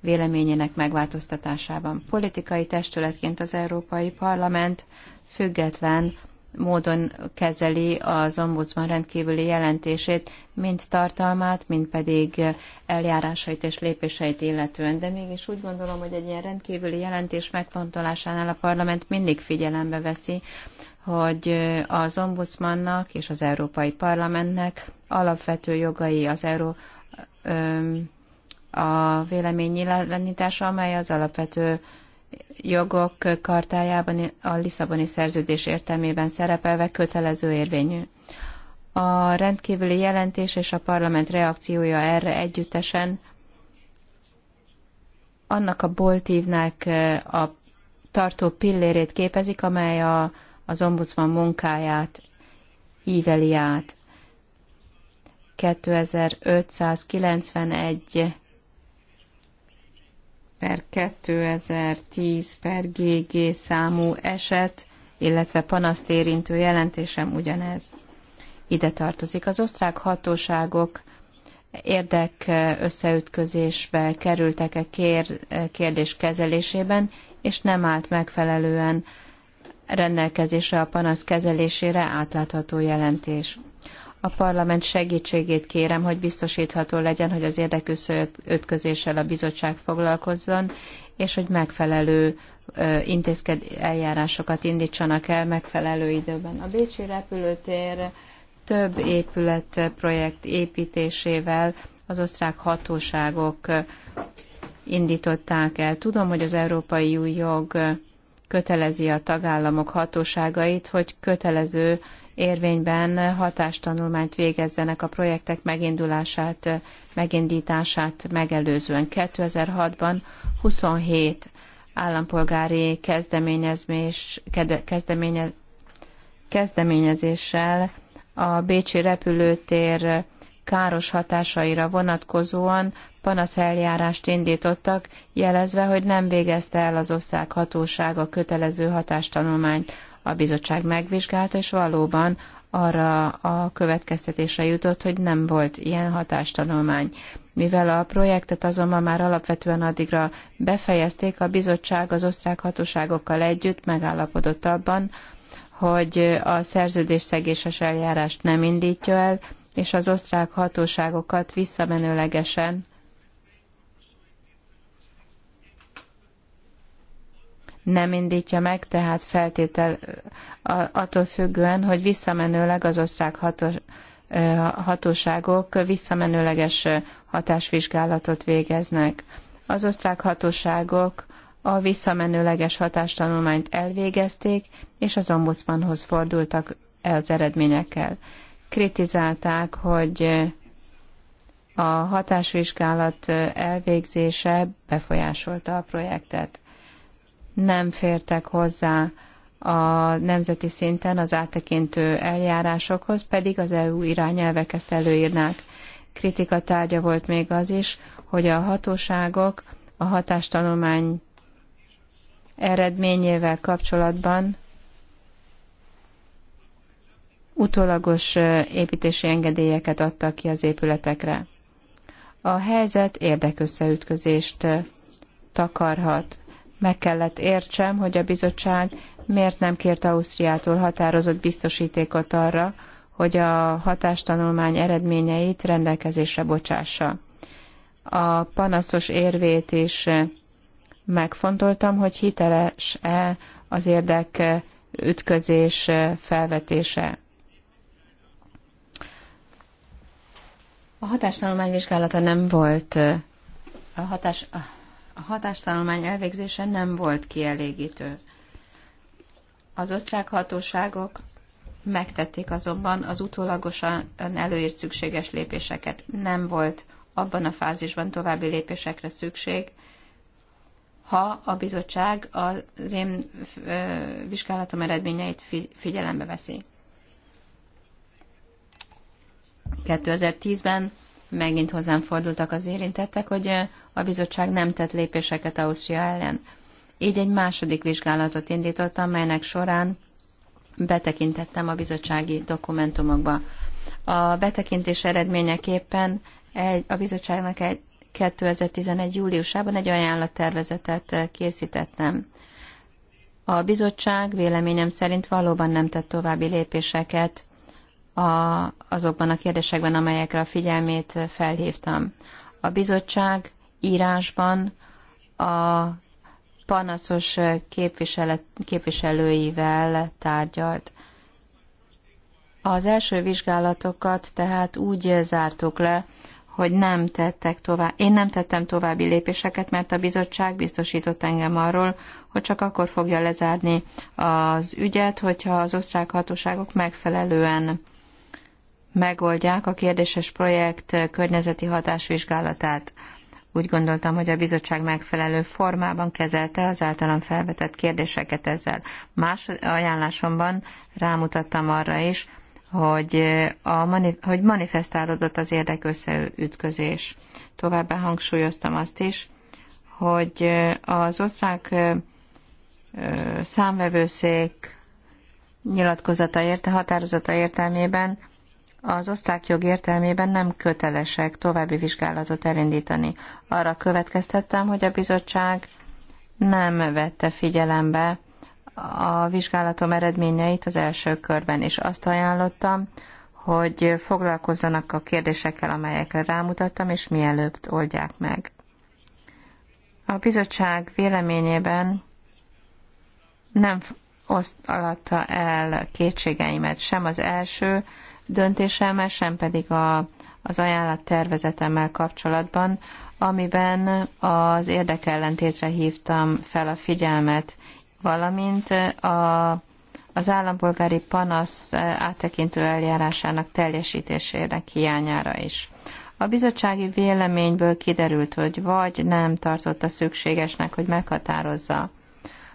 véleményének megváltoztatásában. Politikai testületként az Európai Parlament független módon kezeli az ombudsman rendkívüli jelentését, mind tartalmát, mind pedig eljárásait és lépéseit illetően. De mégis úgy gondolom, hogy egy ilyen rendkívüli jelentés megfontolásánál a parlament mindig figyelembe veszi, hogy az ombudsmannak és az Európai Parlamentnek alapvető jogai az Euró a véleménynyilvánítása, amely az alapvető jogok kartájában a Lisszaboni szerződés értelmében szerepelve kötelező érvényű. A rendkívüli jelentés és a parlament reakciója erre együttesen annak a boltívnek a tartó pillérét képezik, amely a, az ombudsman munkáját íveli át. 2591 per 2010 per GG számú eset, illetve panaszt érintő jelentésem ugyanez. Ide tartozik. Az osztrák hatóságok érdek összeütközésbe kerültek a e kér, e kérdés kezelésében, és nem állt megfelelően rendelkezésre a panasz kezelésére átlátható jelentés a parlament segítségét kérem, hogy biztosítható legyen, hogy az érdekütközéssel a bizottság foglalkozzon, és hogy megfelelő intézked eljárásokat indítsanak el megfelelő időben. A Bécsi repülőtér több épületprojekt építésével az osztrák hatóságok indították el. Tudom, hogy az európai új jog kötelezi a tagállamok hatóságait, hogy kötelező érvényben hatástanulmányt végezzenek a projektek megindulását, megindítását megelőzően. 2006-ban 27 állampolgári kezdeményezés, kezdeménye, kezdeményezéssel a Bécsi repülőtér káros hatásaira vonatkozóan panaszeljárást indítottak, jelezve, hogy nem végezte el az ország hatósága kötelező hatástanulmányt. A bizottság megvizsgálta, és valóban arra a következtetésre jutott, hogy nem volt ilyen hatástanulmány. Mivel a projektet azonban már alapvetően addigra befejezték, a bizottság az osztrák hatóságokkal együtt megállapodott abban, hogy a szerződés szegéses eljárást nem indítja el, és az osztrák hatóságokat visszamenőlegesen nem indítja meg, tehát feltétel attól függően, hogy visszamenőleg az osztrák hatos, hatóságok visszamenőleges hatásvizsgálatot végeznek. Az osztrák hatóságok a visszamenőleges hatástanulmányt elvégezték, és az ombudsmanhoz fordultak az eredményekkel. Kritizálták, hogy a hatásvizsgálat elvégzése befolyásolta a projektet nem fértek hozzá a nemzeti szinten az áttekintő eljárásokhoz, pedig az EU irányelvek ezt előírnák. Kritika tárgya volt még az is, hogy a hatóságok a hatástanulmány eredményével kapcsolatban utólagos építési engedélyeket adtak ki az épületekre. A helyzet érdekösszeütközést takarhat meg kellett értsem, hogy a bizottság miért nem kért Ausztriától határozott biztosítékot arra, hogy a hatástanulmány eredményeit rendelkezésre bocsássa. A panaszos érvét is megfontoltam, hogy hiteles-e az érdek ütközés felvetése. A hatástanulmány vizsgálata nem volt a hatás, a hatástanulmány elvégzése nem volt kielégítő. Az osztrák hatóságok megtették azonban az utólagosan előírt szükséges lépéseket. Nem volt abban a fázisban további lépésekre szükség, ha a bizottság az én vizsgálatom eredményeit figyelembe veszi. 2010-ben megint hozzám fordultak az érintettek, hogy a bizottság nem tett lépéseket Ausztria ellen. Így egy második vizsgálatot indítottam, melynek során betekintettem a bizottsági dokumentumokba. A betekintés eredményeképpen egy, a bizottságnak egy 2011. júliusában egy ajánlattervezetet eh, készítettem. A bizottság véleményem szerint valóban nem tett további lépéseket a, azokban a kérdésekben, amelyekre a figyelmét eh, felhívtam. A bizottság írásban a panaszos képviselet, képviselőivel tárgyalt. Az első vizsgálatokat tehát úgy zártuk le, hogy nem tettek tovább, én nem tettem további lépéseket, mert a bizottság biztosított engem arról, hogy csak akkor fogja lezárni az ügyet, hogyha az osztrák hatóságok megfelelően megoldják a kérdéses projekt környezeti hatásvizsgálatát. Úgy gondoltam, hogy a bizottság megfelelő formában kezelte az általam felvetett kérdéseket ezzel. Más ajánlásomban rámutattam arra is, hogy, a manif- hogy manifestálódott az érdekösszeütközés. Továbbá hangsúlyoztam azt is, hogy az osztrák számvevőszék nyilatkozata érte, határozata értelmében az osztrák jog értelmében nem kötelesek további vizsgálatot elindítani. Arra következtettem, hogy a bizottság nem vette figyelembe a vizsgálatom eredményeit az első körben, és azt ajánlottam, hogy foglalkozzanak a kérdésekkel, amelyekre rámutattam, és mielőbb oldják meg. A bizottság véleményében nem osztalatta el kétségeimet sem az első, döntésemmel, sem pedig a, az ajánlat tervezetemmel kapcsolatban, amiben az érdekellentétre hívtam fel a figyelmet, valamint a, az állampolgári panasz áttekintő eljárásának teljesítésének hiányára is. A bizottsági véleményből kiderült, hogy vagy nem tartotta szükségesnek, hogy meghatározza,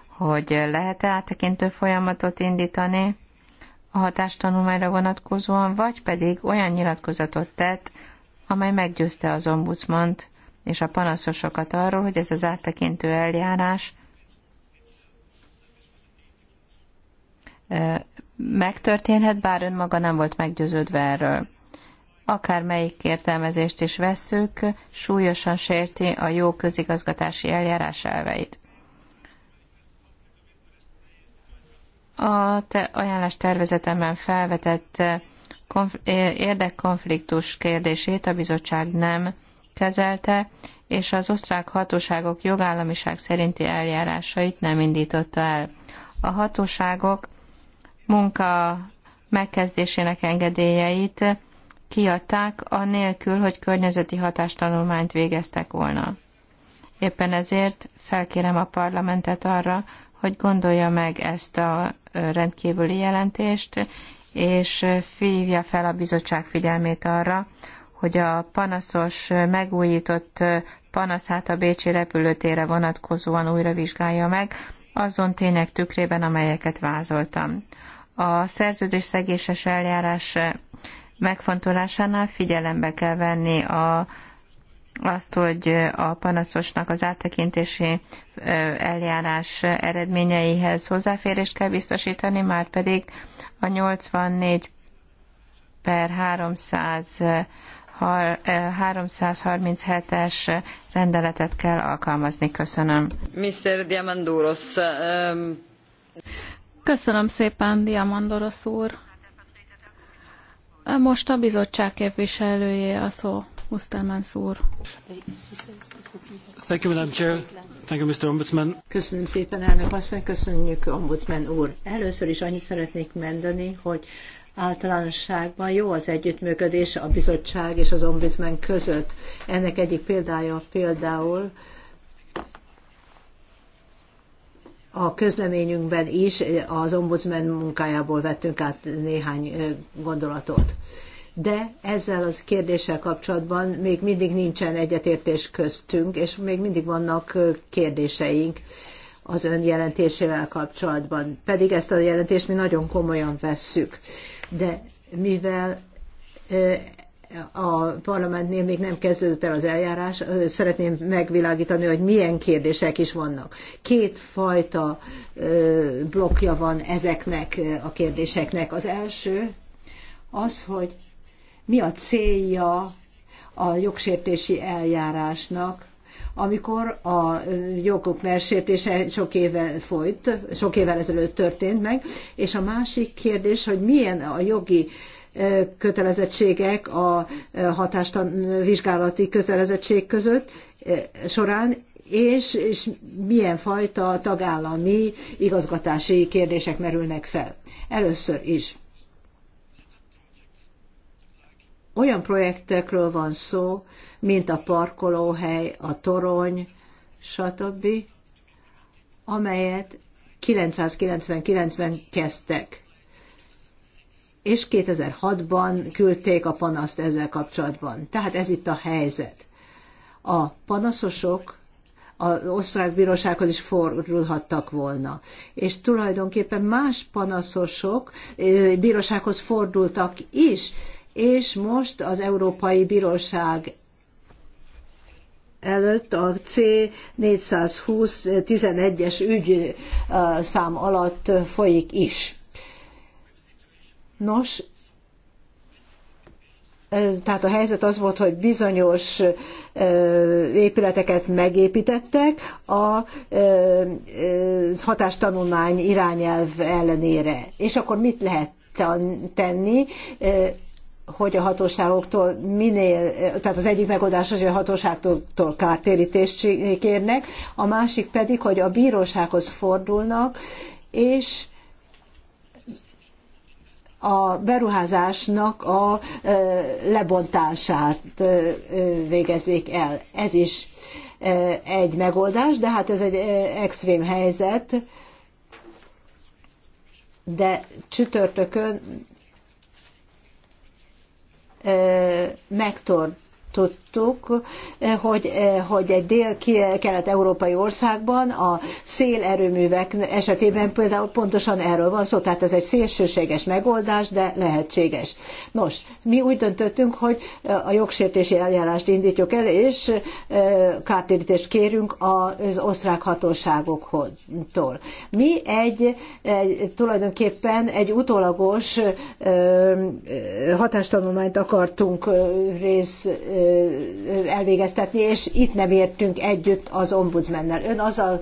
hogy lehet-e áttekintő folyamatot indítani, a hatástanulmányra vonatkozóan, vagy pedig olyan nyilatkozatot tett, amely meggyőzte az ombudsmant és a panaszosokat arról, hogy ez az áttekintő eljárás megtörténhet, bár önmaga nem volt meggyőződve erről. Akármelyik értelmezést is vesszük, súlyosan sérti a jó közigazgatási eljárás elveit. A te ajánlás tervezetemben felvetett eh, eh, érdekkonfliktus kérdését a bizottság nem kezelte, és az osztrák hatóságok jogállamiság szerinti eljárásait nem indította el. A hatóságok munka megkezdésének engedélyeit kiadták, anélkül, hogy környezeti hatástanulmányt végeztek volna. Éppen ezért felkérem a parlamentet arra, hogy gondolja meg ezt a rendkívüli jelentést, és hívja fel a bizottság figyelmét arra, hogy a panaszos megújított panaszát a Bécsi repülőtére vonatkozóan újra vizsgálja meg, azon tények tükrében, amelyeket vázoltam. A szegéses eljárás megfontolásánál figyelembe kell venni a azt, hogy a panaszosnak az áttekintési eljárás eredményeihez hozzáférést kell biztosítani, már pedig a 84 per 300 337-es rendeletet kell alkalmazni. Köszönöm. Mr. Diamandouros. Um... Köszönöm szépen, Diamandoros úr. Most a bizottság képviselője a szó. Musztelmán szór. Thank you, Madam Chair. Thank you, Mr. Ombudsman. Köszönöm szépen, elnök asszony, köszönjük, Ombudsman úr. Először is annyit szeretnék mondani, hogy általánosságban jó az együttműködés a bizottság és az ombudsman között. Ennek egyik példája például a közleményünkben is az ombudsman munkájából vettünk át néhány gondolatot de ezzel az kérdéssel kapcsolatban még mindig nincsen egyetértés köztünk, és még mindig vannak kérdéseink az ön jelentésével kapcsolatban. Pedig ezt a jelentést mi nagyon komolyan vesszük. De mivel a parlamentnél még nem kezdődött el az eljárás, szeretném megvilágítani, hogy milyen kérdések is vannak. Két fajta blokja van ezeknek a kérdéseknek. Az első az, hogy mi a célja a jogsértési eljárásnak, amikor a jogok megsértése sok évvel folyt, sok évvel ezelőtt történt meg, és a másik kérdés, hogy milyen a jogi kötelezettségek a hatástan vizsgálati kötelezettség között során, és, és milyen fajta tagállami igazgatási kérdések merülnek fel. Először is olyan projektekről van szó, mint a parkolóhely, a torony, stb., amelyet 999-ben kezdtek. És 2006-ban küldték a panaszt ezzel kapcsolatban. Tehát ez itt a helyzet. A panaszosok az osztrák bírósághoz is fordulhattak volna. És tulajdonképpen más panaszosok bírósághoz fordultak is, és most az Európai Bíróság előtt a C420-11-es ügy szám alatt folyik is. Nos, tehát a helyzet az volt, hogy bizonyos épületeket megépítettek a hatástanulmány irányelv ellenére. És akkor mit lehet tenni? hogy a hatóságoktól minél, tehát az egyik megoldás az, hogy a hatóságtól kártérítést kérnek, a másik pedig, hogy a bírósághoz fordulnak, és a beruházásnak a lebontását végezzék el. Ez is egy megoldás, de hát ez egy extrém helyzet. De csütörtökön megtor tudtuk, eh, hogy, eh, hogy egy dél-kelet-európai országban a szélerőművek esetében például pontosan erről van szó, tehát ez egy szélsőséges megoldás, de lehetséges. Nos, mi úgy döntöttünk, hogy eh, a jogsértési eljárást indítjuk el, és kártérítést kérünk az osztrák hatóságoktól. Mi egy, egy tulajdonképpen egy utólagos hatástanulmányt akartunk rész elvégeztetni, és itt nem értünk együtt az ombudsmennel. Ön a,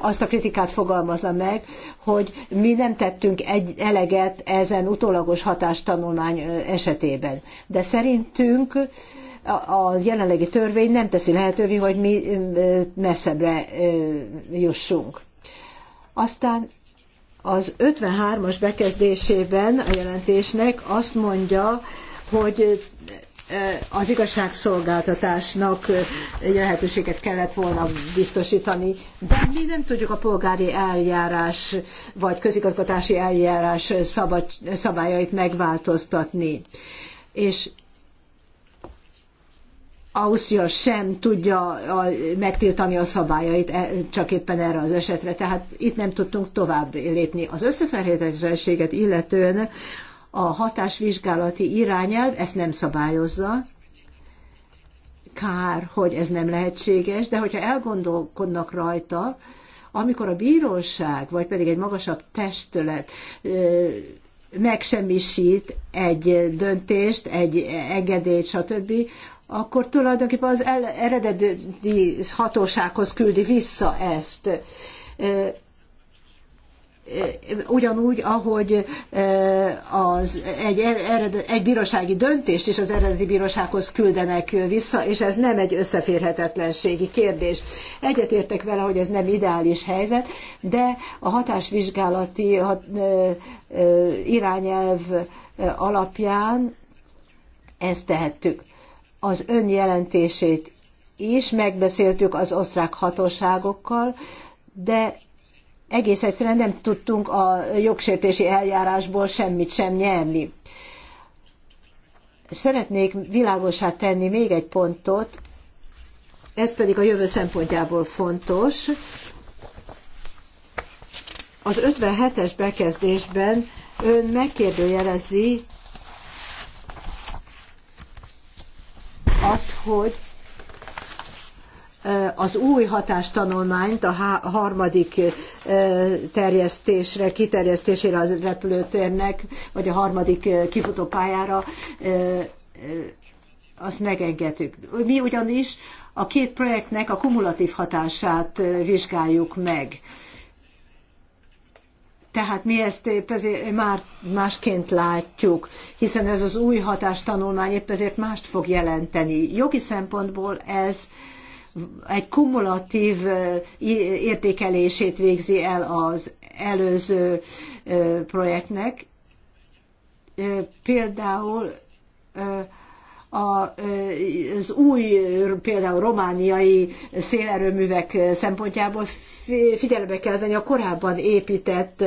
azt a kritikát fogalmazza meg, hogy mi nem tettünk egy, eleget ezen utólagos hatástanulmány esetében. De szerintünk a jelenlegi törvény nem teszi lehetővé, hogy mi messzebbre jussunk. Aztán az 53-as bekezdésében a jelentésnek azt mondja, hogy Eh, az igazságszolgáltatásnak eh, lehetőséget kellett volna biztosítani, de mi nem tudjuk a polgári eljárás vagy közigazgatási eljárás szabad, szabályait megváltoztatni. És Ausztria sem tudja megtiltani a szabályait e, csak éppen erre az esetre. Tehát itt nem tudtunk tovább lépni. Az összeférhetetlenséget illetően a hatásvizsgálati irányelv ezt nem szabályozza, kár, hogy ez nem lehetséges, de hogyha elgondolkodnak rajta, amikor a bíróság, vagy pedig egy magasabb testület megsemmisít egy döntést, egy engedélyt, stb., akkor tulajdonképpen az eredeti hatósághoz küldi vissza ezt ugyanúgy, ahogy e, az, egy, er, eredet, egy bírósági döntést is az eredeti bírósághoz küldenek vissza, és ez nem egy összeférhetetlenségi kérdés. Egyetértek vele, hogy ez nem ideális helyzet, de a hatásvizsgálati e, e, irányelv alapján ezt tehettük. Az önjelentését is megbeszéltük az osztrák hatóságokkal, de egész egyszerűen nem tudtunk a jogsértési eljárásból semmit sem nyerni. Szeretnék világosá tenni még egy pontot, ez pedig a jövő szempontjából fontos. Az 57-es bekezdésben ön megkérdőjelezi azt, hogy az új hatástanulmányt a harmadik terjesztésre, kiterjesztésére a repülőtérnek, vagy a harmadik kifutópályára azt megengedjük. Mi ugyanis a két projektnek a kumulatív hatását vizsgáljuk meg. Tehát mi ezt épp ezért már másként látjuk, hiszen ez az új hatástanulmány épp ezért mást fog jelenteni. Jogi szempontból ez egy kumulatív értékelését végzi el az előző projektnek. Például az új, például romániai szélerőművek szempontjából figyelembe kell venni a korábban épített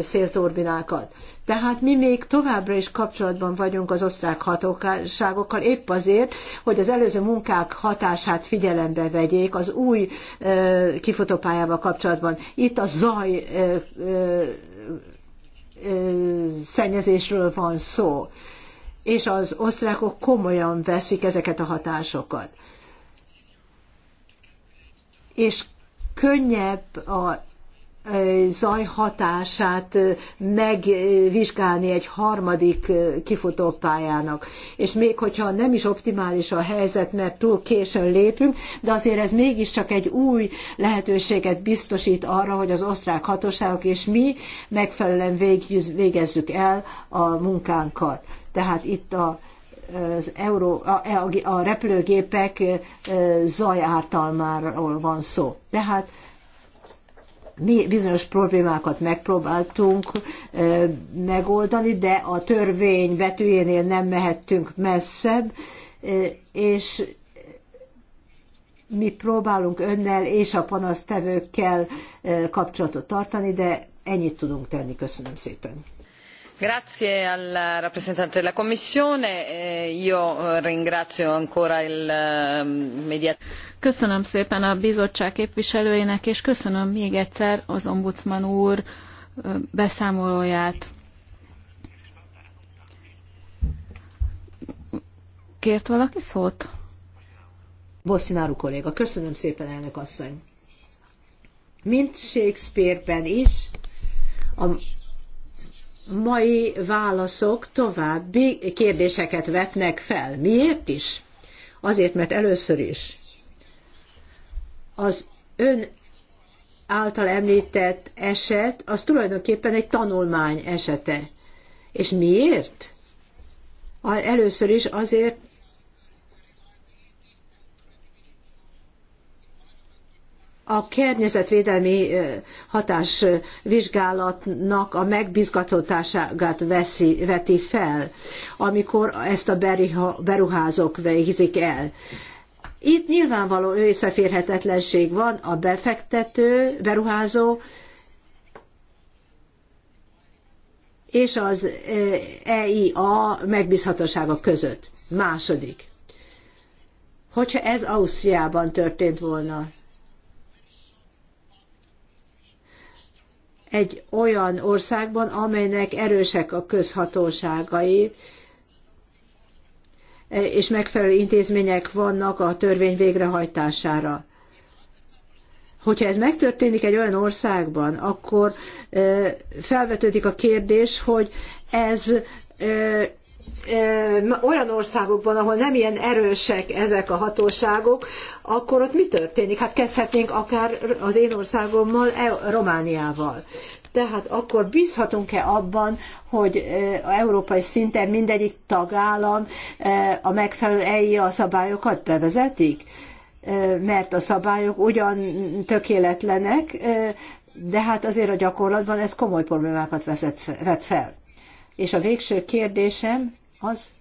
szélturbinákat. Tehát mi még továbbra is kapcsolatban vagyunk az osztrák hatóságokkal, épp azért, hogy az előző munkák hatását figyelembe vegyék az új kifotópályával kapcsolatban. Itt a zaj szennyezésről van szó, és az osztrákok komolyan veszik ezeket a hatásokat. És könnyebb a zaj hatását megvizsgálni egy harmadik kifutópályának. És még hogyha nem is optimális a helyzet, mert túl későn lépünk, de azért ez mégiscsak egy új lehetőséget biztosít arra, hogy az osztrák hatóságok és mi megfelelően végezzük el a munkánkat. Tehát itt a az euró, a, a repülőgépek zajártalmáról van szó. Tehát mi bizonyos problémákat megpróbáltunk megoldani, de a törvény betűjénél nem mehettünk messzebb, és mi próbálunk önnel és a panasztevőkkel kapcsolatot tartani, de ennyit tudunk tenni. Köszönöm szépen grazie al rappresentante della commissione e io eh, ringrazio ancora il ehm, mediatore. köszönöm szépen a bizottság képviselőjének és köszönöm még egyszer az ombudsman úr beszámolóját. Kért valaki szót? Bosszináru kolléga, köszönöm szépen, elnök asszony. Mint Shakespeare-ben is, a mai válaszok további kérdéseket vetnek fel. Miért is? Azért, mert először is az ön által említett eset, az tulajdonképpen egy tanulmány esete. És miért? Először is azért, a környezetvédelmi hatás vizsgálatnak a megbizgatottságát veszi, veti fel, amikor ezt a beruházók végzik el. Itt nyilvánvaló összeférhetetlenség van a befektető, beruházó és az EIA megbízhatósága között. Második. Hogyha ez Ausztriában történt volna, egy olyan országban, amelynek erősek a közhatóságai, és megfelelő intézmények vannak a törvény végrehajtására. Hogyha ez megtörténik egy olyan országban, akkor felvetődik a kérdés, hogy ez olyan országokban, ahol nem ilyen erősek ezek a hatóságok, akkor ott mi történik? Hát kezdhetnénk akár az én országommal, e, Romániával. Tehát akkor bízhatunk-e abban, hogy európai szinten mindegyik tagállam a megfelelő EIA szabályokat bevezetik? Mert a szabályok ugyan tökéletlenek, de hát azért a gyakorlatban ez komoly problémákat vezet, vet fel. És a végső kérdésem az,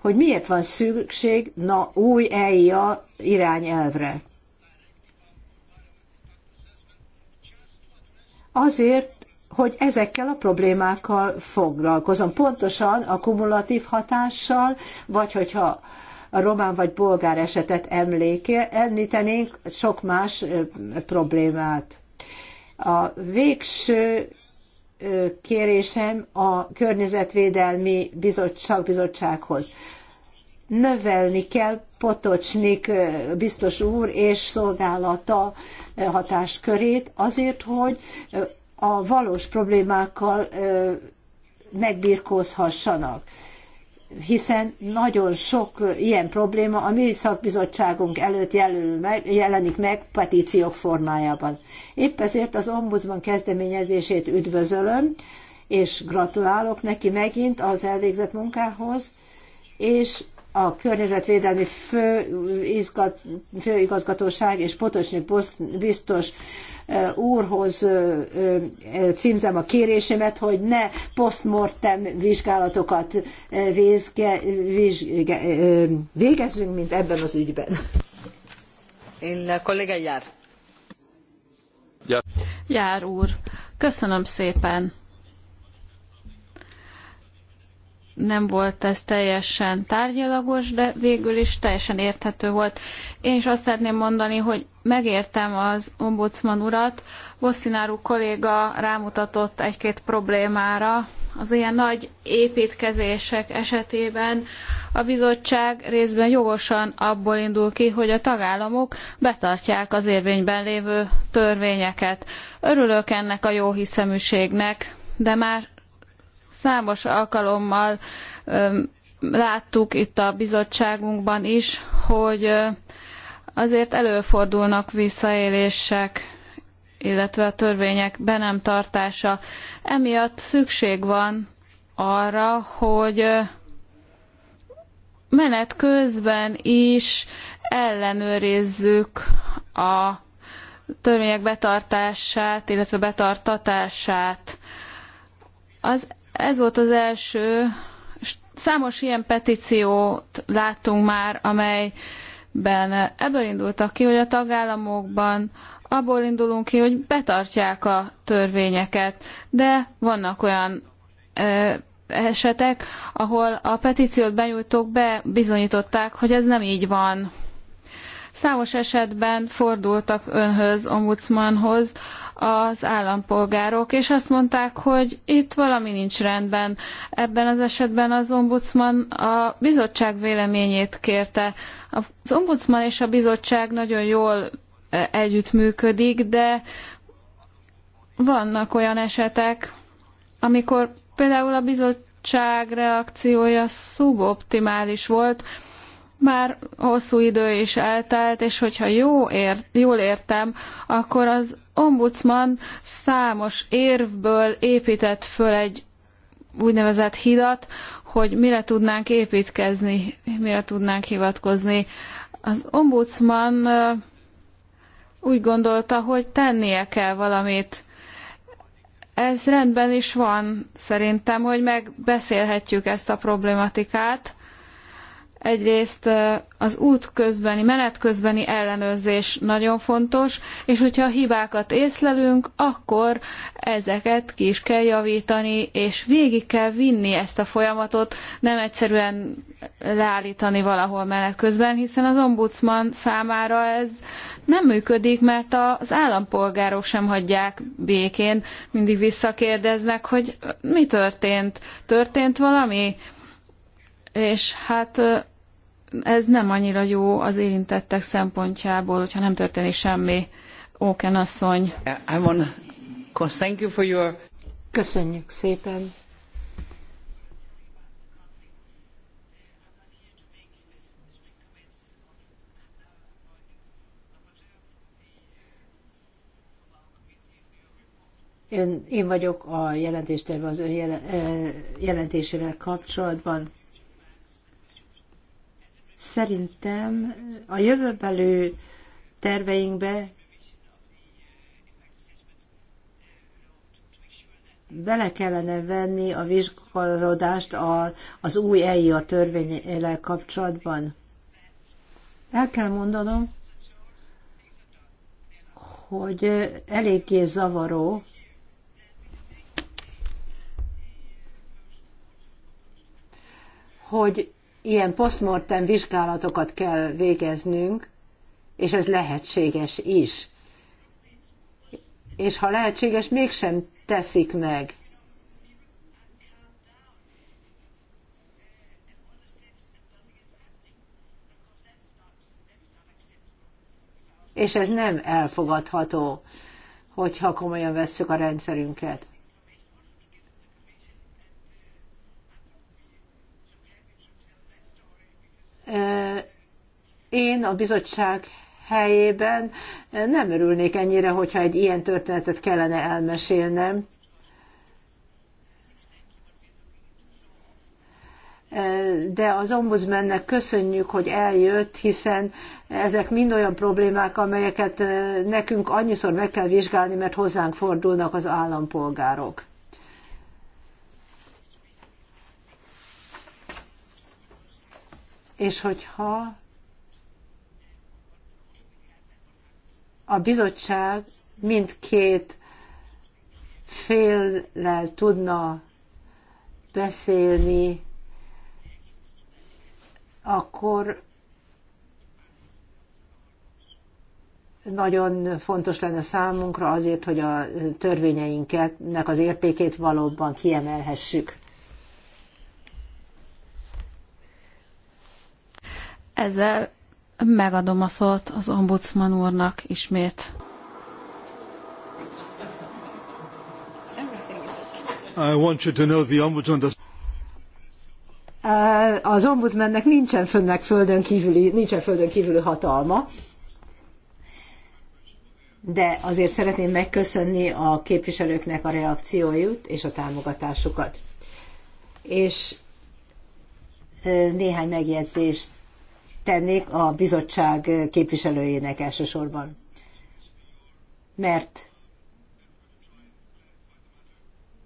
hogy miért van szükség na, új EIA irányelvre. Azért, hogy ezekkel a problémákkal foglalkozom. Pontosan a kumulatív hatással, vagy hogyha a román vagy bolgár esetet emléke, említenénk sok más problémát. A végső kérésem a Környezetvédelmi Szakbizottsághoz. Növelni kell Potocsnik biztos úr és szolgálata hatáskörét azért, hogy a valós problémákkal megbirkózhassanak hiszen nagyon sok ilyen probléma a mi szakbizottságunk előtt jelöl meg, jelenik meg petíciók formájában. Épp ezért az ombudsman kezdeményezését üdvözölöm, és gratulálok neki megint az elvégzett munkához, és a környezetvédelmi fő, izgat, főigazgatóság és Potocsnyi biztos eh, úrhoz eh, eh, címzem a kérésemet, hogy ne postmortem vizsgálatokat vézge, vizge, végezzünk, mint ebben az ügyben. Én kollega jár. Jár úr, köszönöm szépen. nem volt ez teljesen tárgyalagos, de végül is teljesen érthető volt. Én is azt szeretném mondani, hogy megértem az ombudsman urat, Bosszináru kolléga rámutatott egy-két problémára. Az ilyen nagy építkezések esetében a bizottság részben jogosan abból indul ki, hogy a tagállamok betartják az érvényben lévő törvényeket. Örülök ennek a jó hiszeműségnek, de már Számos alkalommal láttuk itt a bizottságunkban is, hogy azért előfordulnak visszaélések, illetve a törvények be nem tartása. Emiatt szükség van arra, hogy menet közben is ellenőrizzük a törvények betartását, illetve betartatását. Az ez volt az első. Számos ilyen petíciót láttunk már, amelyben ebből indultak ki, hogy a tagállamokban abból indulunk ki, hogy betartják a törvényeket, de vannak olyan esetek, ahol a petíciót benyújtók bizonyították, hogy ez nem így van. Számos esetben fordultak önhöz, ombudsmanhoz, az állampolgárok, és azt mondták, hogy itt valami nincs rendben. Ebben az esetben az ombudsman a bizottság véleményét kérte. Az ombudsman és a bizottság nagyon jól e, együttműködik, de vannak olyan esetek, amikor például a bizottság reakciója szuboptimális volt, már hosszú idő is eltelt, és hogyha jó ért, jól értem, akkor az ombudsman számos érvből épített föl egy úgynevezett hidat, hogy mire tudnánk építkezni, mire tudnánk hivatkozni. Az ombudsman úgy gondolta, hogy tennie kell valamit. Ez rendben is van, szerintem, hogy megbeszélhetjük ezt a problématikát Egyrészt az út közbeni, menet közbeni ellenőrzés nagyon fontos, és hogyha hibákat észlelünk, akkor ezeket ki is kell javítani, és végig kell vinni ezt a folyamatot, nem egyszerűen leállítani valahol menet közben, hiszen az ombudsman számára ez nem működik, mert az állampolgárok sem hagyják békén, mindig visszakérdeznek, hogy mi történt, történt valami, és hát ez nem annyira jó az érintettek szempontjából, hogyha nem történik semmi. Óken asszony. Köszönjük szépen. Ön, én vagyok a jelentéstevő az ön jelentésével kapcsolatban. Szerintem a jövőbeli terveinkbe bele kellene venni a vizsgálódást a, az új EI a törvényel kapcsolatban. El kell mondanom, hogy eléggé zavaró, hogy ilyen postmortem vizsgálatokat kell végeznünk, és ez lehetséges is. És ha lehetséges, mégsem teszik meg. És ez nem elfogadható, hogyha komolyan vesszük a rendszerünket. Én a bizottság helyében nem örülnék ennyire, hogyha egy ilyen történetet kellene elmesélnem. de az ombudsmannek köszönjük, hogy eljött, hiszen ezek mind olyan problémák, amelyeket nekünk annyiszor meg kell vizsgálni, mert hozzánk fordulnak az állampolgárok. és hogyha a bizottság mindkét féllel tudna beszélni, akkor nagyon fontos lenne számunkra azért, hogy a nek az értékét valóban kiemelhessük. Ezzel megadom a szót az ombudsman úrnak ismét. I want you to know the ombudsman does uh, az ombudsmannek nincsen fönnek földön kívüli, nincsen földön kívüli hatalma, de azért szeretném megköszönni a képviselőknek a reakciójút és a támogatásukat. És néhány megjegyzést tennék a bizottság képviselőjének elsősorban. Mert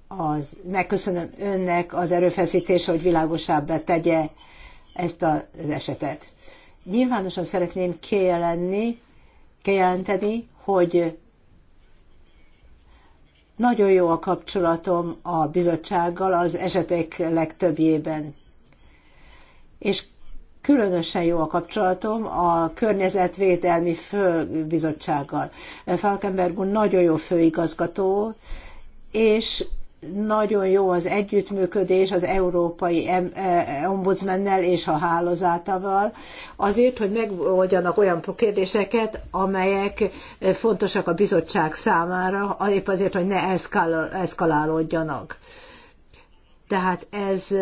az, megköszönöm önnek az erőfeszítése, hogy világosabbá tegye ezt az esetet. Nyilvánosan szeretném kijelenni, kijelenteni, hogy nagyon jó a kapcsolatom a bizottsággal az esetek legtöbbjében. És Különösen jó a kapcsolatom a Környezetvédelmi Főbizottsággal. Falkenberg úr nagyon jó főigazgató, és nagyon jó az együttműködés az európai e- e- ombudsmennel és a hálózatával, azért, hogy megoldjanak olyan kérdéseket, amelyek fontosak a bizottság számára, épp azért, hogy ne eszkalálódjanak. Tehát ez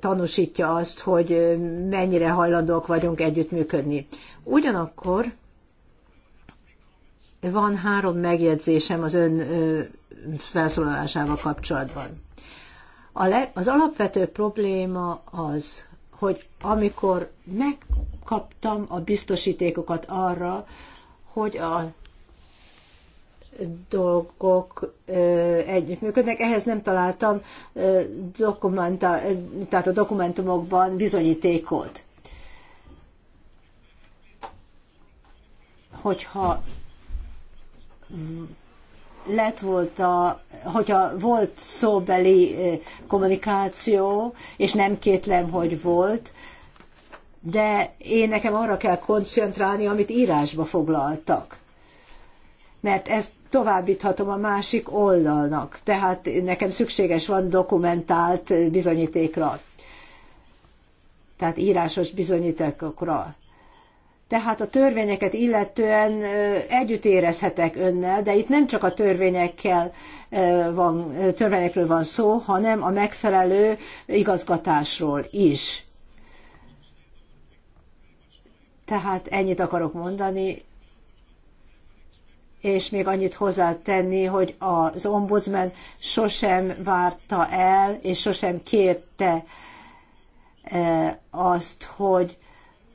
tanúsítja azt, hogy mennyire hajlandók vagyunk együttműködni. Ugyanakkor van három megjegyzésem az ön felszólalásával kapcsolatban. A le, az alapvető probléma az, hogy amikor megkaptam a biztosítékokat arra, hogy a dolgok együttműködnek. Ehhez nem találtam dokumenta, tehát a dokumentumokban bizonyítékot. Hogyha lett volt a, hogyha volt szóbeli kommunikáció, és nem kétlem, hogy volt, de én nekem arra kell koncentrálni, amit írásba foglaltak mert ezt továbbíthatom a másik oldalnak. Tehát nekem szükséges van dokumentált bizonyítékra. Tehát írásos bizonyítékokra. Tehát a törvényeket illetően együtt érezhetek önnel, de itt nem csak a törvényekkel van, törvényekről van szó, hanem a megfelelő igazgatásról is. Tehát ennyit akarok mondani, és még annyit hozzátenni, hogy az ombudsman sosem várta el, és sosem kérte e, azt, hogy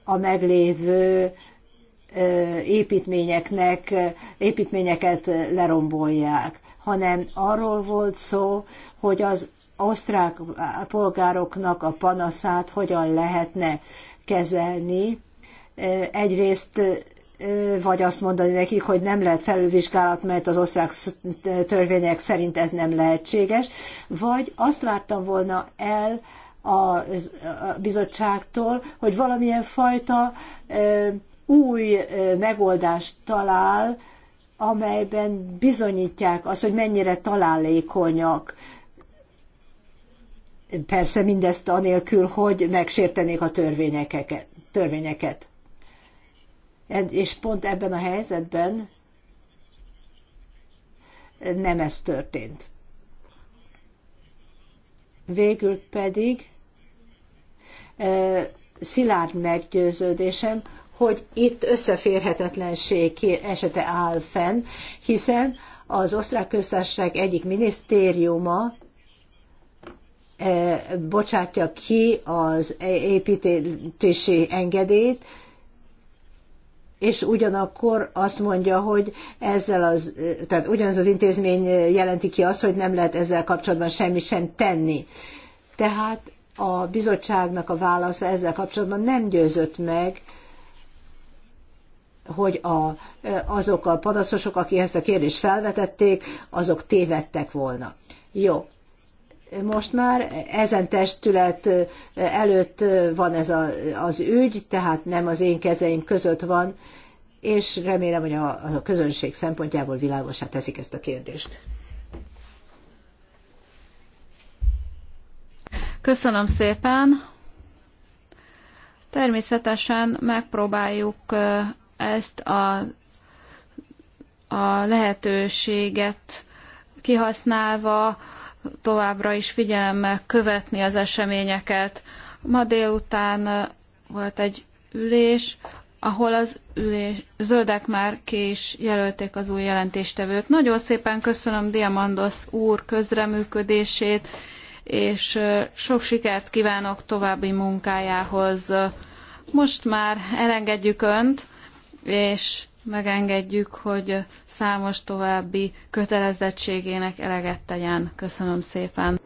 a meglévő e, építményeknek, e, építményeket lerombolják, hanem arról volt szó, hogy az osztrák polgároknak a panaszát hogyan lehetne kezelni. Egyrészt vagy azt mondani nekik, hogy nem lehet felülvizsgálat, mert az osztrák törvények szerint ez nem lehetséges, vagy azt vártam volna el a bizottságtól, hogy valamilyen fajta új megoldást talál, amelyben bizonyítják azt, hogy mennyire találékonyak. Persze mindezt anélkül, hogy megsértenék a törvényeket és pont ebben a helyzetben nem ez történt. Végül pedig szilárd meggyőződésem, hogy itt összeférhetetlenség esete áll fenn, hiszen az osztrák köztársaság egyik minisztériuma bocsátja ki az építési engedélyt, és ugyanakkor azt mondja, hogy ezzel az, tehát ugyanaz az intézmény jelenti ki azt, hogy nem lehet ezzel kapcsolatban semmit sem tenni. Tehát a bizottságnak a válasza ezzel kapcsolatban nem győzött meg, hogy a, azok a panaszosok, akik ezt a kérdést felvetették, azok tévedtek volna. Jó, most már ezen testület előtt van ez a, az ügy, tehát nem az én kezeim között van, és remélem, hogy a, a közönség szempontjából világosá teszik ezt a kérdést. Köszönöm szépen! Természetesen megpróbáljuk ezt a, a lehetőséget kihasználva, továbbra is figyelemmel követni az eseményeket. Ma délután volt egy ülés, ahol az ülés, zöldek már ki is jelölték az új jelentéstevőt. Nagyon szépen köszönöm Diamandos úr közreműködését, és sok sikert kívánok további munkájához. Most már elengedjük önt, és megengedjük, hogy számos további kötelezettségének eleget tegyen. Köszönöm szépen.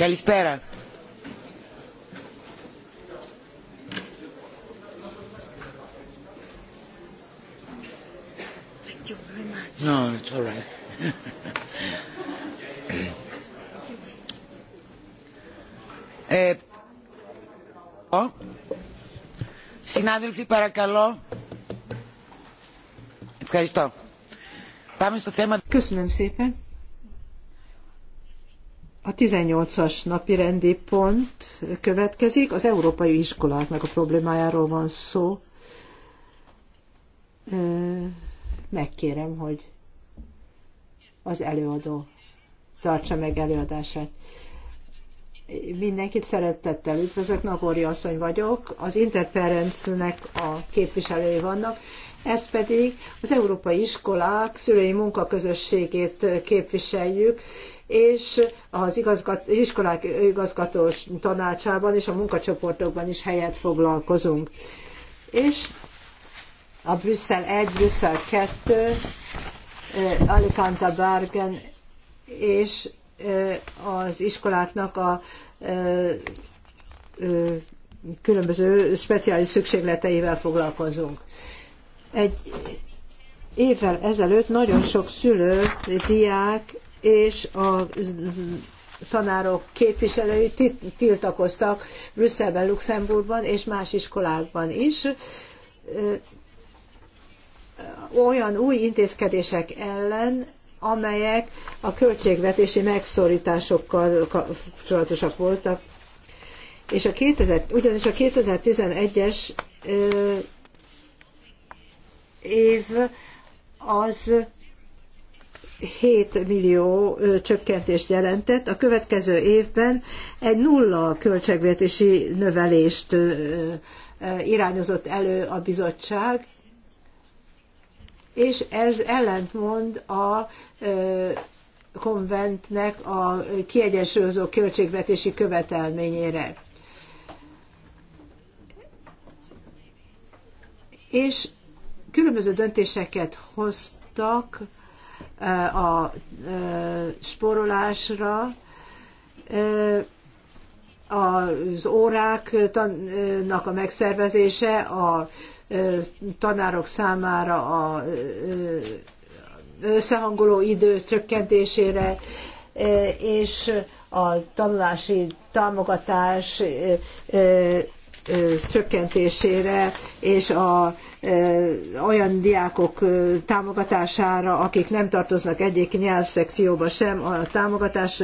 Καλησπέρα. Thank you very much. No, it's all right. ε, ο, συνάδελφοι παρακαλώ. Ευχαριστώ. Πάμε στο θέμα. Köszönöm szépen. 18-as napi rendi pont következik, az európai iskoláknak a problémájáról van szó. Megkérem, hogy az előadó tartsa meg előadását. Mindenkit szeretettel üdvözlök, Nagori asszony vagyok, az Interferencnek a képviselői vannak, ez pedig az európai iskolák szülői munkaközösségét képviseljük, és az igazgat, iskolák igazgatós tanácsában és a munkacsoportokban is helyet foglalkozunk. És a Brüsszel 1, Brüsszel 2, Alicante Bergen és az iskoláknak a különböző speciális szükségleteivel foglalkozunk. Egy évvel ezelőtt nagyon sok szülő, diák és a mm, tanárok képviselői tiltakoztak Brüsszelben, Luxemburgban és más iskolákban is olyan új intézkedések ellen, amelyek a költségvetési megszorításokkal kapcsolatosak voltak. És a 2000, ugyanis a 2011-es év az 7 millió csökkentést jelentett, a következő évben egy nulla költségvetési növelést irányozott elő a bizottság, és ez ellentmond a konventnek a kiegyensúlyozó költségvetési követelményére. És különböző döntéseket hoztak, a sporolásra, az óráknak a megszervezése, a tanárok számára a összehangoló idő csökkentésére, és a tanulási támogatás csökkentésére és a, olyan diákok támogatására, akik nem tartoznak egyik nyelvszekcióba sem, a támogatás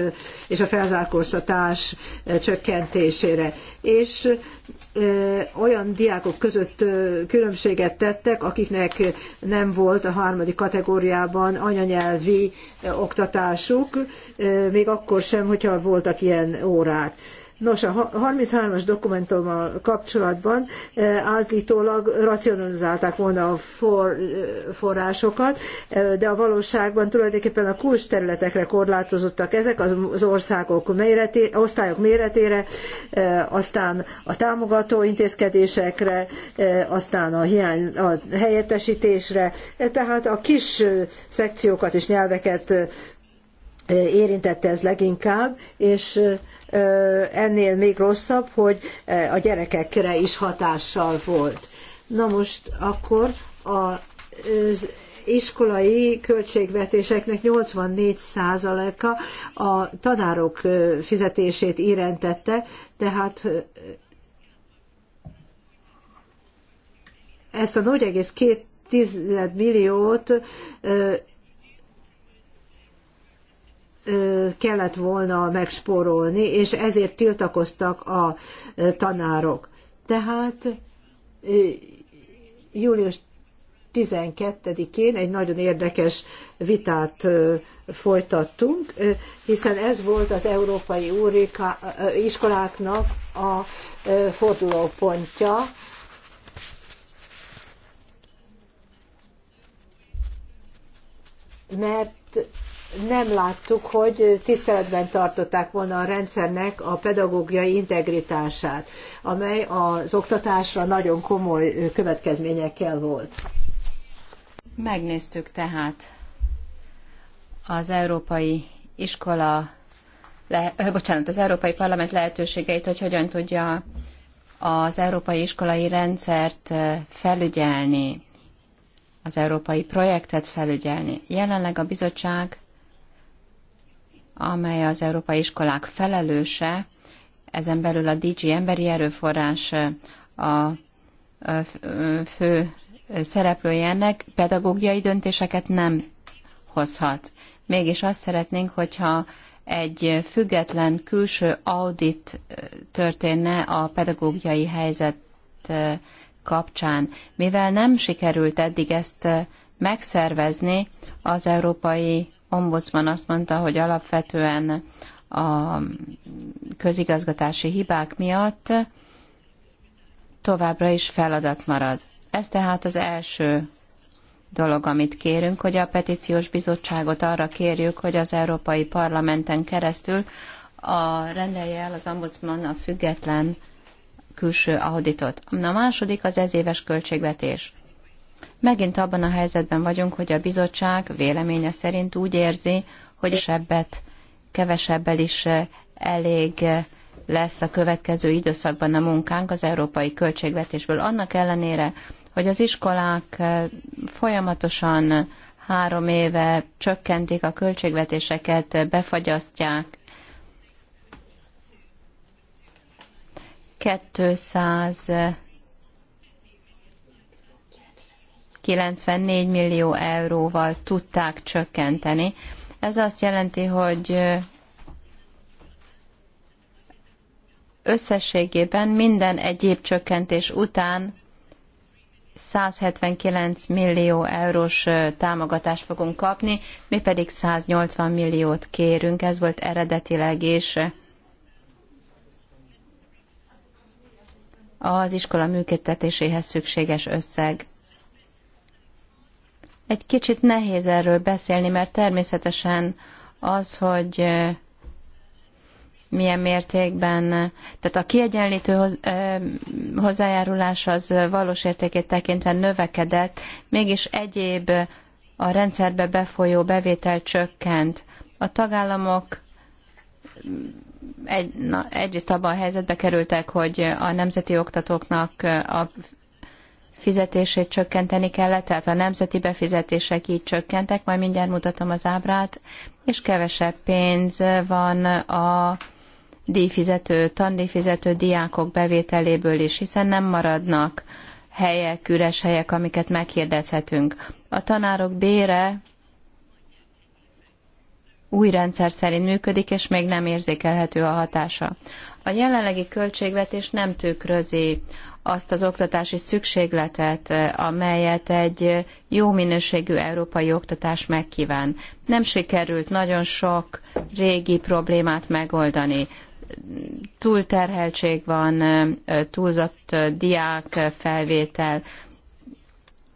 és a felzárkóztatás csökkentésére. És olyan diákok között különbséget tettek, akiknek nem volt a harmadik kategóriában anyanyelvi oktatásuk, még akkor sem, hogyha voltak ilyen órák Nos, a 33-as dokumentummal kapcsolatban eh, állítólag racionalizálták volna a for, eh, forrásokat, eh, de a valóságban tulajdonképpen a kulcs területekre korlátozottak ezek az országok méreté, osztályok méretére, aztán a támogató intézkedésekre, aztán a, hiány, a helyettesítésre, tehát a kis szekciókat és nyelveket érintette ez leginkább, és ennél még rosszabb, hogy a gyerekekre is hatással volt. Na most akkor az iskolai költségvetéseknek 84%-a a tanárok fizetését irentette, tehát ezt a 0,2 milliót kellett volna megspórolni, és ezért tiltakoztak a tanárok. Tehát július 12-én egy nagyon érdekes vitát folytattunk, hiszen ez volt az európai úrika, iskoláknak a fordulópontja, mert nem láttuk, hogy tiszteletben tartották volna a rendszernek a pedagógiai integritását, amely az oktatásra nagyon komoly következményekkel volt. Megnéztük tehát az európai iskola, le, bocsánat, az Európai Parlament lehetőségeit, hogy hogyan tudja az európai iskolai rendszert felügyelni, az európai projektet felügyelni. Jelenleg a bizottság amely az európai iskolák felelőse, ezen belül a DG emberi erőforrás a fő szereplője ennek, pedagógiai döntéseket nem hozhat. Mégis azt szeretnénk, hogyha egy független külső audit történne a pedagógiai helyzet kapcsán. Mivel nem sikerült eddig ezt megszervezni, az európai ombudsman azt mondta, hogy alapvetően a közigazgatási hibák miatt továbbra is feladat marad. Ez tehát az első dolog, amit kérünk, hogy a petíciós bizottságot arra kérjük, hogy az Európai Parlamenten keresztül a, rendelje el az ombudsman a független külső auditot. A második az ezéves költségvetés. Megint abban a helyzetben vagyunk, hogy a bizottság véleménye szerint úgy érzi, hogy kevesebbet, kevesebbel is eh, elég eh, lesz a következő időszakban a munkánk az európai költségvetésből. Annak ellenére, hogy az iskolák eh, folyamatosan három éve csökkentik a költségvetéseket, befagyasztják. 200 94 millió euróval tudták csökkenteni. Ez azt jelenti, hogy összességében minden egyéb csökkentés után 179 millió eurós támogatást fogunk kapni, mi pedig 180 milliót kérünk, ez volt eredetileg is. az iskola működtetéséhez szükséges összeg. Egy kicsit nehéz erről beszélni, mert természetesen az, hogy milyen mértékben, tehát a kiegyenlítő hoz, hozzájárulás az valós értékét tekintve növekedett, mégis egyéb a rendszerbe befolyó bevétel csökkent. A tagállamok egy, na, egyrészt abban a helyzetbe kerültek, hogy a nemzeti oktatóknak a fizetését csökkenteni kellett, tehát a nemzeti befizetések így csökkentek, majd mindjárt mutatom az ábrát, és kevesebb pénz van a díjfizető, tandíjfizető diákok bevételéből is, hiszen nem maradnak helyek, üres helyek, amiket meghirdethetünk. A tanárok bére új rendszer szerint működik, és még nem érzékelhető a hatása. A jelenlegi költségvetés nem tükrözi azt az oktatási szükségletet, amelyet egy jó minőségű európai oktatás megkíván. Nem sikerült nagyon sok régi problémát megoldani. Túlterheltség van, túlzott diák felvétel,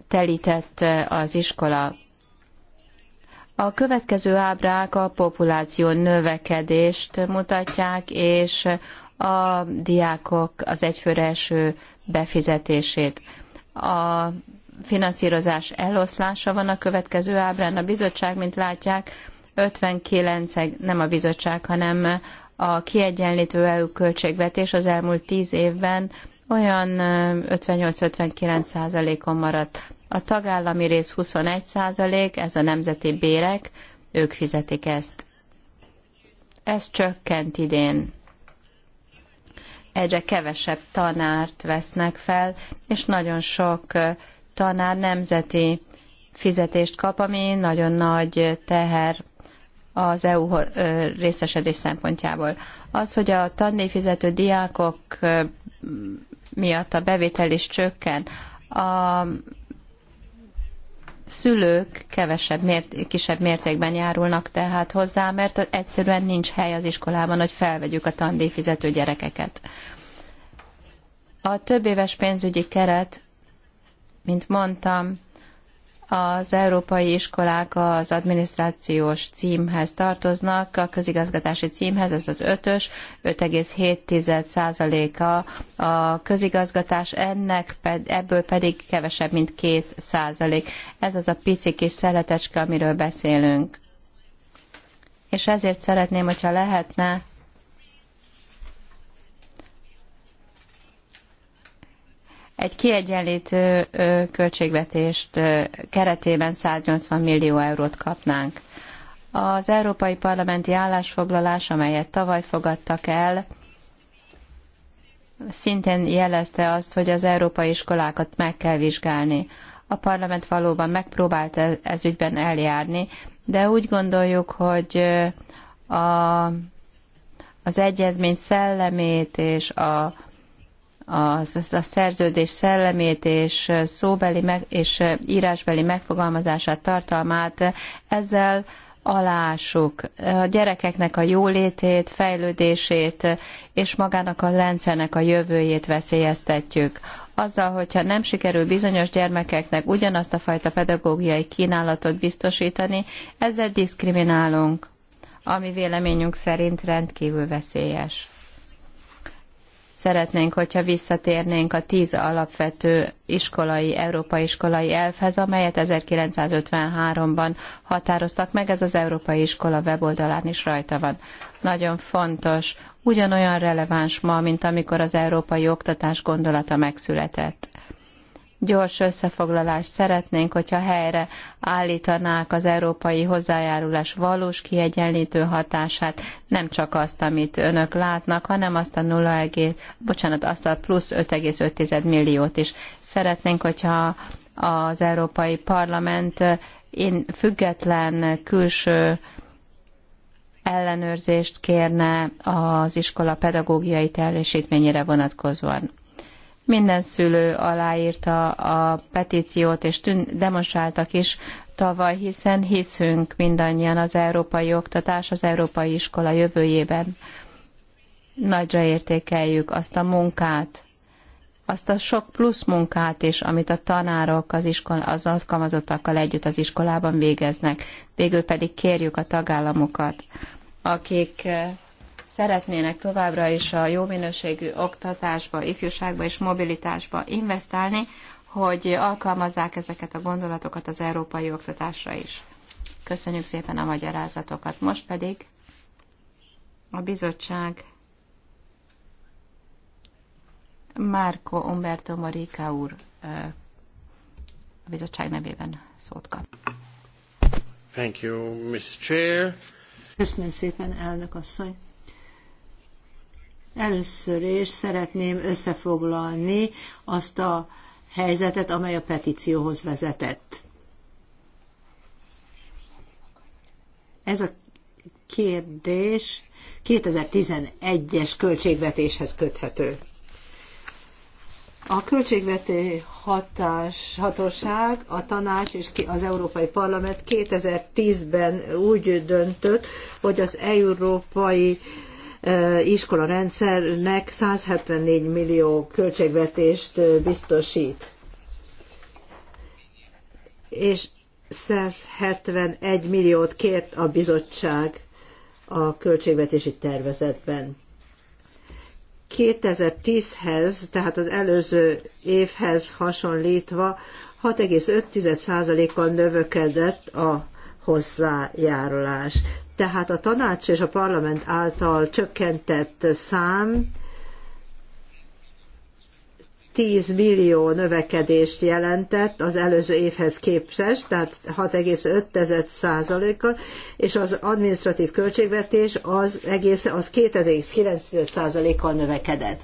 telített az iskola. A következő ábrák a populáció növekedést mutatják, és a diákok, az egyfőre eső befizetését. A finanszírozás eloszlása van a következő ábrán. A bizottság, mint látják, 59, nem a bizottság, hanem a kiegyenlítő EU költségvetés az elmúlt 10 évben olyan 58-59 százalékon maradt. A tagállami rész 21 százalék, ez a nemzeti bérek, ők fizetik ezt. Ez csökkent idén egyre kevesebb tanárt vesznek fel, és nagyon sok tanár nemzeti fizetést kap, ami nagyon nagy teher az EU részesedés szempontjából. Az, hogy a tandíjfizető diákok miatt a bevétel is csökken, a szülők kevesebb, mért, kisebb mértékben járulnak tehát hozzá, mert egyszerűen nincs hely az iskolában, hogy felvegyük a tandíjfizető gyerekeket. A több éves pénzügyi keret, mint mondtam, az európai iskolák az adminisztrációs címhez tartoznak, a közigazgatási címhez, ez az ötös, 5,7%-a a közigazgatás, ennek ped, ebből pedig kevesebb, mint 2%. Ez az a pici kis szeletecske, amiről beszélünk. És ezért szeretném, hogyha lehetne egy kiegyenlítő költségvetést keretében 180 millió eurót kapnánk. Az Európai Parlamenti állásfoglalás, amelyet tavaly fogadtak el, szintén jelezte azt, hogy az európai iskolákat meg kell vizsgálni. A parlament valóban megpróbált ez, ez ügyben eljárni, de úgy gondoljuk, hogy a, az egyezmény szellemét és a az, a szerződés szellemét és szóbeli meg, és írásbeli megfogalmazását, tartalmát, ezzel alássuk a gyerekeknek a jólétét, fejlődését és magának a rendszernek a jövőjét veszélyeztetjük. Azzal, hogyha nem sikerül bizonyos gyermekeknek ugyanazt a fajta pedagógiai kínálatot biztosítani, ezzel diszkriminálunk, ami véleményünk szerint rendkívül veszélyes szeretnénk, hogyha visszatérnénk a tíz alapvető iskolai, európai iskolai elfhez, amelyet 1953-ban határoztak meg, ez az Európai Iskola weboldalán is rajta van. Nagyon fontos, ugyanolyan releváns ma, mint amikor az európai oktatás gondolata megszületett gyors összefoglalást szeretnénk, hogyha helyre állítanák az európai hozzájárulás valós kiegyenlítő hatását, nem csak azt, amit önök látnak, hanem azt a 0, bocsánat, azt a plusz 5,5 milliót is. Szeretnénk, hogyha az Európai Parlament én független külső ellenőrzést kérne az iskola pedagógiai teljesítményére vonatkozóan. Minden szülő aláírta a petíciót, és tűn- demonstráltak is tavaly, hiszen hiszünk mindannyian az európai oktatás, az európai iskola jövőjében. Nagyra értékeljük azt a munkát, azt a sok plusz munkát is, amit a tanárok az, iskola, az alkalmazottakkal együtt az iskolában végeznek. Végül pedig kérjük a tagállamokat, akik eh, szeretnének továbbra is a jó minőségű oktatásba, ifjúságba és mobilitásba investálni, hogy alkalmazzák ezeket a gondolatokat az európai oktatásra is. Köszönjük szépen a magyarázatokat. Most pedig a bizottság Márko Umberto Marika úr a bizottság nevében szót kap. Thank you, Mrs. Chair. Köszönöm szépen, elnök asszony. Először is szeretném összefoglalni azt a helyzetet, amely a petícióhoz vezetett. Ez a kérdés 2011-es költségvetéshez köthető. A költségvető hatás, hatóság, a tanács és az Európai Parlament 2010-ben úgy döntött, hogy az európai uh, iskola rendszernek 174 millió költségvetést biztosít. És 171 milliót kért a bizottság a költségvetési tervezetben. 2010-hez, tehát az előző évhez hasonlítva 6,5%-kal növekedett a hozzájárulás. Tehát a tanács és a parlament által csökkentett szám 10 millió növekedést jelentett az előző évhez képest, tehát 6,5 százalékkal, és az administratív költségvetés az egész, az 2,9 százalékkal növekedett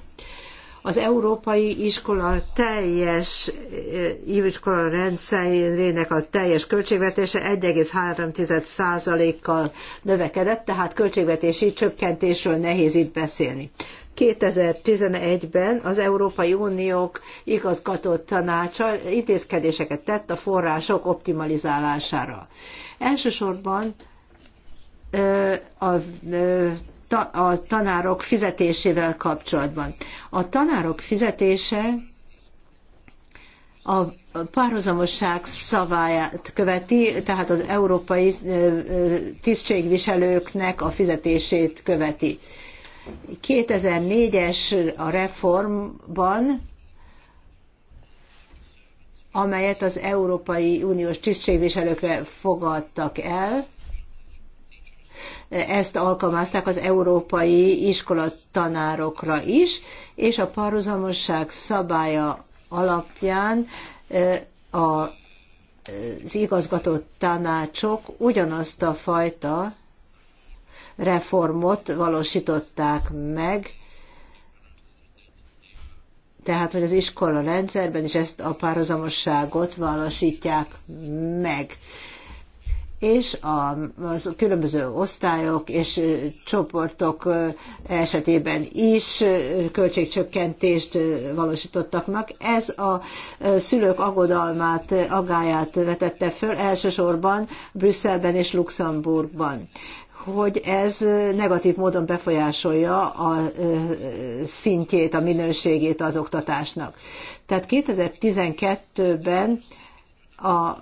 az európai iskola teljes eh, iskola rendszerének a teljes költségvetése 1,3%-kal növekedett, tehát költségvetési csökkentésről nehéz itt beszélni. 2011-ben az Európai Uniók igazgató tanácsa intézkedéseket tett a források optimalizálására. Elsősorban eh, a eh, ta, a tanárok fizetésével kapcsolatban. A tanárok fizetése a párhuzamosság szabályát követi, tehát az európai tisztségviselőknek a fizetését követi. 2004-es a reformban, amelyet az Európai Uniós tisztségviselőkre fogadtak el, ezt alkalmazták az európai iskolatanárokra is, és a párhuzamosság szabálya alapján e, a, az igazgató tanácsok ugyanazt a fajta reformot valósították meg, tehát hogy az iskola rendszerben is ezt a párhuzamosságot valósítják meg és a, az különböző osztályok és csoportok esetében is költségcsökkentést valósítottak meg. Ez a szülők aggodalmát, agáját vetette föl elsősorban Brüsszelben és Luxemburgban hogy ez negatív módon befolyásolja a szintjét, a minőségét az oktatásnak. Tehát 2012-ben a,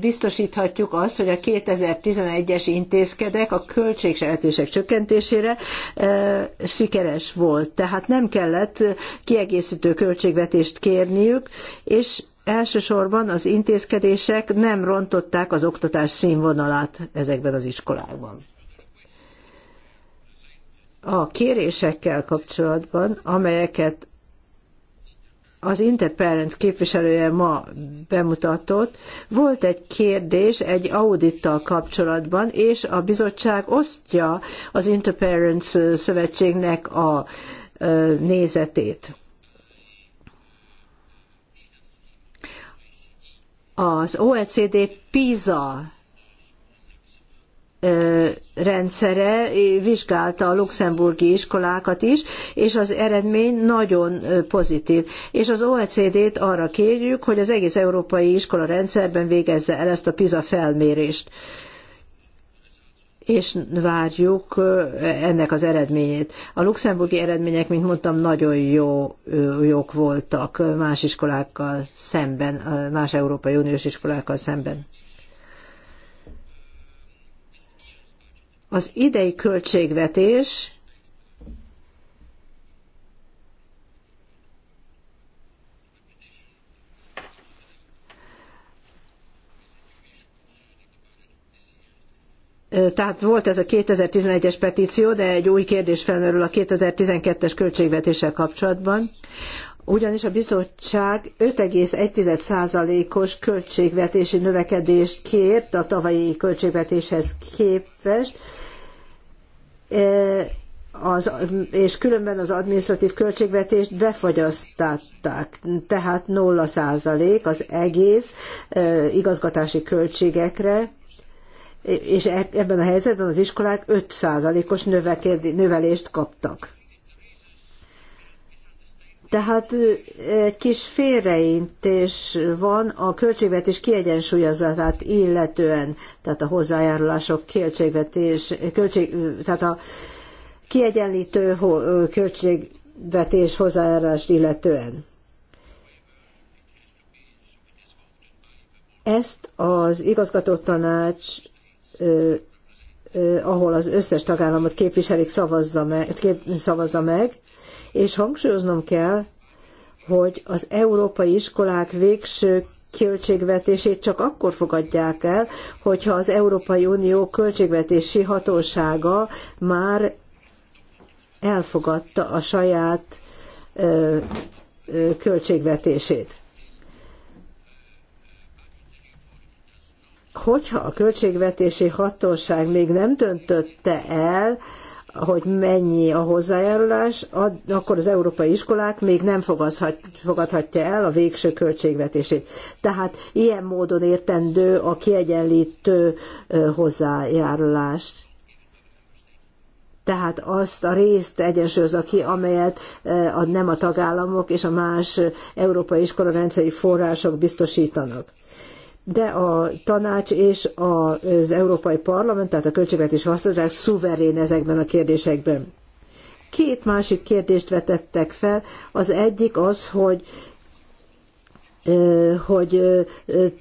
biztosíthatjuk azt, hogy a 2011-es intézkedek a költségvetések csökkentésére e, sikeres volt. Tehát nem kellett kiegészítő költségvetést kérniük, és elsősorban az intézkedések nem rontották az oktatás színvonalát ezekben az iskolákban. A kérésekkel kapcsolatban, amelyeket az Interparents képviselője ma bemutatott, volt egy kérdés egy audittal kapcsolatban, és a bizottság osztja az Interparents szövetségnek a nézetét. Az OECD PISA rendszere vizsgálta a luxemburgi iskolákat is, és az eredmény nagyon pozitív. És az OECD-t arra kérjük, hogy az egész európai iskola rendszerben végezze el ezt a PISA felmérést és várjuk ennek az eredményét. A luxemburgi eredmények, mint mondtam, nagyon jó, jók voltak más iskolákkal szemben, más Európai Uniós iskolákkal szemben. Az idei költségvetés Tehát volt ez a 2011-es petíció, de egy új kérdés felmerül a 2012-es költségvetéssel kapcsolatban ugyanis a bizottság 5,1%-os költségvetési növekedést kért a tavalyi költségvetéshez képest, e, az, és különben az administratív költségvetést befagyasztatták, tehát 0 százalék az egész e, igazgatási költségekre, és e, ebben a helyzetben az iskolák 5 százalékos növelést kaptak. Tehát egy kis félreintés van a költségvetés kiegyensúlyozatát illetően, tehát a hozzájárulások költségvetés, költség, tehát a kiegyenlítő költségvetés hozzájárulást illetően. Ezt az igazgató tanács ahol az összes tagállamot képviselik, szavazza meg, szavazza meg és hangsúlyoznom kell, hogy az európai iskolák végső költségvetését csak akkor fogadják el, hogyha az Európai Unió költségvetési hatósága már elfogadta a saját ö, ö, költségvetését. Hogyha a költségvetési hatóság még nem döntötte el, hogy mennyi a hozzájárulás, akkor az európai iskolák még nem fogadhatja el a végső költségvetését. Tehát ilyen módon értendő a kiegyenlítő hozzájárulást. Tehát azt a részt egyensúlyozza ki, amelyet a nem a tagállamok és a más európai iskolarendszeri források biztosítanak de a tanács és az Európai Parlament, tehát a költségvetés hasznosság szuverén ezekben a kérdésekben. Két másik kérdést vetettek fel. Az egyik az, hogy hogy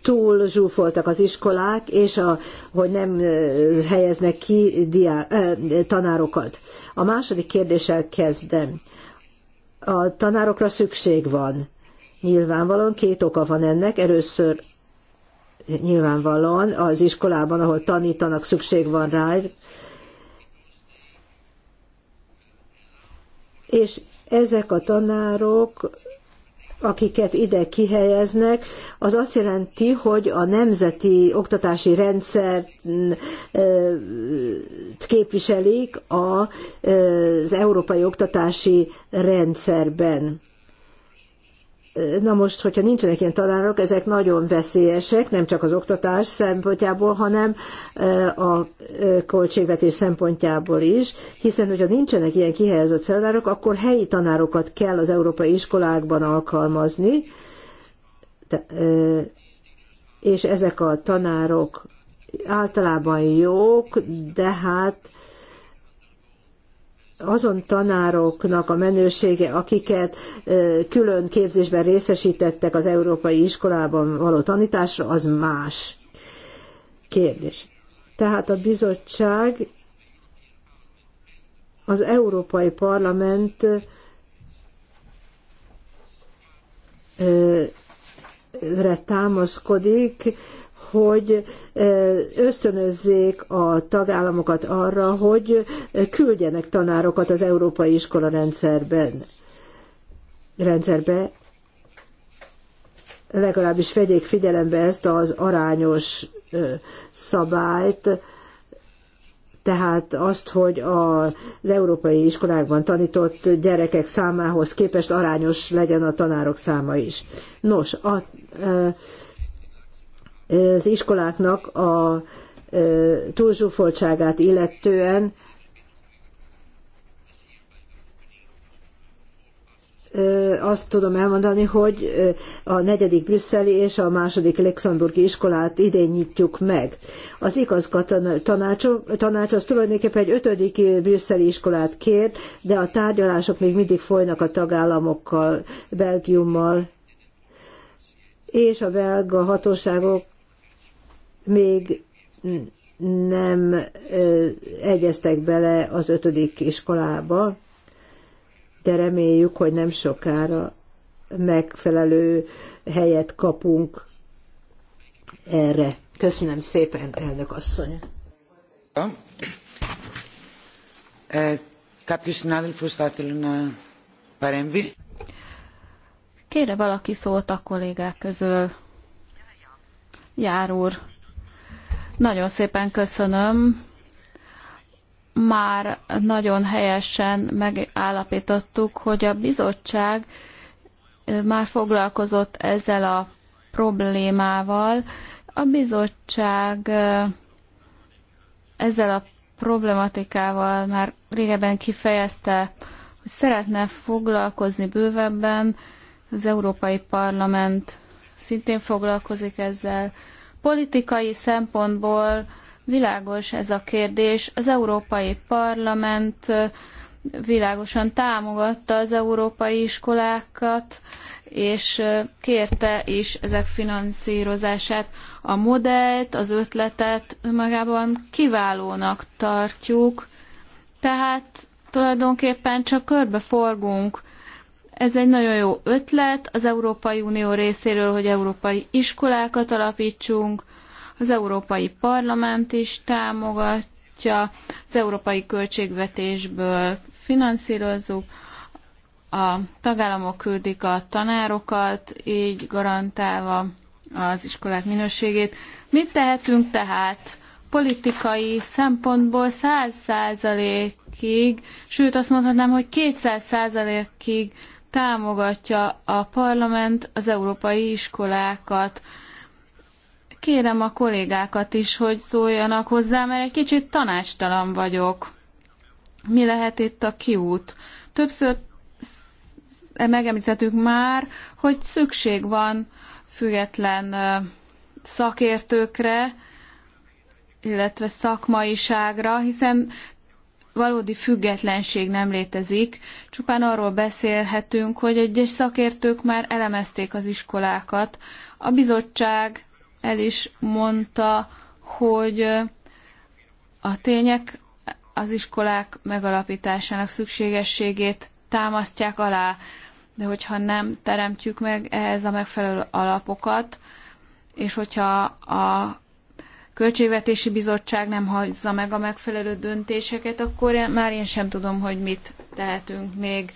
túl zsúfoltak az iskolák, és a, hogy nem helyeznek ki diá, tanárokat. A második kérdéssel kezdem. A tanárokra szükség van. Nyilvánvalóan két oka van ennek. Először nyilvánvalóan az iskolában, ahol tanítanak, szükség van rá. És ezek a tanárok, akiket ide kihelyeznek, az azt jelenti, hogy a nemzeti oktatási rendszert képviselik az európai oktatási rendszerben Na most, hogyha nincsenek ilyen tanárok, ezek nagyon veszélyesek, nem csak az oktatás szempontjából, hanem a költségvetés szempontjából is, hiszen hogyha nincsenek ilyen kihelyezett tanárok, akkor helyi tanárokat kell az európai iskolákban alkalmazni, és ezek a tanárok általában jók, de hát azon tanároknak a menősége, akiket külön képzésben részesítettek az európai iskolában való tanításra, az más kérdés. Tehát a bizottság, az Európai Parlament re támaszkodik, hogy ösztönözzék a tagállamokat arra, hogy küldjenek tanárokat az európai iskola rendszerben, rendszerbe, legalábbis vegyék figyelembe ezt az arányos szabályt, tehát azt, hogy az európai iskolákban tanított gyerekek számához képest arányos legyen a tanárok száma is. Nos, a, az iskoláknak a túlzsúfoltságát illetően azt tudom elmondani, hogy a negyedik brüsszeli és a második luxemburgi iskolát idén nyitjuk meg. Az igazgatótanács tanács az tulajdonképpen egy ötödik brüsszeli iskolát kér, de a tárgyalások még mindig folynak a tagállamokkal, Belgiummal és a belga hatóságok még nem egyeztek bele az ötödik iskolába, de reméljük, hogy nem sokára megfelelő helyet kapunk erre. Köszönöm szépen, elnök asszony. Eh, Κάποιος Kére valaki szólt a kollégák közül. Jár úr. Nagyon szépen köszönöm. Már nagyon helyesen megállapítottuk, hogy a bizottság már foglalkozott ezzel a problémával. A bizottság ezzel a problematikával már régebben kifejezte, hogy szeretne foglalkozni bővebben. Az Európai Parlament szintén foglalkozik ezzel. Politikai szempontból világos ez a kérdés. Az Európai Parlament világosan támogatta az európai iskolákat, és kérte is ezek finanszírozását. A modellt, az ötletet magában kiválónak tartjuk, tehát tulajdonképpen csak körbeforgunk ez egy nagyon jó ötlet az Európai Unió részéről, hogy európai iskolákat alapítsunk, az Európai Parlament is támogatja, az európai költségvetésből finanszírozzuk, a tagállamok küldik a tanárokat, így garantálva az iskolák minőségét. Mit tehetünk tehát politikai szempontból 100 százalékig, sőt azt mondhatnám, hogy 200 százalékig támogatja a parlament az európai iskolákat. Kérem a kollégákat is, hogy szóljanak hozzá, mert egy kicsit tanácstalan vagyok. Mi lehet itt a kiút? Többször e megemlítettük már, hogy szükség van független szakértőkre, illetve szakmaiságra, hiszen valódi függetlenség nem létezik, csupán arról beszélhetünk, hogy egyes szakértők már elemezték az iskolákat. A bizottság el is mondta, hogy a tények az iskolák megalapításának szükségességét támasztják alá, de hogyha nem teremtjük meg ehhez a megfelelő alapokat, és hogyha a költségvetési bizottság nem hozza meg a megfelelő döntéseket, akkor már én sem tudom, hogy mit tehetünk még.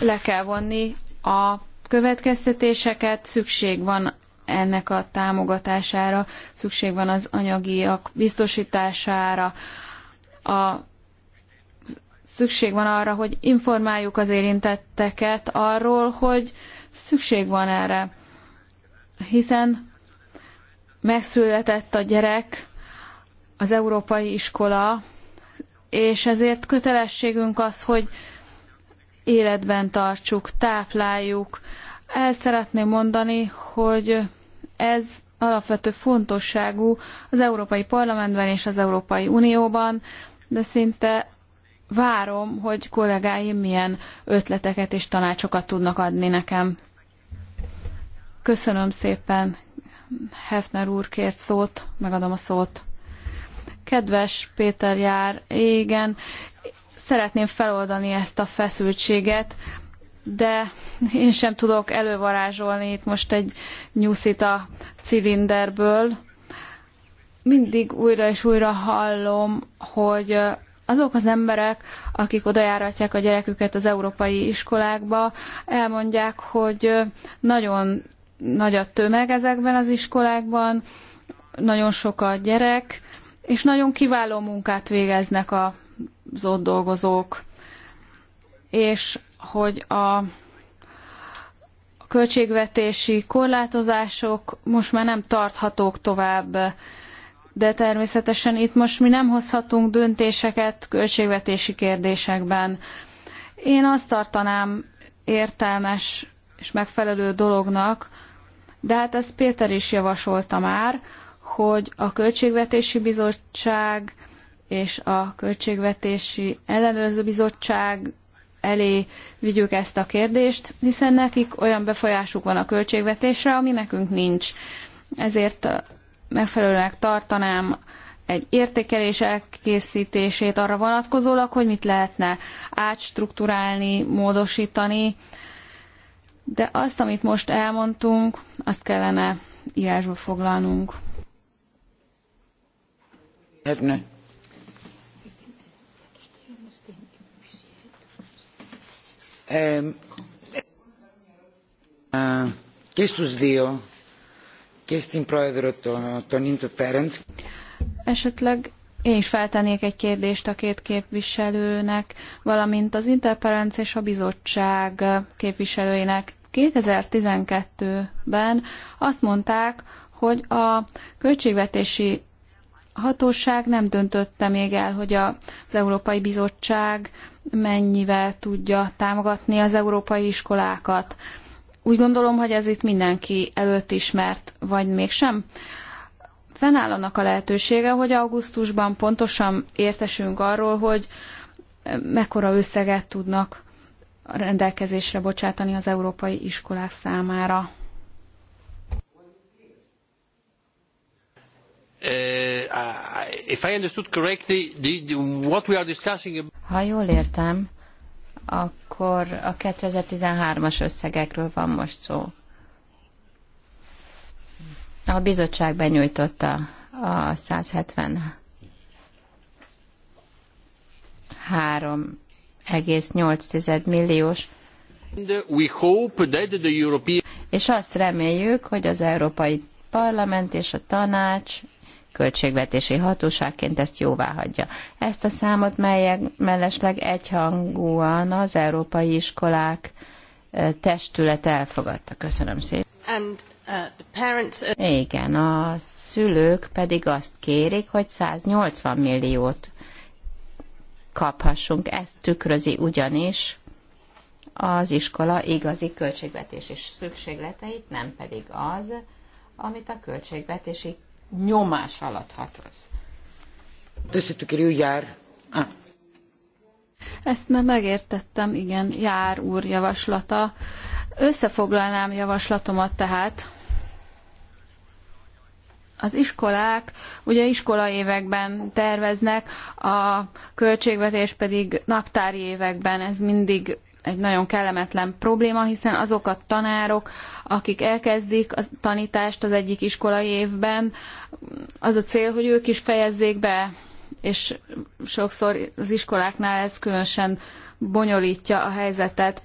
Le kell vonni a következtetéseket, szükség van ennek a támogatására, szükség van az anyagiak biztosítására, a szükség van arra, hogy informáljuk az érintetteket arról, hogy szükség van erre. Hiszen megszületett a gyerek, az európai iskola, és ezért kötelességünk az, hogy életben tartsuk, tápláljuk. El szeretném mondani, hogy ez alapvető fontosságú az Európai Parlamentben és az Európai Unióban, de szinte várom, hogy kollégáim milyen ötleteket és tanácsokat tudnak adni nekem. Köszönöm szépen, Hefner úr kért szót, megadom a szót. Kedves Péter Jár, igen, szeretném feloldani ezt a feszültséget, de én sem tudok elővarázsolni itt most egy nyúszit a cilinderből. Mindig újra és újra hallom, hogy azok az emberek, akik odajáratják a gyereküket az európai iskolákba, elmondják, hogy nagyon nagy a tömeg ezekben az iskolákban, nagyon sok a gyerek, és nagyon kiváló munkát végeznek az ott dolgozók. És hogy a költségvetési korlátozások most már nem tarthatók tovább, de természetesen itt most mi nem hozhatunk döntéseket költségvetési kérdésekben. Én azt tartanám értelmes és megfelelő dolognak, de hát ezt Péter is javasolta már, hogy a Költségvetési Bizottság és a Költségvetési Ellenőrző Bizottság elé vigyük ezt a kérdést, hiszen nekik olyan befolyásuk van a költségvetésre, ami nekünk nincs. Ezért megfelelőnek tartanám egy értékelés elkészítését arra vonatkozólag, hogy mit lehetne átstruktúrálni, módosítani, de azt, amit most elmondtunk, azt kellene írásba foglalnunk. Ebne. Eh, Esetleg én is feltennék egy kérdést a két képviselőnek, valamint az Interparenc és a bizottság képviselőinek. 2012-ben azt mondták, hogy a költségvetési hatóság nem döntötte még el, hogy az Európai Bizottság mennyivel tudja támogatni az európai iskolákat. Úgy gondolom, hogy ez itt mindenki előtt ismert, vagy mégsem fennáll annak a lehetősége, hogy augusztusban pontosan értesünk arról, hogy mekkora összeget tudnak rendelkezésre bocsátani az európai iskolák számára. Uh, ha jól értem, akkor a 2013-as összegekről van most szó. A bizottság benyújtotta a 173,8 milliós We hope that the European... És azt reméljük, hogy az Európai Parlament és a Tanács költségvetési hatóságként ezt jóvá hagyja. Ezt a számot melyek mellesleg egyhangúan az európai iskolák eh, testület elfogadta. Köszönöm szépen. And Uh, igen, a szülők pedig azt kérik, hogy 180 milliót kaphassunk. Ezt tükrözi ugyanis az iskola igazi költségvetési szükségleteit, nem pedig az, amit a költségvetési nyomás alatt hatoz. Ah. Ezt már megértettem, igen, jár úr javaslata Összefoglalnám javaslatomat tehát. Az iskolák ugye iskolaévekben terveznek, a költségvetés pedig naptári években, ez mindig egy nagyon kellemetlen probléma, hiszen azok a tanárok, akik elkezdik a tanítást az egyik iskolai évben, az a cél, hogy ők is fejezzék be, és sokszor az iskoláknál ez különösen bonyolítja a helyzetet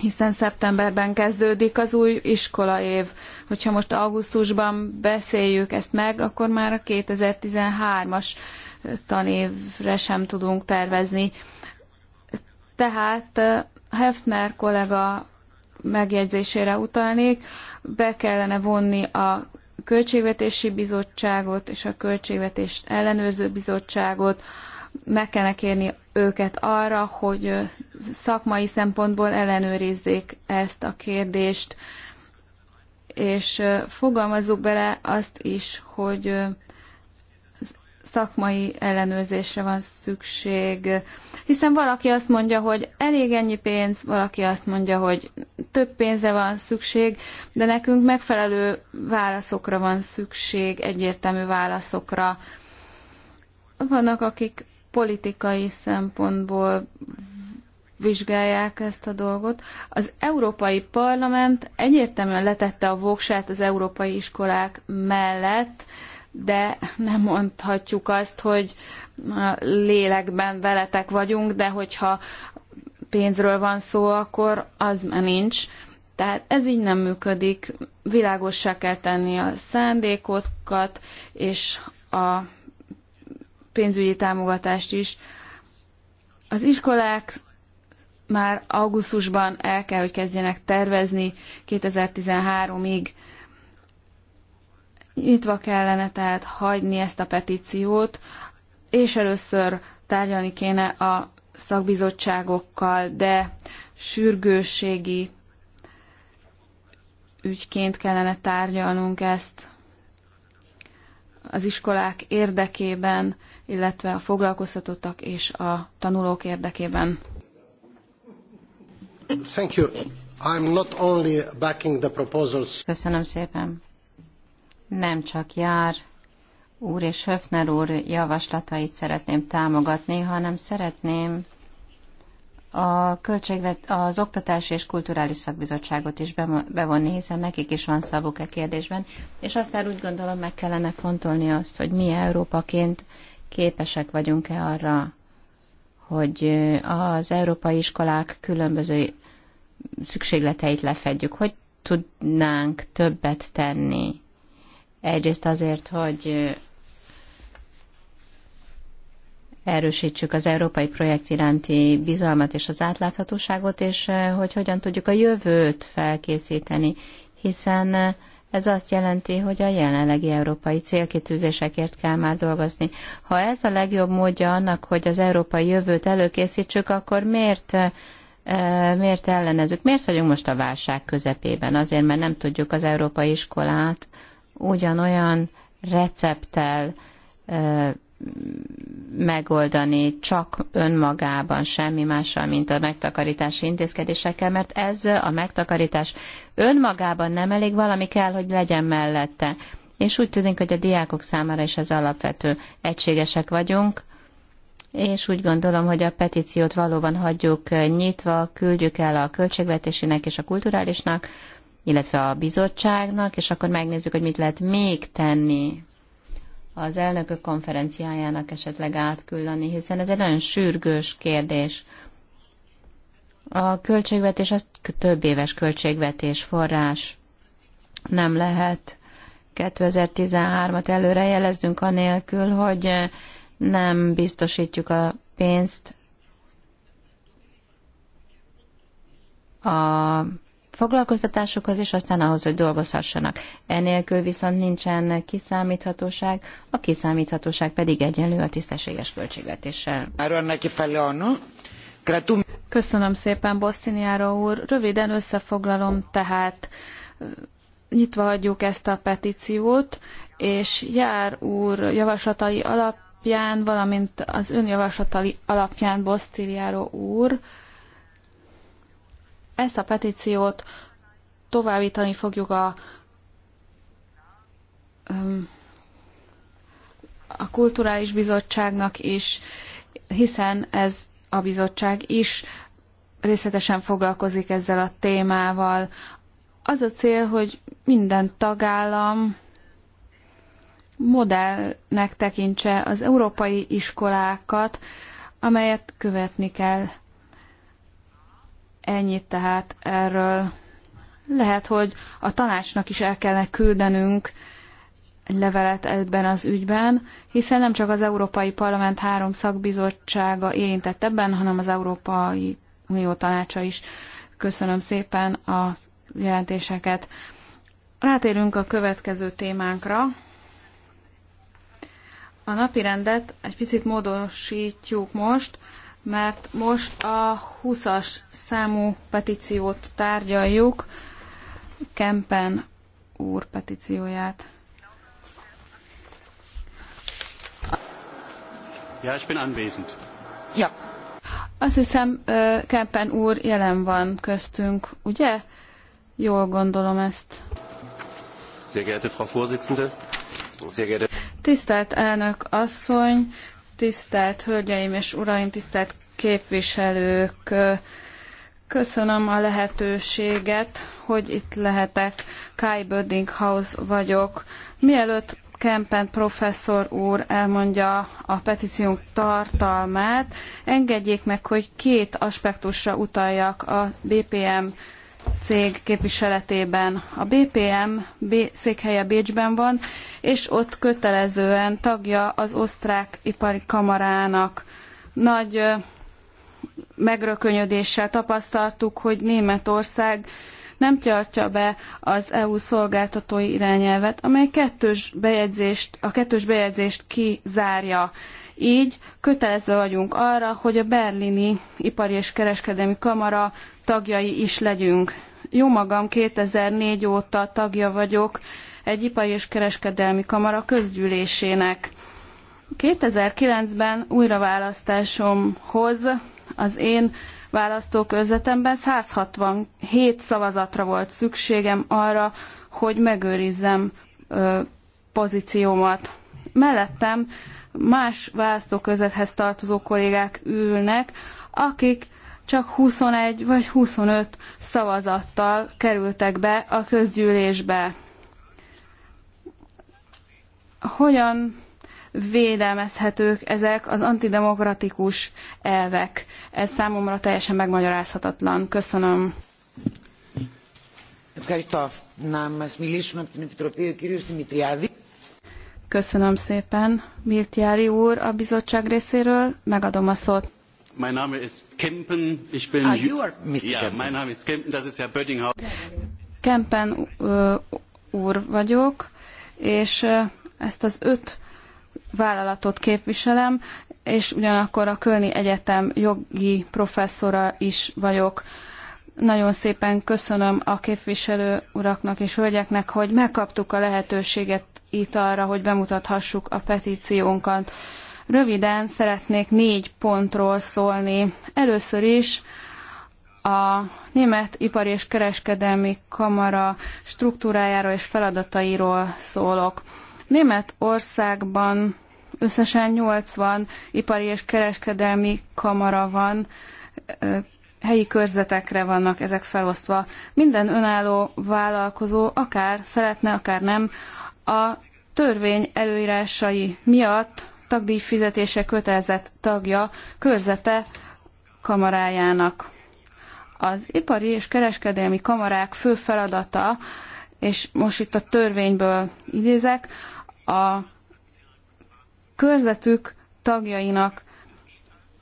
hiszen szeptemberben kezdődik az új iskolaév. Hogyha most augusztusban beszéljük ezt meg, akkor már a 2013-as tanévre sem tudunk tervezni. Tehát eh, Hefner kollega megjegyzésére utalnék, be kellene vonni a költségvetési bizottságot és a költségvetést ellenőrző bizottságot, meg kellene kérni őket arra, hogy szakmai szempontból ellenőrizzék ezt a kérdést, és fogalmazzuk bele azt is, hogy szakmai ellenőrzésre van szükség, hiszen valaki azt mondja, hogy elég ennyi pénz, valaki azt mondja, hogy több pénzre van szükség, de nekünk megfelelő válaszokra van szükség, egyértelmű válaszokra. Vannak, akik politikai szempontból vizsgálják ezt a dolgot. Az Európai Parlament egyértelműen letette a voksát az európai iskolák mellett, de nem mondhatjuk azt, hogy lélekben veletek vagyunk, de hogyha pénzről van szó, akkor az már nincs. Tehát ez így nem működik. Világossá kell tenni a szándékokat, és a pénzügyi támogatást is. Az iskolák már augusztusban el kell, hogy kezdjenek tervezni 2013-ig. Nyitva kellene tehát hagyni ezt a petíciót, és először tárgyalni kéne a szakbizottságokkal, de sürgősségi ügyként kellene tárgyalnunk ezt az iskolák érdekében, illetve a foglalkoztatottak és a tanulók érdekében. Thank you. I'm not only backing the proposals. Köszönöm szépen. Nem csak jár úr és Höfner úr javaslatait szeretném támogatni, hanem szeretném a költségvet, az Oktatási és Kulturális Szakbizottságot is bevonni, hiszen nekik is van szavuk e kérdésben, és aztán úgy gondolom meg kellene fontolni azt, hogy mi Európaként képesek vagyunk-e arra, hogy az európai iskolák különböző szükségleteit lefedjük, hogy tudnánk többet tenni. Egyrészt azért, hogy erősítsük az európai projekt iránti bizalmat és az átláthatóságot, és hogy hogyan tudjuk a jövőt felkészíteni, hiszen ez azt jelenti, hogy a jelenlegi európai célkitűzésekért kell már dolgozni. Ha ez a legjobb módja annak, hogy az európai jövőt előkészítsük, akkor miért eh, miért ellenezzük? Miért vagyunk most a válság közepében? Azért, mert nem tudjuk az európai iskolát ugyanolyan recepttel eh, megoldani csak önmagában, semmi mással, mint a megtakarítási intézkedésekkel, mert ez a megtakarítás önmagában nem elég, valami kell, hogy legyen mellette. És úgy tűnik, hogy a diákok számára is ez alapvető. Egységesek vagyunk, és úgy gondolom, hogy a petíciót valóban hagyjuk nyitva, küldjük el a költségvetésének és a kulturálisnak, illetve a bizottságnak, és akkor megnézzük, hogy mit lehet még tenni az elnökök konferenciájának esetleg átküldeni, hiszen ez egy nagyon sürgős kérdés. A költségvetés az több éves költségvetés forrás. Nem lehet 2013-at előre jeleznünk anélkül, hogy nem biztosítjuk a pénzt a foglalkoztatásokhoz, és aztán ahhoz, hogy dolgozhassanak. Enélkül viszont nincsen kiszámíthatóság, a kiszámíthatóság pedig egyenlő a tisztességes költségvetéssel. Köszönöm szépen, Bosztiniáró úr. Röviden összefoglalom, tehát nyitva hagyjuk ezt a petíciót, és Jár úr javaslatai alapján, valamint az ön javaslatai alapján Bosztiliáró úr ezt a petíciót továbbítani fogjuk a, a Kulturális Bizottságnak is, hiszen ez a bizottság is részletesen foglalkozik ezzel a témával. Az a cél, hogy minden tagállam modellnek tekintse az európai iskolákat, amelyet követni kell Ennyit tehát erről. Lehet, hogy a tanácsnak is el kellene küldenünk egy levelet ebben az ügyben, hiszen nem csak az Európai Parlament három szakbizottsága érintett ebben, hanem az Európai Unió tanácsa is. Köszönöm szépen a jelentéseket. Rátérünk a következő témánkra. A rendet egy picit módosítjuk most mert most a 20-as számú petíciót tárgyaljuk, Kempen úr petícióját. Ja, ich bin anwesend. Ja. Azt hiszem, Kempen úr jelen van köztünk, ugye? Jól gondolom ezt. Sehr geehrte Frau Vorsitzende, sehr geehrte... Tisztelt elnök asszony, Tisztelt Hölgyeim és Uraim, tisztelt képviselők! Köszönöm a lehetőséget, hogy itt lehetek. Kai Böddinghaus vagyok. Mielőtt Kempen professzor úr elmondja a petíciónk tartalmát, engedjék meg, hogy két aspektusra utaljak a BPM cég képviseletében. A BPM székhelye Bécsben van, és ott kötelezően tagja az osztrák ipari kamarának. Nagy megrökönyödéssel tapasztaltuk, hogy Németország nem tartja be az EU szolgáltatói irányelvet, amely kettős bejegyzést, a kettős bejegyzést kizárja. Így kötelező vagyunk arra, hogy a berlini ipari és kereskedelmi kamara tagjai is legyünk. Jó magam 2004 óta tagja vagyok egy ipari és kereskedelmi kamara közgyűlésének. 2009-ben újraválasztásomhoz az én választókörzetemben 167 szavazatra volt szükségem arra, hogy megőrizzem ö, pozíciómat. Mellettem más választókörzethez tartozó kollégák ülnek, akik csak 21 vagy 25 szavazattal kerültek be a közgyűlésbe. Hogyan védelmezhetők ezek az antidemokratikus elvek? Ez számomra teljesen megmagyarázhatatlan. Köszönöm. Ευχαριστώ. Köszönöm szépen, Miltiári úr, a bizottság részéről. Megadom a szót. Mein Name ist Kempen, ich bin... Ah, you are Mr. Ja, Kempen. mein Name is Kempen, das ist Herr Böttinghaus. Kempen uh, úr vagyok, és uh, ezt az öt vállalatot képviselem, és ugyanakkor a Kölni Egyetem jogi professzora is vagyok. Uh, nagyon szépen köszönöm a képviselő uraknak és hölgyeknek, hogy megkaptuk a lehetőséget itt arra, hogy bemutathassuk a petíciónkat. Röviden szeretnék négy pontról szólni. Először is a Német Ipari és Kereskedelmi Kamara struktúrájáról és feladatairól szólok. Németországban összesen 80 ipari és kereskedelmi kamara van, helyi körzetekre vannak ezek felosztva. Minden önálló vállalkozó akár szeretne, akár nem, a törvény előírásai miatt tagdíjfizetése kötelezett tagja körzete kamarájának. Az ipari és kereskedelmi kamarák fő feladata, és most itt a törvényből idézek, a körzetük tagjainak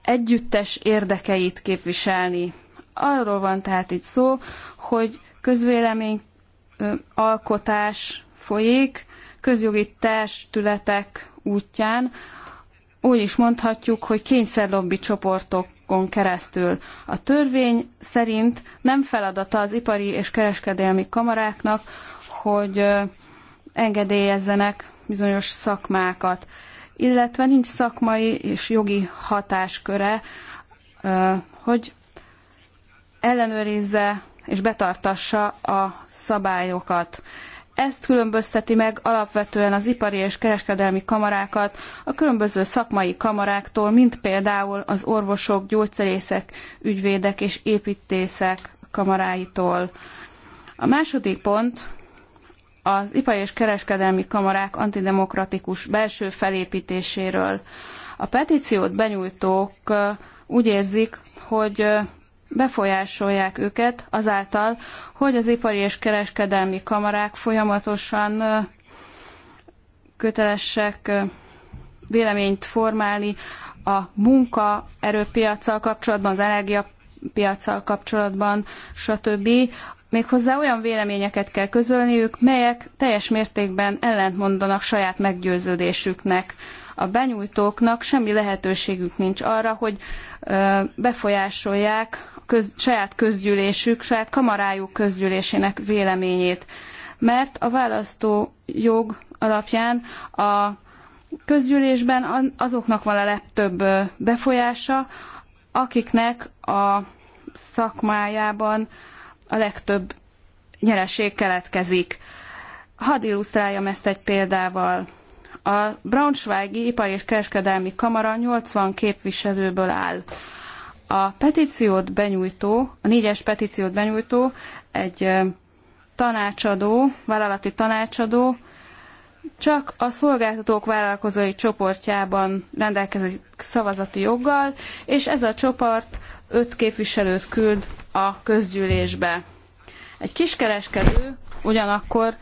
együttes érdekeit képviselni. Arról van tehát itt szó, hogy közvélemény alkotás folyik közjogi testületek útján, úgy is mondhatjuk, hogy kényszerlobbi csoportokon keresztül. A törvény szerint nem feladata az ipari és kereskedelmi kamaráknak, hogy engedélyezzenek bizonyos szakmákat illetve nincs szakmai és jogi hatásköre, hogy ellenőrizze és betartassa a szabályokat. Ezt különbözteti meg alapvetően az ipari és kereskedelmi kamarákat a különböző szakmai kamaráktól, mint például az orvosok, gyógyszerészek, ügyvédek és építészek kamaráitól. A második pont, az ipari és kereskedelmi kamarák antidemokratikus belső felépítéséről. A petíciót benyújtók úgy érzik, hogy befolyásolják őket azáltal, hogy az ipari és kereskedelmi kamarák folyamatosan kötelesek véleményt formálni a munkaerőpiacsal kapcsolatban, az energiapiacsal kapcsolatban, stb. Méghozzá olyan véleményeket kell közölniük, melyek teljes mértékben ellentmondanak saját meggyőződésüknek. A benyújtóknak semmi lehetőségük nincs arra, hogy befolyásolják köz, saját közgyűlésük, saját kamarájuk közgyűlésének véleményét. Mert a választó jog alapján a közgyűlésben azoknak van a legtöbb befolyása, akiknek a szakmájában a legtöbb nyereség keletkezik. Hadd illusztráljam ezt egy példával. A Braunschweigi Ipari és Kereskedelmi Kamara 80 képviselőből áll. A petíciót benyújtó, a négyes petíciót benyújtó egy tanácsadó, vállalati tanácsadó, csak a szolgáltatók vállalkozói csoportjában rendelkezik szavazati joggal, és ez a csoport öt képviselőt küld a közgyűlésbe. Egy kiskereskedő ugyanakkor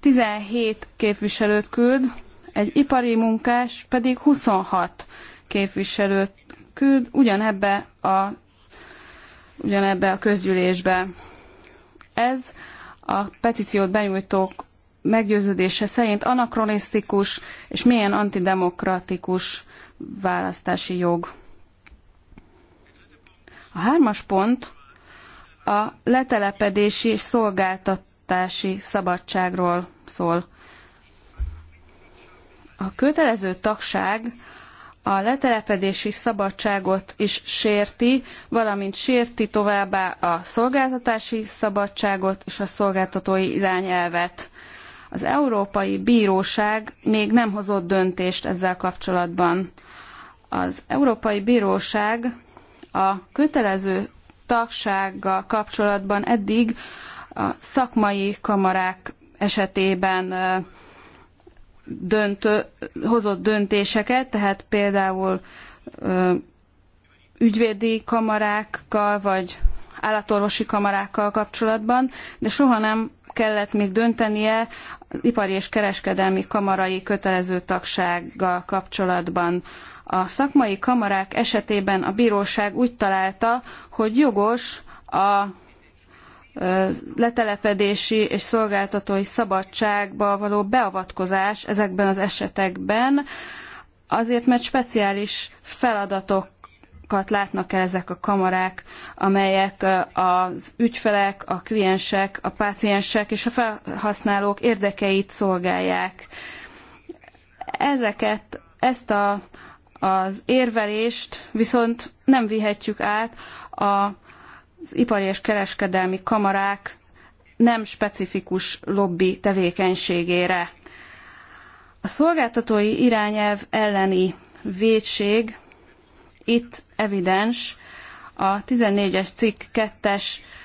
17 képviselőt küld, egy ipari munkás pedig 26 képviselőt küld ugyanebbe a, ugyanebbe a közgyűlésbe. Ez a petíciót benyújtók meggyőződése szerint anakronisztikus és milyen antidemokratikus választási jog. A hármas pont a letelepedési és szolgáltatási szabadságról szól. A kötelező tagság a letelepedési szabadságot is sérti, valamint sérti továbbá a szolgáltatási szabadságot és a szolgáltatói irányelvet. Az Európai Bíróság még nem hozott döntést ezzel kapcsolatban. Az Európai Bíróság a kötelező tagsággal kapcsolatban eddig a szakmai kamarák esetében döntő, hozott döntéseket, tehát például ügyvédi kamarákkal vagy állatorvosi kamarákkal kapcsolatban, de soha nem kellett még döntenie ipari és kereskedelmi kamarai kötelező tagsággal kapcsolatban. A szakmai kamarák esetében a bíróság úgy találta, hogy jogos a letelepedési és szolgáltatói szabadságba való beavatkozás ezekben az esetekben, azért mert speciális feladatok látnak el ezek a kamarák, amelyek az ügyfelek, a kliensek, a páciensek és a felhasználók érdekeit szolgálják. Ezeket, ezt a az érvelést viszont nem vihetjük át az ipari és kereskedelmi kamarák nem specifikus lobby tevékenységére. A szolgáltatói irányelv elleni védség itt evidens, a 14-es cikk 2-es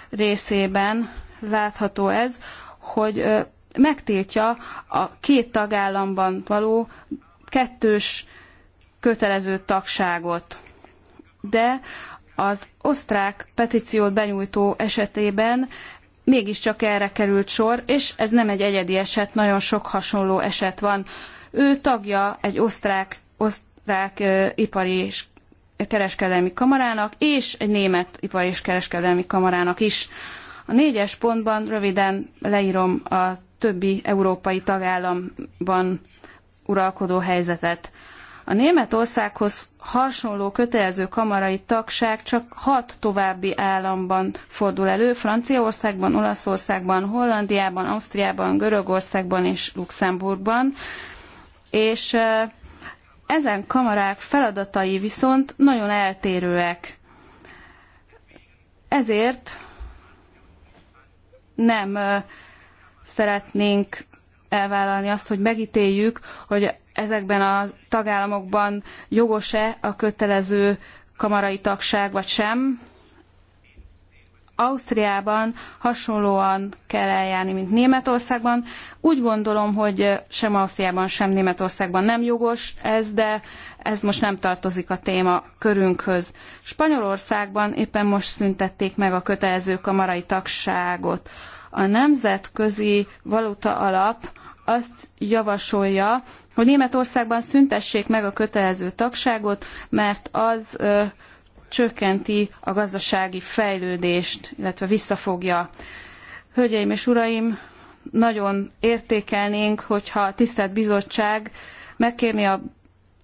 részében látható ez, hogy megtiltja a két tagállamban való kettős kötelező tagságot. De az osztrák petíciót benyújtó esetében mégiscsak erre került sor, és ez nem egy egyedi eset, nagyon sok hasonló eset van. Ő tagja egy osztrák, osztrák ipari és kereskedelmi kamarának, és egy német ipari és kereskedelmi kamarának is. A négyes pontban röviden leírom a többi európai tagállamban uralkodó helyzetet. A Németországhoz hasonló kötelező kamarai tagság csak hat további államban fordul elő, Franciaországban, Olaszországban, Hollandiában, Ausztriában, Görögországban és Luxemburgban, és ezen kamarák feladatai viszont nagyon eltérőek. Ezért nem szeretnénk elvállalni azt, hogy megítéljük, hogy ezekben a tagállamokban jogos-e a kötelező kamarai tagság, vagy sem. Ausztriában hasonlóan kell eljárni, mint Németországban. Úgy gondolom, hogy sem Ausztriában, sem Németországban nem jogos ez, de ez most nem tartozik a téma körünkhöz. Spanyolországban éppen most szüntették meg a kötelező kamarai tagságot. A nemzetközi valuta alap azt javasolja, hogy Németországban szüntessék meg a kötelező tagságot, mert az ö, csökkenti a gazdasági fejlődést, illetve visszafogja. Hölgyeim és uraim, nagyon értékelnénk, hogyha a tisztelt bizottság megkérni a,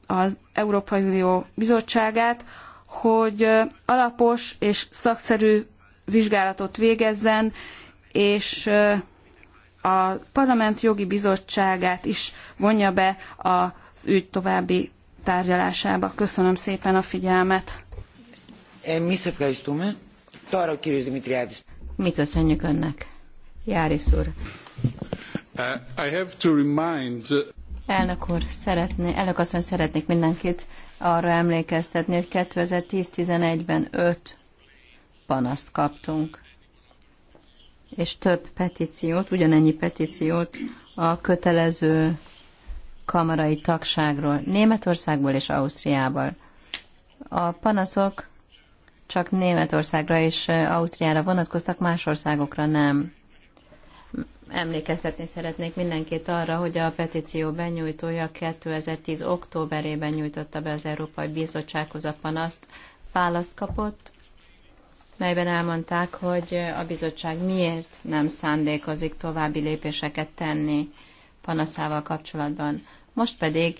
az Európai Unió bizottságát, hogy alapos és szakszerű vizsgálatot végezzen, és a Parlament Jogi Bizottságát is vonja be az ügy további tárgyalásába. Köszönöm szépen a figyelmet. Eh, mi köszönjük önnek, Járis úr. Eh, I have to remind... Elnök úr, szeretné, elnök asszony, szeretnék mindenkit arra emlékeztetni, hogy 2010-11-ben öt panaszt kaptunk és több petíciót, ugyanennyi petíciót a kötelező kamarai tagságról, Németországból és Ausztriából. A panaszok csak Németországra és Ausztriára vonatkoztak, más országokra nem. Emlékeztetni szeretnék mindenkit arra, hogy a petíció benyújtója 2010. októberében nyújtotta be az Európai Bizottsághoz a panaszt, választ kapott, melyben elmondták, hogy a bizottság miért nem szándékozik további lépéseket tenni panaszával kapcsolatban. Most pedig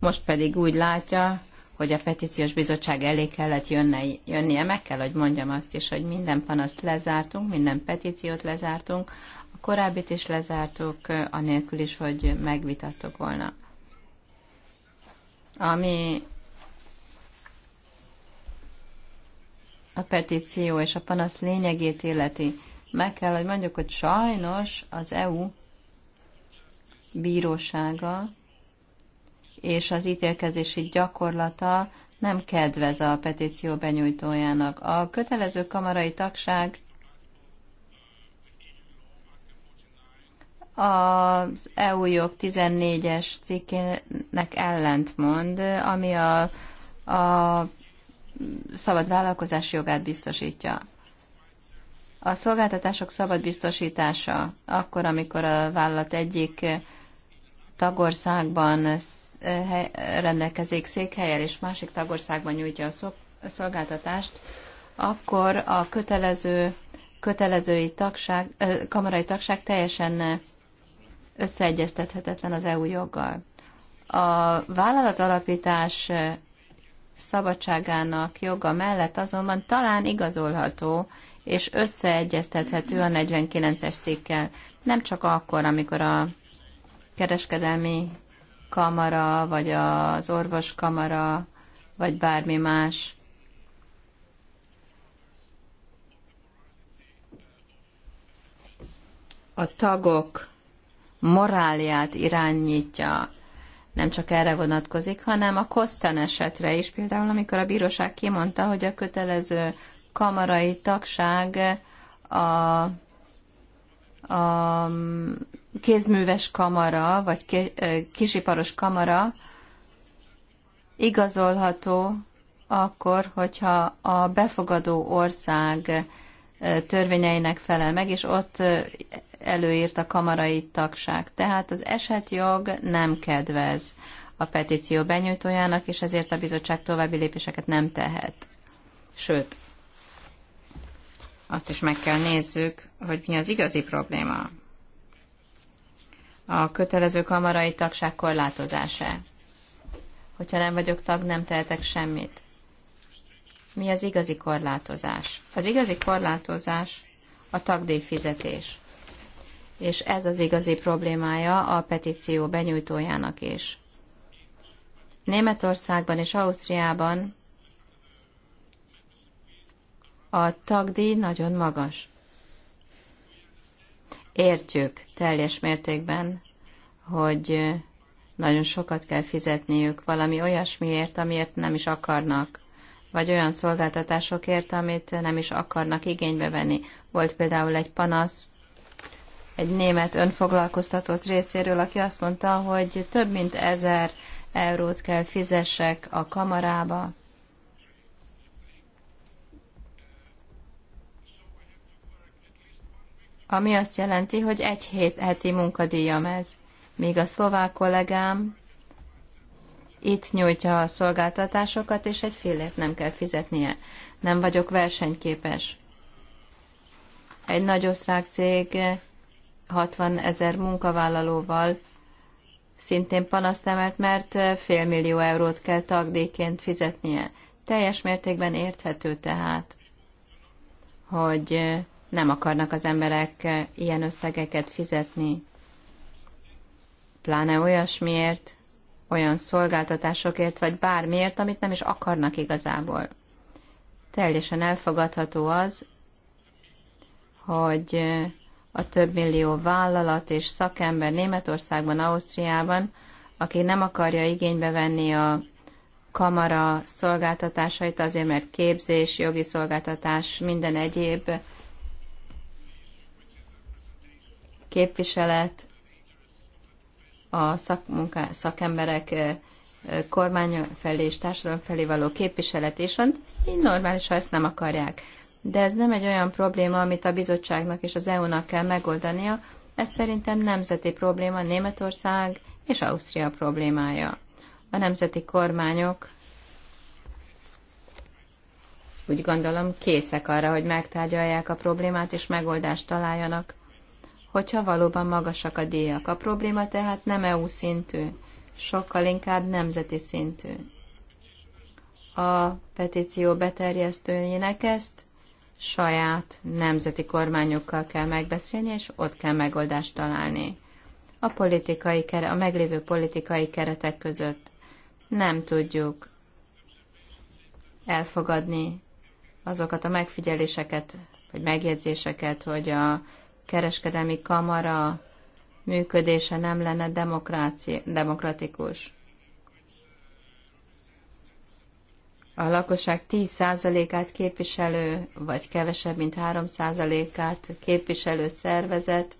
most pedig úgy látja, hogy a petíciós bizottság elé kellett jönne, jönnie. Meg kell, hogy mondjam azt is, hogy minden panaszt lezártunk, minden petíciót lezártunk, a korábbit is lezártuk, anélkül is, hogy megvitattuk volna. Ami a petíció és a panasz lényegét illeti, meg kell, hogy mondjuk, hogy sajnos az EU bírósága és az ítélkezési gyakorlata nem kedvez a petíció benyújtójának. A kötelező kamarai tagság az EU jog 14-es cikkének ellentmond, ami a, a szabad vállalkozási jogát biztosítja. A szolgáltatások szabad biztosítása akkor, amikor a vállalat egyik tagországban rendelkezik székhelyel, és másik tagországban nyújtja a szolgáltatást, akkor a kötelező kötelezői tagság, kamarai tagság teljesen összeegyeztethetetlen az EU joggal. A vállalat alapítás szabadságának joga mellett azonban talán igazolható és összeegyeztethető a 49-es cikkel. Nem csak akkor, amikor a kereskedelmi kamara, vagy az kamara, vagy bármi más a tagok morálját irányítja nem csak erre vonatkozik, hanem a Kosztán esetre is. Például amikor a bíróság kimondta, hogy a kötelező kamarai tagság a, a mm, kézműves kamara, vagy kisiparos kamara igazolható akkor, hogyha a befogadó ország törvényeinek felel meg, és ott előírt a kamarai tagság. Tehát az esetjog nem kedvez a petíció benyújtójának, és ezért a bizottság további lépéseket nem tehet. Sőt, azt is meg kell nézzük, hogy mi az igazi probléma. A kötelező kamarai tagság korlátozása. Hogyha nem vagyok tag, nem tehetek semmit. Mi az igazi korlátozás? Az igazi korlátozás a tagdíj fizetés és ez az igazi problémája a petíció benyújtójának is. Németországban és Ausztriában a tagdíj nagyon magas. Értjük teljes mértékben, hogy nagyon sokat kell fizetniük valami olyasmiért, amiért nem is akarnak, vagy olyan szolgáltatásokért, amit nem is akarnak igénybe venni. Volt például egy panasz egy német önfoglalkoztatott részéről, aki azt mondta, hogy több mint ezer eurót kell fizessek a kamarába. Ami azt jelenti, hogy egy hét heti munkadíjam ez. Míg a szlovák kollégám itt nyújtja a szolgáltatásokat, és egy félét nem kell fizetnie. Nem vagyok versenyképes. Egy nagy osztrák cég 60 ezer munkavállalóval szintén panaszt emelt, mert millió eurót kell tagdéként fizetnie. Teljes mértékben érthető tehát, hogy nem akarnak az emberek ilyen összegeket fizetni, pláne olyasmiért, olyan szolgáltatásokért, vagy bármiért, amit nem is akarnak igazából. Teljesen elfogadható az, hogy a több millió vállalat és szakember Németországban, Ausztriában, aki nem akarja igénybe venni a kamara szolgáltatásait azért, mert képzés, jogi szolgáltatás, minden egyéb képviselet, a szakmunká, szakemberek kormány felé és társadalom felé való képviselet, és van, így normális, ha ezt nem akarják de ez nem egy olyan probléma, amit a bizottságnak és az EU-nak kell megoldania, ez szerintem nemzeti probléma Németország és Ausztria problémája. A nemzeti kormányok úgy gondolom készek arra, hogy megtárgyalják a problémát és megoldást találjanak, hogyha valóban magasak a díjak. A probléma tehát nem EU szintű, sokkal inkább nemzeti szintű. A petíció beterjesztőjének ezt saját nemzeti kormányokkal kell megbeszélni, és ott kell megoldást találni. A, politikai, a meglévő politikai keretek között nem tudjuk elfogadni azokat a megfigyeléseket, vagy megjegyzéseket, hogy a kereskedelmi kamara működése nem lenne demokrácia, demokratikus. a lakosság 10%-át képviselő, vagy kevesebb, mint 3%-át képviselő szervezet,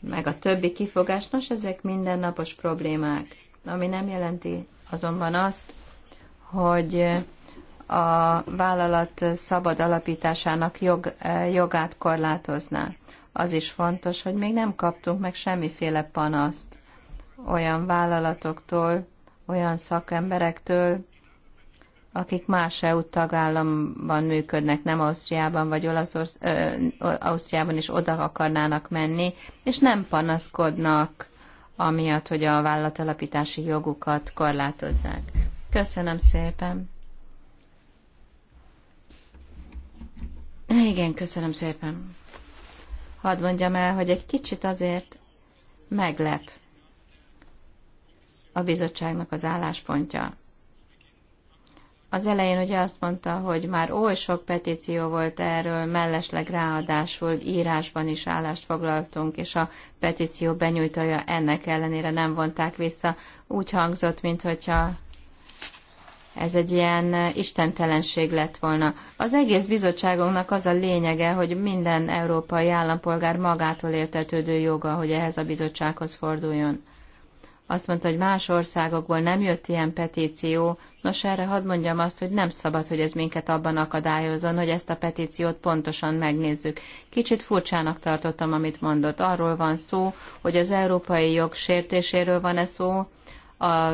meg a többi kifogás, nos, ezek mindennapos problémák, ami nem jelenti azonban azt, hogy a vállalat szabad alapításának jog, jogát korlátozná. Az is fontos, hogy még nem kaptunk meg semmiféle panaszt olyan vállalatoktól, olyan szakemberektől, akik más EU tagállamban működnek, nem Ausztriában vagy Olaszorsz, ö, Ausztriában is oda akarnának menni, és nem panaszkodnak amiatt, hogy a vállalatalapítási jogukat korlátozzák. Köszönöm szépen! Igen, köszönöm szépen. Hadd mondjam el, hogy egy kicsit azért meglep a bizottságnak az álláspontja. Az elején ugye azt mondta, hogy már oly sok petíció volt erről, mellesleg ráadásul írásban is állást foglaltunk, és a petíció benyújtója ennek ellenére nem vonták vissza. Úgy hangzott, mintha ez egy ilyen istentelenség lett volna. Az egész bizottságunknak az a lényege, hogy minden európai állampolgár magától értetődő joga, hogy ehhez a bizottsághoz forduljon. Azt mondta, hogy más országokból nem jött ilyen petíció. Nos, erre hadd mondjam azt, hogy nem szabad, hogy ez minket abban akadályozon, hogy ezt a petíciót pontosan megnézzük. Kicsit furcsának tartottam, amit mondott. Arról van szó, hogy az európai jog sértéséről van-e szó, a,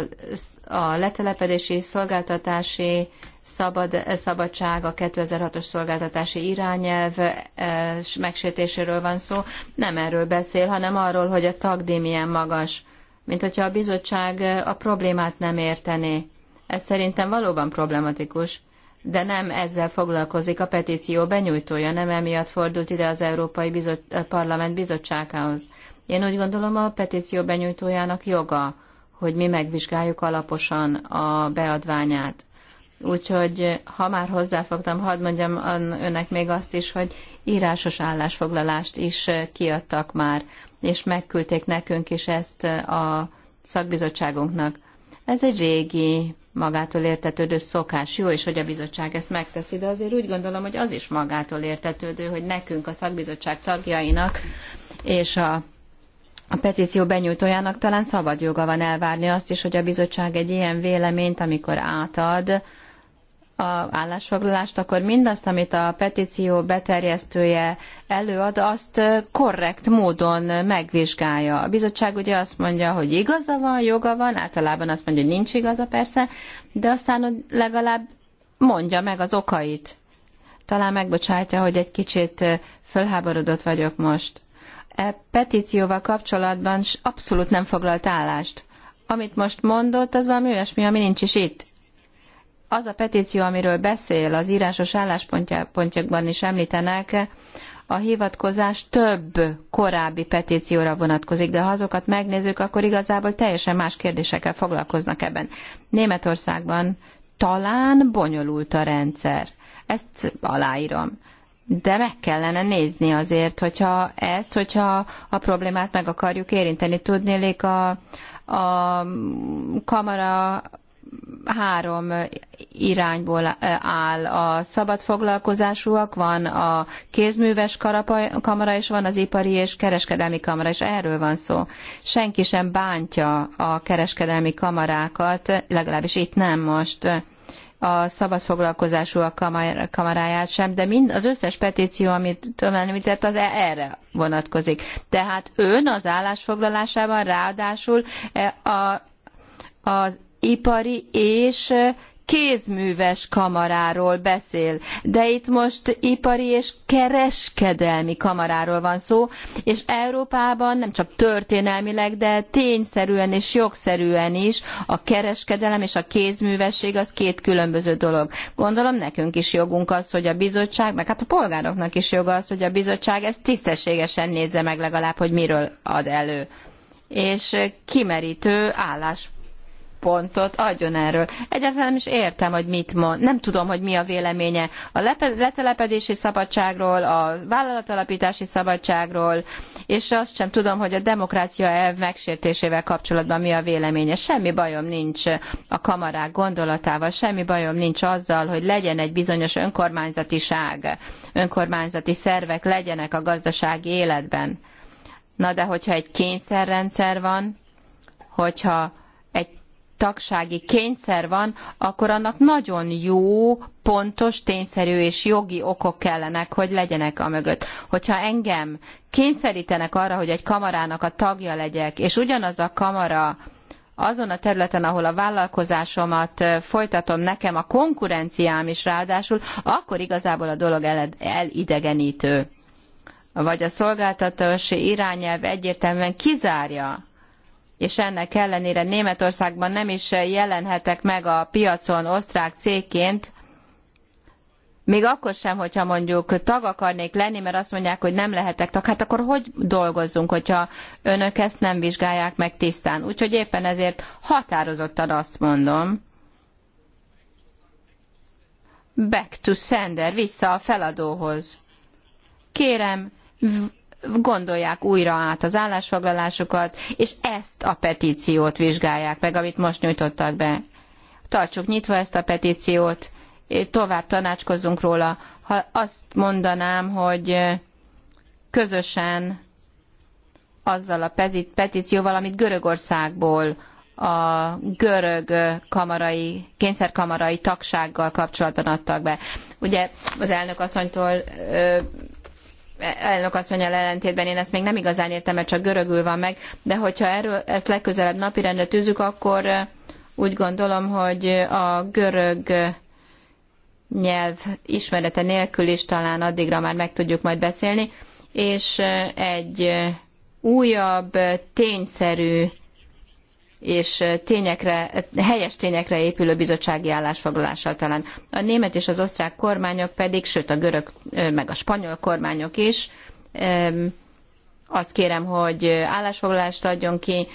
a letelepedési szolgáltatási szabad, szabadság, a 2006-os szolgáltatási irányelv e, megsértéséről van szó. Nem erről beszél, hanem arról, hogy a tagdíj milyen magas mint hogyha a bizottság a problémát nem értené. Ez szerintem valóban problematikus, de nem ezzel foglalkozik a petíció benyújtója, nem emiatt fordult ide az Európai Bizot- Parlament bizottságához. Én úgy gondolom, a petíció benyújtójának joga, hogy mi megvizsgáljuk alaposan a beadványát. Úgyhogy, ha már hozzáfogtam, hadd mondjam önnek még azt is, hogy írásos állásfoglalást is kiadtak már és megküldték nekünk is ezt a szakbizottságunknak. Ez egy régi, magától értetődő szokás. Jó is, hogy a bizottság ezt megteszi, de azért úgy gondolom, hogy az is magától értetődő, hogy nekünk, a szakbizottság tagjainak és a a petíció benyújtójának talán szabad joga van elvárni azt is, hogy a bizottság egy ilyen véleményt, amikor átad, a állásfoglalást, akkor mindazt, amit a petíció beterjesztője előad, azt korrekt módon megvizsgálja. A bizottság ugye azt mondja, hogy igaza van, joga van, általában azt mondja, hogy nincs igaza persze, de aztán legalább mondja meg az okait. Talán megbocsátja, hogy egy kicsit fölháborodott vagyok most. E petícióval kapcsolatban abszolút nem foglalt állást. Amit most mondott, az valami olyasmi, ami nincs is itt az a petíció, amiről beszél, az írásos álláspontjakban is említenek, a hivatkozás több korábbi petícióra vonatkozik, de ha azokat megnézzük, akkor igazából teljesen más kérdésekkel foglalkoznak ebben. Németországban talán bonyolult a rendszer. Ezt aláírom. De meg kellene nézni azért, hogyha ezt, hogyha a problémát meg akarjuk érinteni. Tudnélék a, a kamara három irányból áll. A szabad foglalkozásúak, van a kézműves kamara, és van az ipari és kereskedelmi kamara, és erről van szó. Senki sem bántja a kereskedelmi kamarákat, legalábbis itt nem most a szabad foglalkozásúak kamaráját sem, de mind az összes petíció, amit ön említett, az e- erre vonatkozik. Tehát ön az állásfoglalásában ráadásul e- a az ipari és kézműves kamaráról beszél, de itt most ipari és kereskedelmi kamaráról van szó, és Európában nem csak történelmileg, de tényszerűen és jogszerűen is a kereskedelem és a kézművesség az két különböző dolog. Gondolom nekünk is jogunk az, hogy a bizottság, meg hát a polgároknak is joga az, hogy a bizottság ezt tisztességesen nézze meg legalább, hogy miről ad elő és kimerítő állás pontot adjon erről. Egyáltalán nem is értem, hogy mit mond. Nem tudom, hogy mi a véleménye a letelepedési szabadságról, a vállalatalapítási szabadságról, és azt sem tudom, hogy a demokrácia elv megsértésével kapcsolatban mi a véleménye. Semmi bajom nincs a kamarák gondolatával, semmi bajom nincs azzal, hogy legyen egy bizonyos önkormányzatiság, önkormányzati szervek legyenek a gazdasági életben. Na de hogyha egy kényszerrendszer van, hogyha tagsági kényszer van, akkor annak nagyon jó, pontos, tényszerű és jogi okok kellenek, hogy legyenek a mögött. Hogyha engem kényszerítenek arra, hogy egy kamarának a tagja legyek, és ugyanaz a kamara azon a területen, ahol a vállalkozásomat folytatom, nekem a konkurenciám is ráadásul, akkor igazából a dolog el- elidegenítő. Vagy a szolgáltatási irányelv egyértelműen kizárja és ennek ellenére Németországban nem is jelenhetek meg a piacon osztrák cégként, még akkor sem, hogyha mondjuk tag akarnék lenni, mert azt mondják, hogy nem lehetek tag, hát akkor hogy dolgozzunk, hogyha önök ezt nem vizsgálják meg tisztán. Úgyhogy éppen ezért határozottan azt mondom, back to sender, vissza a feladóhoz. Kérem, gondolják újra át az állásfoglalásukat, és ezt a petíciót vizsgálják meg, amit most nyújtottak be. Tartsuk nyitva ezt a petíciót, tovább tanácskozunk róla. Ha azt mondanám, hogy közösen azzal a petícióval, amit Görögországból a görög kamarai, kényszerkamarai tagsággal kapcsolatban adtak be. Ugye az elnök asszonytól elnök asszonyal ellentétben én ezt még nem igazán értem, mert csak görögül van meg, de hogyha erről, ezt legközelebb napirendre tűzzük, akkor eh, úgy gondolom, hogy a görög nyelv ismerete nélkül is talán addigra már meg tudjuk majd beszélni, és eh, egy eh, újabb tényszerű és tényekre, helyes tényekre épülő bizottsági állásfoglalással talán. A német és az osztrák kormányok pedig, sőt a görög, meg a spanyol kormányok is, azt kérem, hogy állásfoglalást adjon ki,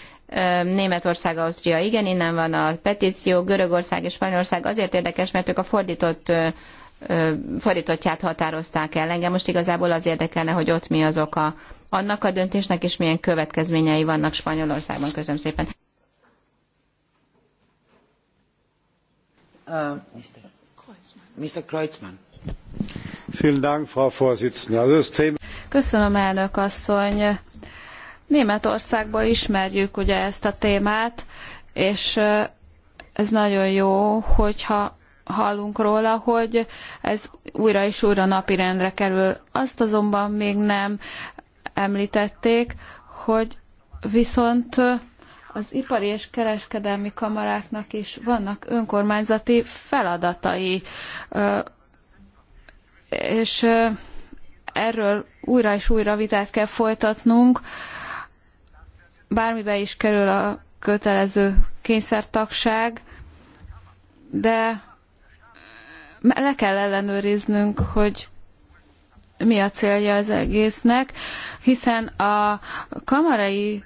Németország, Ausztria, igen, innen van a petíció, Görögország és Spanyolország azért érdekes, mert ők a fordított fordítottját határozták el. Engem most igazából az érdekelne, hogy ott mi az oka annak a döntésnek, és milyen következményei vannak Spanyolországban. Köszönöm szépen. Uh, Köszönöm, elnök asszony. Németországból ismerjük ugye ezt a témát, és ez nagyon jó, hogyha hallunk róla, hogy ez újra és újra napirendre kerül. Azt azonban még nem említették, hogy viszont az ipari és kereskedelmi kamaráknak is vannak önkormányzati feladatai. És erről újra és újra vitát kell folytatnunk, bármibe is kerül a kötelező kényszertagság, de le kell ellenőriznünk, hogy mi a célja az egésznek, hiszen a kamarai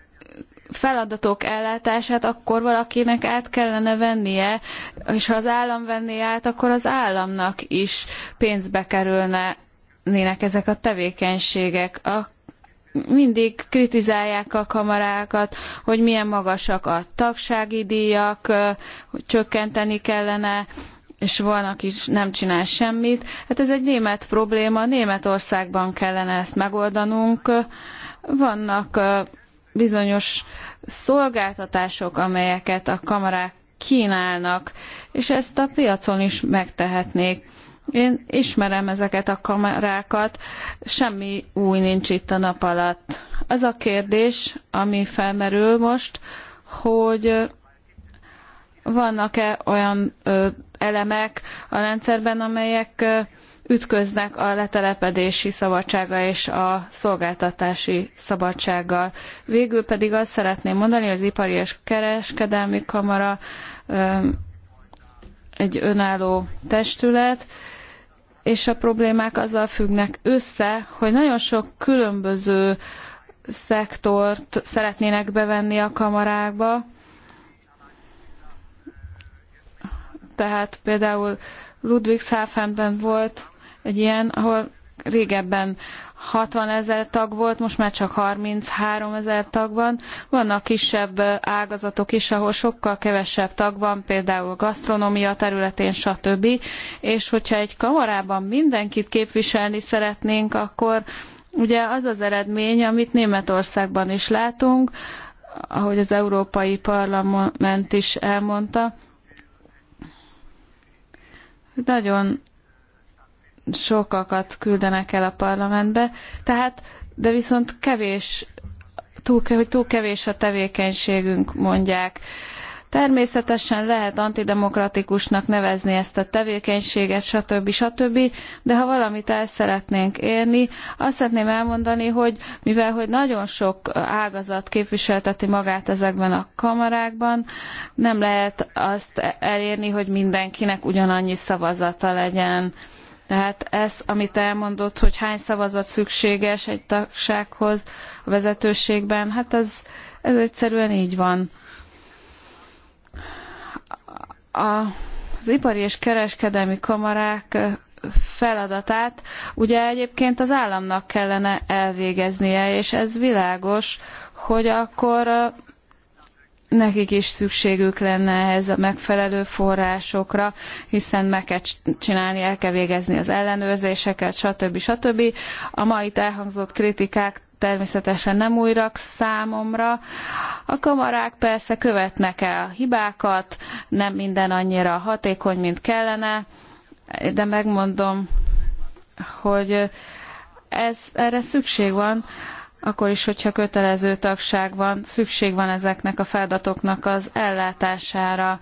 feladatok ellátását akkor valakinek át kellene vennie, és ha az állam venné át, akkor az államnak is pénzbe kerülnének ezek a tevékenységek. A mindig kritizálják a kamarákat, hogy milyen magasak a tagsági díjak, hogy csökkenteni kellene, és van, aki nem csinál semmit. Hát ez egy német probléma, Németországban kellene ezt megoldanunk. Vannak bizonyos szolgáltatások, amelyeket a kamarák kínálnak, és ezt a piacon is megtehetnék. Én ismerem ezeket a kamerákat, semmi új nincs itt a nap alatt. Az a kérdés, ami felmerül most, hogy vannak-e olyan elemek a rendszerben, amelyek ütköznek a letelepedési szabadsága és a szolgáltatási szabadsággal. Végül pedig azt szeretném mondani, hogy az Ipari és Kereskedelmi Kamara egy önálló testület, és a problémák azzal függnek össze, hogy nagyon sok különböző szektort szeretnének bevenni a kamarákba. Tehát például Ludwigshafenben volt egy ilyen, ahol régebben 60 ezer tag volt, most már csak 33 ezer tag van. Vannak kisebb ágazatok is, ahol sokkal kevesebb tag van, például gasztronómia területén, stb. És hogyha egy kamarában mindenkit képviselni szeretnénk, akkor ugye az az eredmény, amit Németországban is látunk, ahogy az Európai Parlament is elmondta, nagyon sokakat küldenek el a parlamentbe, tehát, de viszont kevés, túl, hogy túl kevés a tevékenységünk, mondják. Természetesen lehet antidemokratikusnak nevezni ezt a tevékenységet, stb. stb., de ha valamit el szeretnénk érni, azt szeretném elmondani, hogy mivel hogy nagyon sok ágazat képviselteti magát ezekben a kamarákban, nem lehet azt elérni, hogy mindenkinek ugyanannyi szavazata legyen. Tehát ez, amit elmondott, hogy hány szavazat szükséges egy tagsághoz a vezetőségben, hát ez, ez egyszerűen így van. A, az ipari és kereskedelmi kamarák feladatát ugye egyébként az államnak kellene elvégeznie, és ez világos, hogy akkor nekik is szükségük lenne ehhez a megfelelő forrásokra, hiszen meg kell csinálni, el kell végezni az ellenőrzéseket, stb. stb. A ma itt elhangzott kritikák természetesen nem újrak számomra. A kamarák persze követnek el hibákat, nem minden annyira hatékony, mint kellene, de megmondom, hogy ez, erre szükség van, akkor is, hogyha kötelező tagság van, szükség van ezeknek a feladatoknak az ellátására.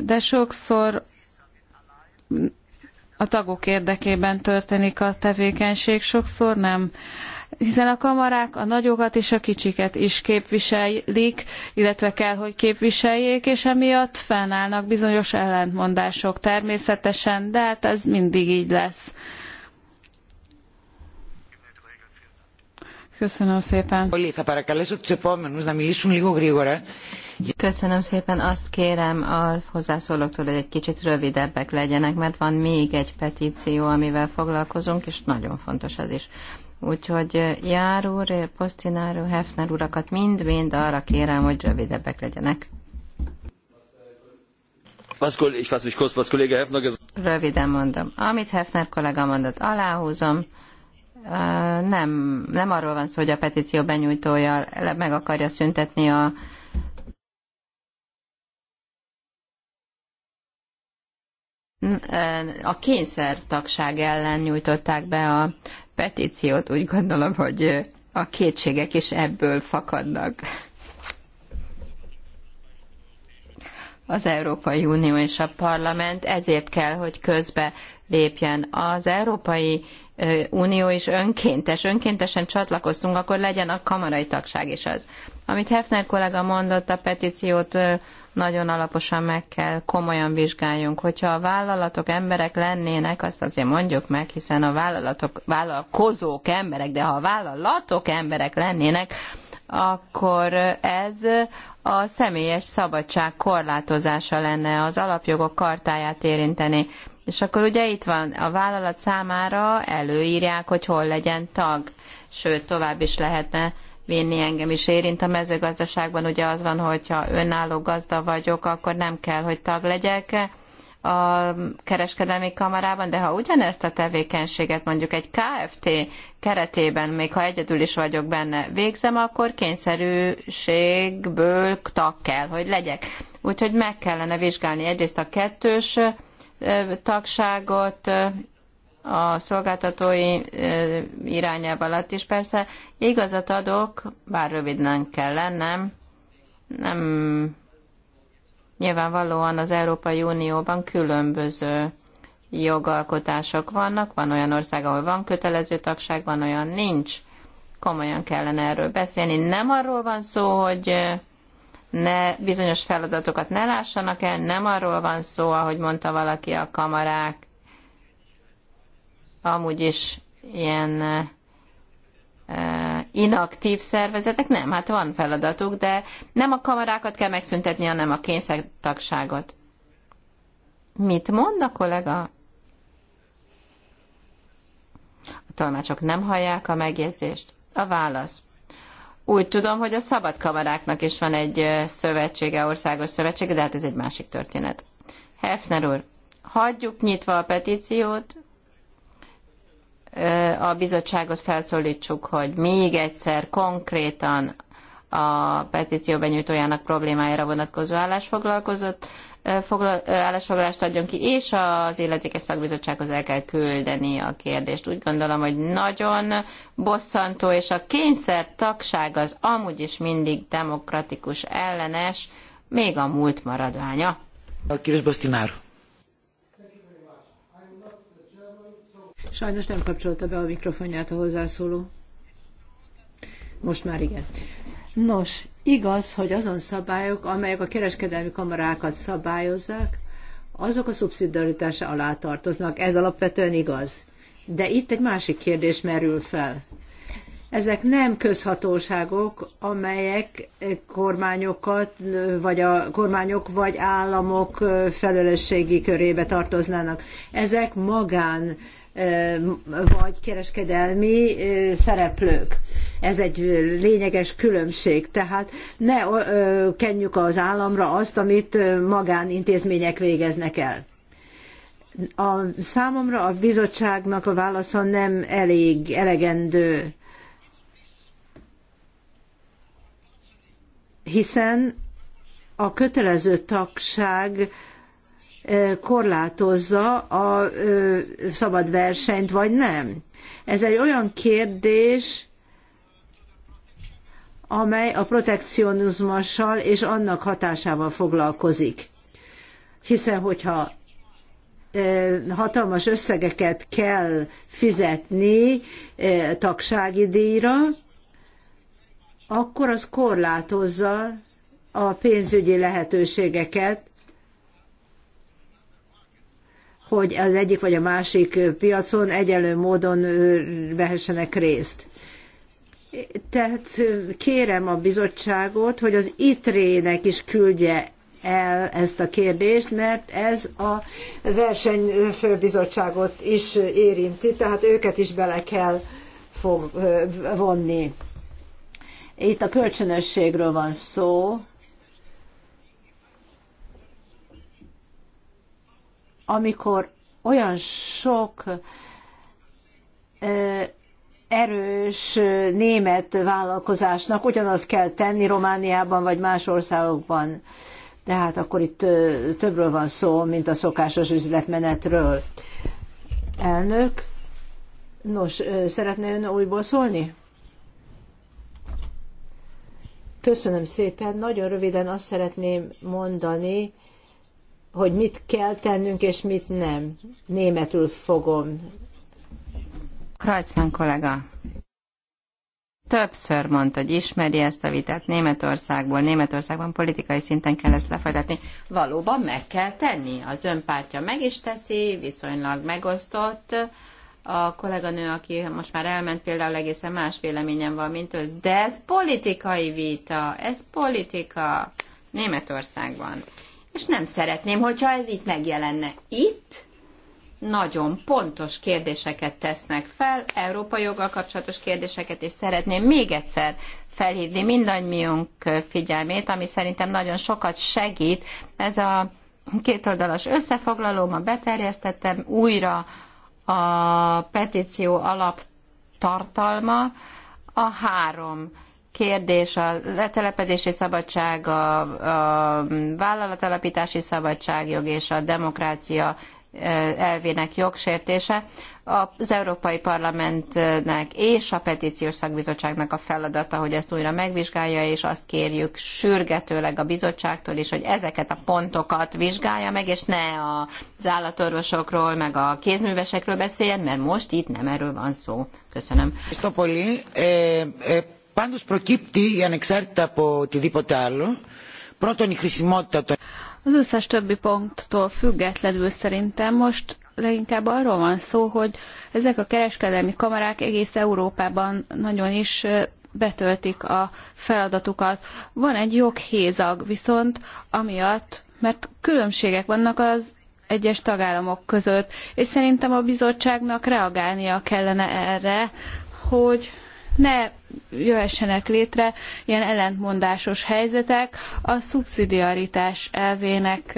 De sokszor a tagok érdekében történik a tevékenység, sokszor nem hiszen a kamarák a nagyokat és a kicsiket is képviselik, illetve kell, hogy képviseljék, és emiatt fennállnak bizonyos ellentmondások természetesen, de hát ez mindig így lesz. Köszönöm szépen. Köszönöm szépen. Azt kérem a hozzászólóktól, hogy egy kicsit rövidebbek legyenek, mert van még egy petíció, amivel foglalkozunk, és nagyon fontos az is. Úgyhogy eh, Jár úr, eh, Posztinár úr, Hefner urakat mind-mind arra kérem, hogy rövidebbek legyenek. Röviden mondom. Amit Hefner kollega mondott, aláhúzom nem, nem arról van szó, hogy a petíció benyújtója meg akarja szüntetni a, a kényszertagság ellen nyújtották be a petíciót, úgy gondolom, hogy a kétségek is ebből fakadnak. Az Európai Unió és a Parlament ezért kell, hogy közbe lépjen. Az Európai unió és önkéntes, önkéntesen csatlakoztunk, akkor legyen a kamarai tagság is az. Amit Hefner kollega mondott, a petíciót nagyon alaposan meg kell, komolyan vizsgáljunk. Hogyha a vállalatok emberek lennének, azt azért mondjuk meg, hiszen a vállalatok, vállalkozók emberek, de ha a vállalatok emberek lennének, akkor ez a személyes szabadság korlátozása lenne, az alapjogok kartáját érinteni. És akkor ugye itt van, a vállalat számára előírják, hogy hol legyen tag, sőt, tovább is lehetne vinni engem is érint a mezőgazdaságban, ugye az van, hogyha önálló gazda vagyok, akkor nem kell, hogy tag legyek a kereskedelmi kamarában, de ha ugyanezt a tevékenységet mondjuk egy KFT keretében, még ha egyedül is vagyok benne, végzem, akkor kényszerűségből tag kell, hogy legyek. Úgyhogy meg kellene vizsgálni egyrészt a kettős tagságot a szolgáltatói irányába alatt is persze igazat adok, bár röviden kell lennem, nem nyilvánvalóan az Európai Unióban különböző jogalkotások vannak, van olyan ország, ahol van kötelező tagság, van olyan nincs. Komolyan kellene erről beszélni. Nem arról van szó, hogy ne, bizonyos feladatokat ne lássanak el, nem arról van szó, ahogy mondta valaki a kamarák, amúgy is ilyen eh, eh, inaktív szervezetek, nem, hát van feladatuk, de nem a kamarákat kell megszüntetni, hanem a kényszertagságot. Mit mond a kollega? A tolmácsok nem hallják a megjegyzést. A válasz. Úgy tudom, hogy a szabad kamaráknak is van egy szövetsége, országos szövetsége, de hát ez egy másik történet. Hefner úr, hagyjuk nyitva a petíciót, a bizottságot felszólítsuk, hogy még egyszer konkrétan a petíció benyújtójának problémájára vonatkozó állásfoglalkozott, állásfoglalást adjon ki, és az illetékes szakbizottsághoz el kell küldeni a kérdést. Úgy gondolom, hogy nagyon bosszantó, és a kényszer tagság az amúgy is mindig demokratikus ellenes, még a múlt maradványa. A kérdés Bostinár. Sajnos nem kapcsolta be a mikrofonját a hozzászóló. Most már igen. Nos, igaz, hogy azon szabályok, amelyek a kereskedelmi kamarákat szabályozzák, azok a szubszidiaritása alá tartoznak. Ez alapvetően igaz. De itt egy másik kérdés merül fel. Ezek nem közhatóságok, amelyek kormányokat, vagy a kormányok, vagy államok felelősségi körébe tartoznának. Ezek magán vagy kereskedelmi szereplők. Ez egy lényeges különbség. Tehát ne kenjük az államra azt, amit magánintézmények végeznek el. A számomra a bizottságnak a válasza nem elég elegendő, hiszen a kötelező tagság korlátozza a szabad versenyt, vagy nem. Ez egy olyan kérdés, amely a protekcionizmussal és annak hatásával foglalkozik. Hiszen, hogyha hatalmas összegeket kell fizetni tagsági díjra, akkor az korlátozza a pénzügyi lehetőségeket, hogy az egyik vagy a másik piacon egyenlő módon vehessenek részt. Tehát kérem a bizottságot, hogy az ITRE-nek is küldje el ezt a kérdést, mert ez a versenyfőbizottságot is érinti, tehát őket is bele kell fog, vonni. Itt a kölcsönösségről van szó, amikor olyan sok erős német vállalkozásnak ugyanazt kell tenni Romániában vagy más országokban. de hát akkor itt többről van szó, mint a szokásos üzletmenetről. Elnök, nos, szeretne ön újból szólni? Köszönöm szépen. Nagyon röviden azt szeretném mondani, hogy mit kell tennünk, és mit nem. Németül fogom. Kreuzmann kollega többször mondta, hogy ismeri ezt a vitát Németországból, Németországban politikai szinten kell ezt lefolytatni. Valóban meg kell tenni. Az önpártja meg is teszi, viszonylag megosztott. A kolléganő, aki most már elment, például egészen más véleményen van, mint ősz. De ez politikai vita, ez politika Németországban és nem szeretném, hogyha ez itt megjelenne. Itt nagyon pontos kérdéseket tesznek fel, Európa joggal kapcsolatos kérdéseket, és szeretném még egyszer felhívni mindannyiunk figyelmét, ami szerintem nagyon sokat segít. Ez a kétoldalas összefoglaló, ma beterjesztettem újra a petíció alap tartalma, a három kérdés a letelepedési szabadság, a, a vállalatalapítási szabadságjog és a demokrácia e, elvének jogsértése az Európai Parlamentnek és a Petíciós Szakbizottságnak a feladata, hogy ezt újra megvizsgálja, és azt kérjük sürgetőleg a bizottságtól is, hogy ezeket a pontokat vizsgálja meg, és ne az állatorvosokról, meg a kézművesekről beszéljen, mert most itt nem erről van szó. Köszönöm. Πάντως προκύπτει, ανεξάρτητα από οτιδήποτε άλλο, πρώτον η χρησιμότητα των... Az összes többi ponttól függetlenül szerintem most leginkább arról van szó, hogy ezek a kereskedelmi kamarák egész Európában nagyon is betöltik a feladatukat. Van egy joghézag viszont, amiatt, mert különbségek vannak az egyes tagállamok között, és szerintem a bizottságnak reagálnia kellene erre, hogy ne jöhessenek létre ilyen ellentmondásos helyzetek a szubszidiaritás elvének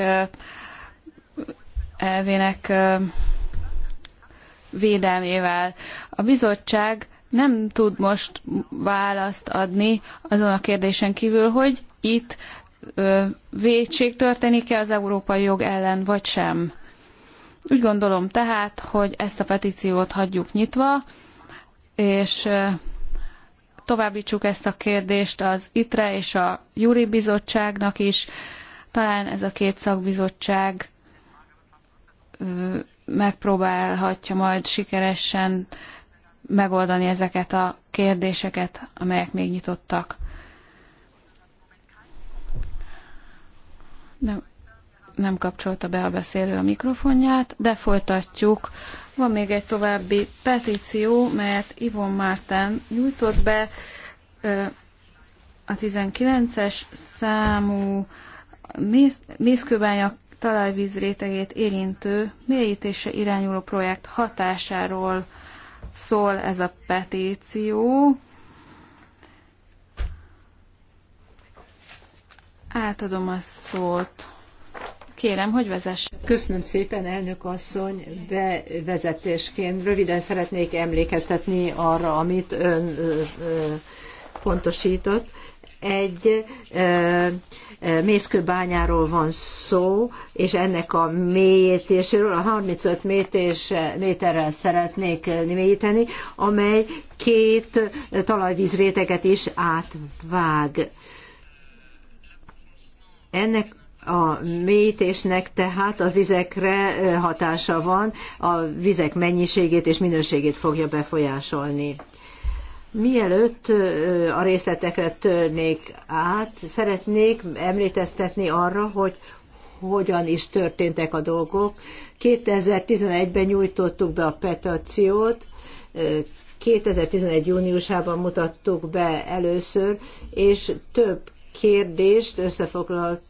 elvének védelmével. A bizottság nem tud most választ adni azon a kérdésen kívül, hogy itt védség történik-e az európai jog ellen, vagy sem. Úgy gondolom tehát, hogy ezt a petíciót hagyjuk nyitva, és továbbítsuk ezt a kérdést az ITRE és a Júri Bizottságnak is. Talán ez a két szakbizottság megpróbálhatja majd sikeresen megoldani ezeket a kérdéseket, amelyek még nyitottak. Nem, nem kapcsolta be a beszélő a mikrofonját, de folytatjuk van még egy további petíció, melyet Ivon Márten nyújtott be, a 19-es számú mészkőbánya talajvíz rétegét érintő mélyítése irányuló projekt hatásáról szól ez a petíció. Átadom a szót kérem, hogy vezess. Köszönöm szépen, elnök asszony, bevezetésként röviden szeretnék emlékeztetni arra, amit ön pontosított. Egy mészkőbányáról van szó, és ennek a mélyítéséről a 35 métés, méterrel szeretnék mélyíteni, amely két talajvízréteget is átvág. Ennek a mélyítésnek tehát a vizekre hatása van, a vizek mennyiségét és minőségét fogja befolyásolni. Mielőtt a részletekre törnék át, szeretnék emlékeztetni arra, hogy hogyan is történtek a dolgok. 2011-ben nyújtottuk be a petációt, 2011. júniusában mutattuk be először, és több kérdést összefoglalt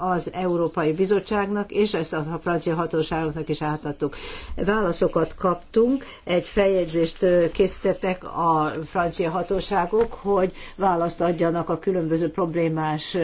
az Európai Bizottságnak, és ezt a francia hatóságoknak is átadtuk. Válaszokat kaptunk, egy feljegyzést készítettek a francia hatóságok, hogy választ adjanak a különböző problémás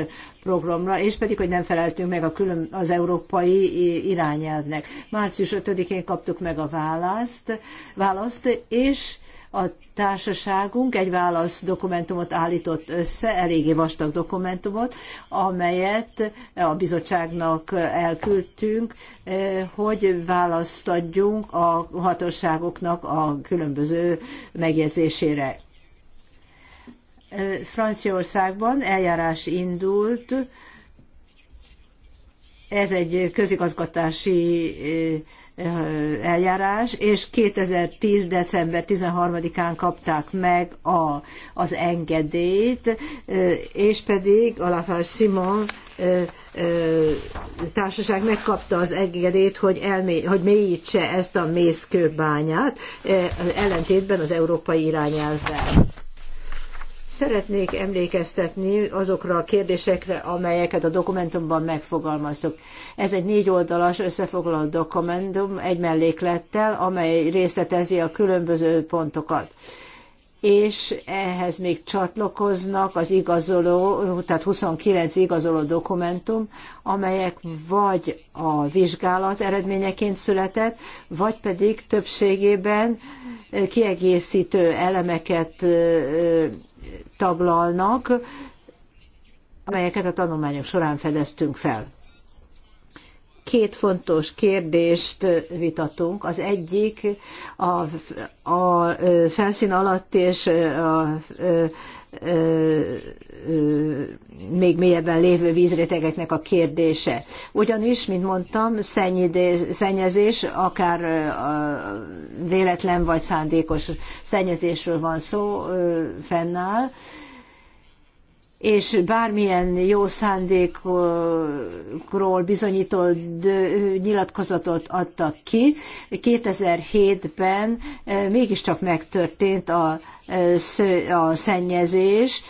programra, és pedig, hogy nem feleltünk meg a külön, az európai irányelvnek. Március 5-én kaptuk meg a választ, választ és a társaságunk egy válasz dokumentumot állított össze, eléggé vastag dokumentumot, amelyet a bizottságnak elküldtünk, eh, hogy választ adjunk a hatóságoknak a különböző megjegyzésére. Eh, Franciaországban eljárás indult, ez egy közigazgatási eh, eljárás, és 2010. december 13-án kapták meg a, az engedélyt, és pedig a Simon társaság megkapta az engedélyt, hogy, elmé, hogy mélyítse ezt a mészkőbányát, ellentétben az európai irányelvvel. Szeretnék emlékeztetni azokra a kérdésekre, amelyeket a dokumentumban megfogalmaztuk. Ez egy négy oldalas összefoglaló dokumentum egy melléklettel, amely részletezi a különböző pontokat és ehhez még csatlakoznak az igazoló, tehát 29 igazoló dokumentum, amelyek vagy a vizsgálat eredményeként született, vagy pedig többségében kiegészítő elemeket taglalnak, amelyeket a tanulmányok során fedeztünk fel. Két fontos kérdést vitatunk. Az egyik a, a felszín alatt és a, a még mélyebben lévő vízrétegeknek a kérdése. Ugyanis, mint mondtam, szennyezés, akár véletlen vagy szándékos szennyezésről van szó, fennáll, és bármilyen jó szándékról bizonyító nyilatkozatot adtak ki, 2007-ben mégiscsak megtörtént a a szennyezés,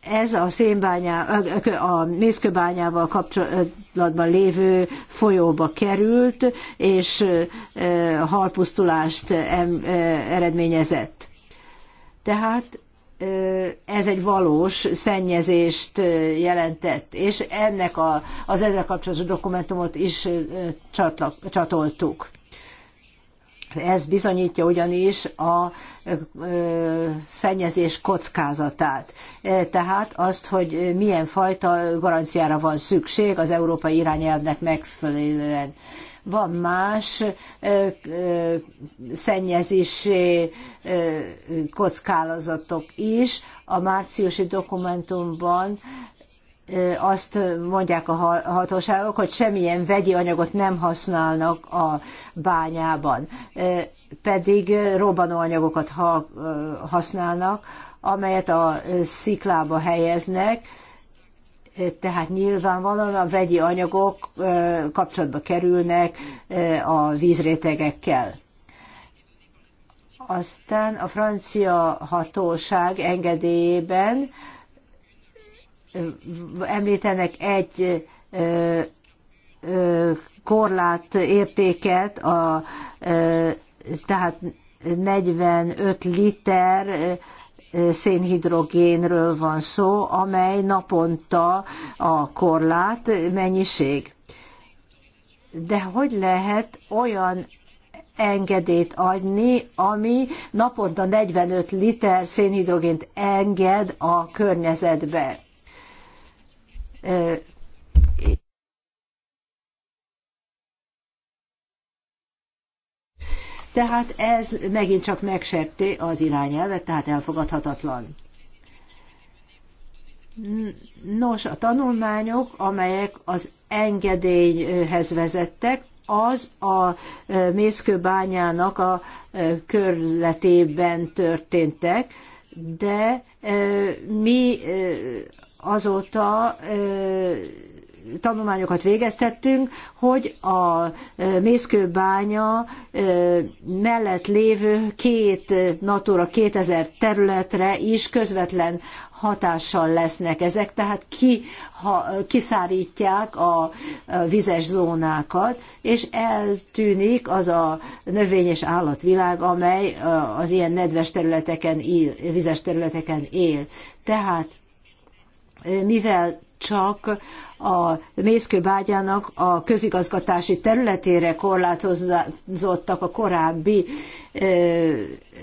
ez a szénbányá, a mészkőbányával kapcsolatban lévő folyóba került, és halpusztulást eredményezett. Tehát ez egy valós szennyezést jelentett, és ennek a, az ezzel kapcsolatos dokumentumot is csatoltuk. Ez bizonyítja ugyanis a szennyezés kockázatát. E, tehát azt, hogy milyen fajta garanciára van szükség az európai irányelvnek megfelelően. Van más szennyezési kockázatok is. A márciusi dokumentumban azt mondják a hatóságok, hogy semmilyen vegyi anyagot nem használnak a bányában, pedig robbanóanyagokat használnak, amelyet a sziklába helyeznek, tehát nyilvánvalóan a vegyi anyagok kapcsolatba kerülnek a vízrétegekkel. Aztán a francia hatóság engedélyében említenek egy korlát értéket, a, tehát 45 liter szénhidrogénről van szó, amely naponta a korlát mennyiség. De hogy lehet olyan engedét adni, ami naponta 45 liter szénhidrogént enged a környezetbe? Tehát ez megint csak megsepté az irányelvet, tehát elfogadhatatlan. Nos, a tanulmányok, amelyek az engedélyhez vezettek, az a mészkőbányának a körletében történtek, de mi azóta tanulmányokat végeztettünk, hogy a mészkőbánya mellett lévő két Natura 2000 területre is közvetlen hatással lesznek ezek, tehát ki, ha, kiszárítják a vizes zónákat, és eltűnik az a növény és állatvilág, amely az ilyen nedves területeken, ír, vizes területeken él. Tehát mivel csak a mészkőbágyának a közigazgatási területére korlátozottak a korábbi ö,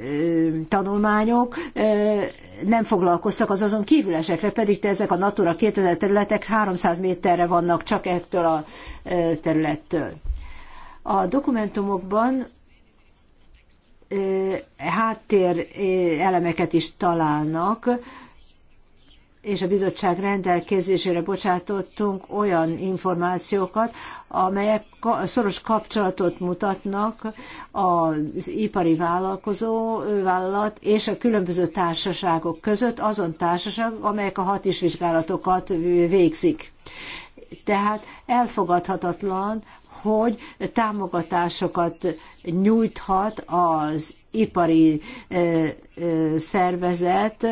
ö, tanulmányok, ö, nem foglalkoztak az azon kívülesekre, pedig ezek a Natura 2000 területek 300 méterre vannak csak ettől a ö, területtől. A dokumentumokban ö, háttér elemeket is találnak, és a bizottság rendelkezésére bocsátottunk olyan információkat, amelyek szoros kapcsolatot mutatnak az ipari vállalkozó vállalat és a különböző társaságok között, azon társaság, amelyek a vizsgálatokat végzik. Tehát elfogadhatatlan, hogy támogatásokat nyújthat az ipari szervezet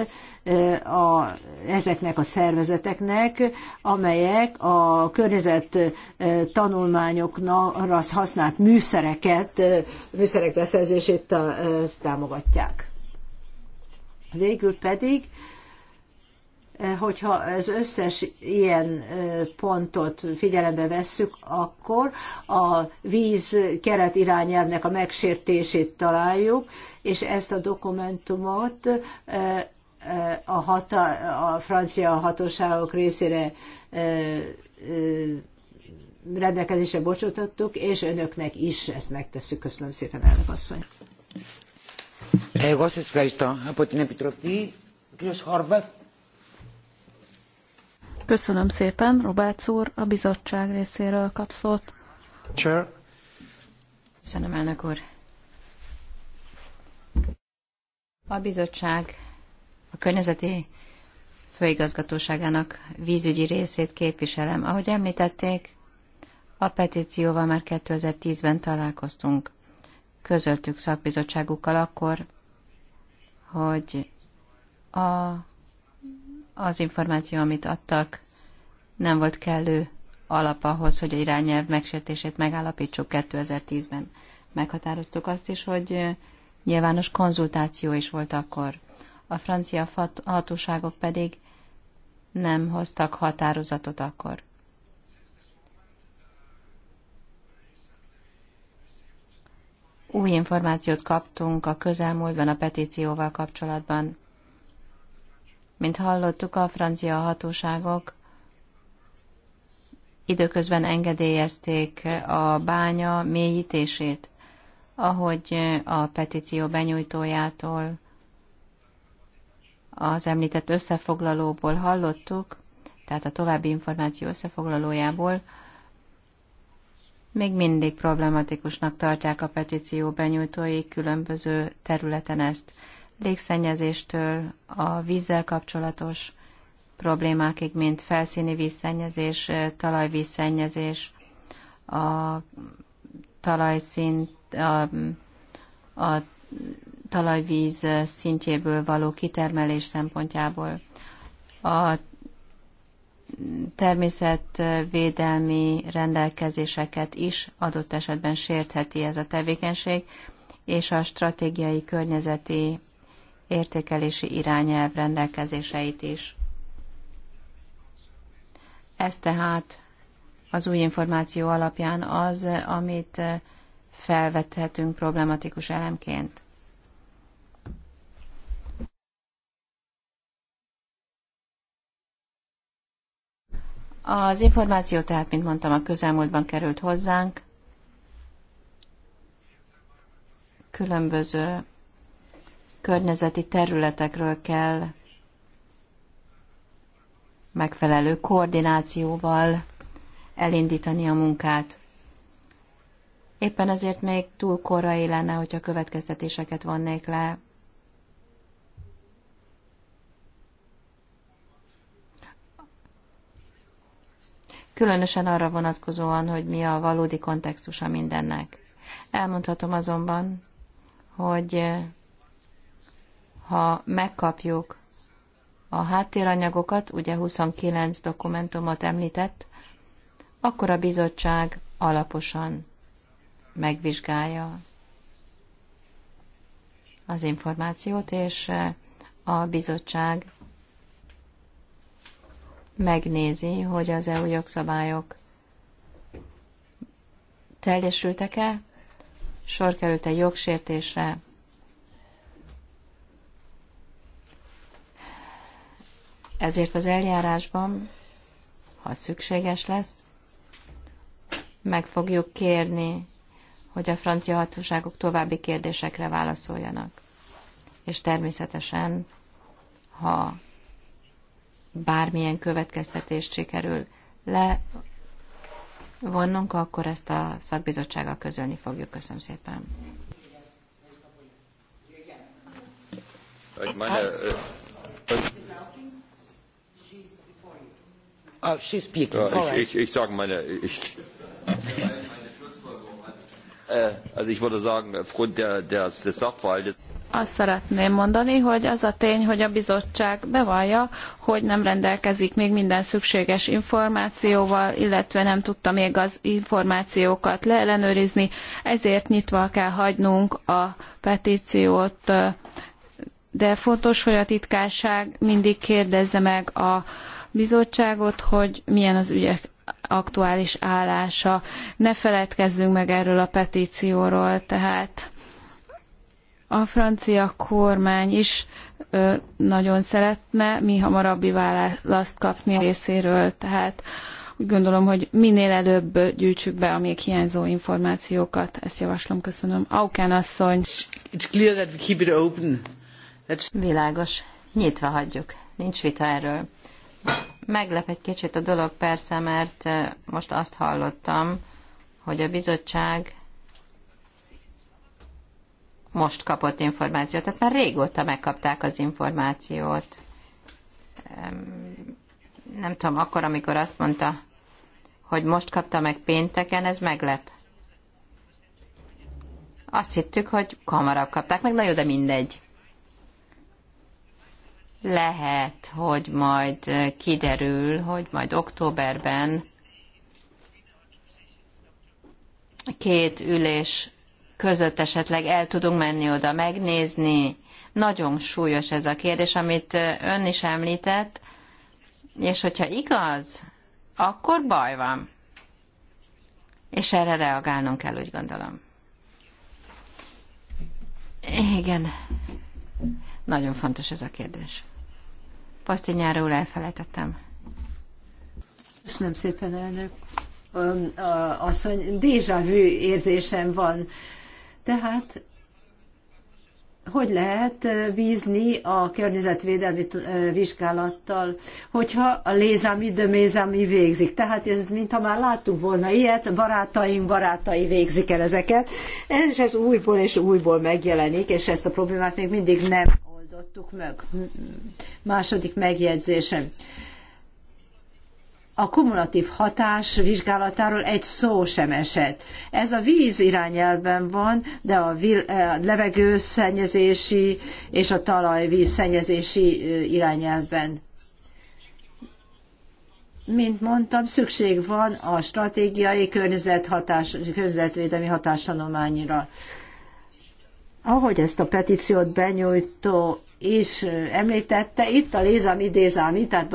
a, ezeknek a szervezeteknek, amelyek a környezet tanulmányokra használt műszereket, műszerek beszerzését támogatják. Végül pedig Eh, hogyha az összes ilyen eh, pontot figyelembe vesszük, akkor a víz keret irányelvnek a megsértését találjuk, és ezt a dokumentumot eh, a, hata, a francia hatóságok részére rendelkezésre bocsátottuk, és önöknek is ezt megtesszük. Köszönöm szépen, elnök asszony. Εγώ σας ευχαριστώ. Από την Επιτροπή, ο Χόρβατ. Köszönöm szépen, Robert úr, a bizottság részéről kap szót. Chair. Köszönöm, elnök úr. A bizottság a környezeti főigazgatóságának vízügyi részét képviselem. Ahogy említették, a petícióval már 2010-ben találkoztunk. Közöltük szakbizottságukkal akkor, hogy a az információ, amit adtak, nem volt kellő alap ahhoz, hogy a irányelv megsértését megállapítsuk 2010-ben. Meghatároztuk azt is, hogy nyilvános konzultáció is volt akkor. A francia hatóságok pedig nem hoztak határozatot akkor. Új információt kaptunk a közelmúltban a petícióval kapcsolatban. Mint hallottuk, a francia hatóságok időközben engedélyezték a bánya mélyítését, ahogy a petíció benyújtójától az említett összefoglalóból hallottuk, tehát a további információ összefoglalójából, még mindig problematikusnak tartják a petíció benyújtói különböző területen ezt légszennyezéstől a vízzel kapcsolatos problémákig, mint felszíni vízszennyezés, talajvízszennyezés, a talajszint, a, a talajvíz szintjéből való kitermelés szempontjából, a természetvédelmi rendelkezéseket is adott esetben sértheti ez a tevékenység, és a stratégiai környezeti értékelési irányelv rendelkezéseit is. Ez tehát az új információ alapján az, amit felvethetünk problematikus elemként. Az információ tehát, mint mondtam, a közelmúltban került hozzánk. Különböző környezeti területekről kell megfelelő koordinációval elindítani a munkát. Éppen ezért még túl korai lenne, hogyha következtetéseket vonnék le. Különösen arra vonatkozóan, hogy mi a valódi kontextusa mindennek. Elmondhatom azonban, hogy ha megkapjuk a háttéranyagokat, ugye 29 dokumentumot említett, akkor a bizottság alaposan megvizsgálja az információt, és eh, a bizottság megnézi, hogy az EU jogszabályok teljesültek-e, sor került-e jogsértésre, Ezért az eljárásban, ha szükséges lesz, meg fogjuk kérni, hogy a francia hatóságok további kérdésekre válaszoljanak. És természetesen, ha bármilyen következtetést sikerül levonnunk, akkor ezt a szakbizottsággal közölni fogjuk. Köszönöm szépen. Ich meine, Oh, she's speaking. ich, ich, ich sage meine. Ich, äh, also ich würde sagen, aufgrund der, der, des Sachverhaltes. Azt szeretném mondani, hogy az a tény, hogy a bizottság bevallja, hogy nem rendelkezik még minden szükséges információval, illetve nem tudta még az információkat leellenőrizni, ezért nyitva kell hagynunk a petíciót, de fontos, hogy a titkárság mindig kérdezze meg a bizottságot, hogy milyen az ügyek aktuális állása. Ne feledkezzünk meg erről a petícióról, tehát a francia kormány is ö, nagyon szeretne mi hamarabbi választ kapni a részéről, tehát úgy gondolom, hogy minél előbb gyűjtsük be a még hiányzó információkat. Ezt javaslom, köszönöm. Auken asszony. It's clear that we keep it open. That's... Világos. Nyitva hagyjuk. Nincs vita erről. Meglep egy kicsit a dolog persze, mert most azt hallottam, hogy a bizottság most kapott információt, tehát már régóta megkapták az információt. Nem tudom, akkor, amikor azt mondta, hogy most kapta meg pénteken, ez meglep. Azt hittük, hogy hamarabb kapták meg, na jó, de mindegy lehet, hogy majd kiderül, hogy majd októberben két ülés között esetleg el tudunk menni oda megnézni. Nagyon súlyos ez a kérdés, amit ön is említett, és hogyha igaz, akkor baj van. És erre reagálnunk kell, úgy gondolom. Igen. Nagyon fontos ez a kérdés. Pasztinyáról elfelejtettem. Köszönöm szépen, elnök asszony. Déjà vu érzésem van. Tehát hogy lehet bízni a környezetvédelmi vizsgálattal, hogyha a lézami de mézami végzik. Tehát ez, mintha már láttuk volna ilyet, barátaim barátai végzik el ezeket, és ez újból és újból megjelenik, és ezt a problémát még mindig nem oldottuk meg. Második megjegyzésem. A kumulatív hatás vizsgálatáról egy szó sem esett. Ez a víz irányelben van, de a levegőszennyezési és a talajvíz szennyezési irányelben. mint mondtam, szükség van a stratégiai környezethatás, környezetvédelmi hatástanományra. Ahogy ezt a petíciót benyújtó is említette, itt a lézám idézámi, tehát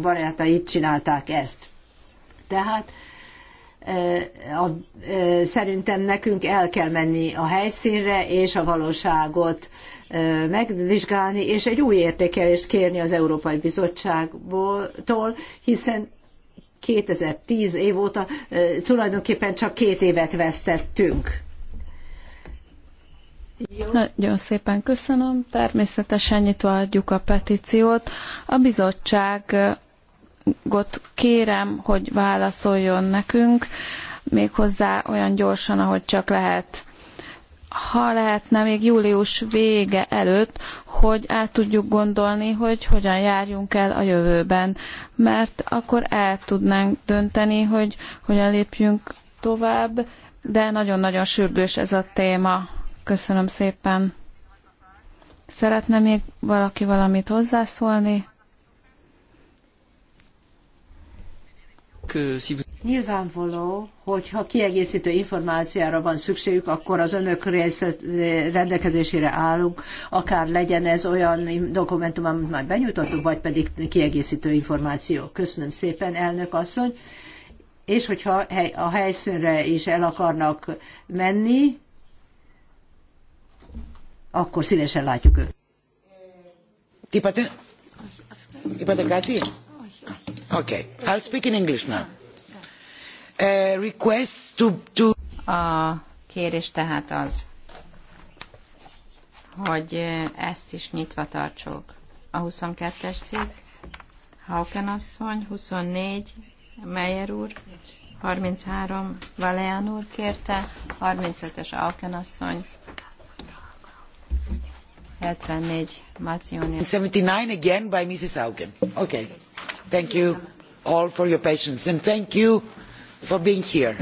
barátai itt csinálták ezt. Tehát a, szerintem nekünk el kell menni a helyszínre és a valóságot megvizsgálni, és egy új értékelést kérni az Európai Bizottságtól, hiszen 2010 év óta tulajdonképpen csak két évet vesztettünk. Nagyon szépen köszönöm. Természetesen nyitva adjuk a petíciót. A bizottságot kérem, hogy válaszoljon nekünk, méghozzá olyan gyorsan, ahogy csak lehet ha lehetne még július vége előtt, hogy át tudjuk gondolni, hogy hogyan járjunk el a jövőben, mert akkor el tudnánk dönteni, hogy hogyan lépjünk tovább, de nagyon-nagyon sürgős ez a téma. Köszönöm szépen. Szeretne még valaki valamit hozzászólni? Nyilvánvaló, hogy ha kiegészítő információra van szükségük, akkor az önök rendelkezésére állunk, akár legyen ez olyan dokumentum, amit már benyújtottuk, vagy pedig kiegészítő információ. Köszönöm szépen, elnök asszony. És hogyha a helyszínre is el akarnak menni, akkor szívesen látjuk őt. Είπατε, είπατε Oké. Okay, I'll speak in English now. Uh, to, to... A kérés tehát az, hogy ezt is nyitva tartsuk. A 22-es cikk, Hauken asszony, 24, Meyer úr, 33, Valéan úr kérte, 35 es Hauken asszony, 74 Mazzoni. 79 again by Mrs. Auken. Okay. Thank you all for your patience and thank you for being here.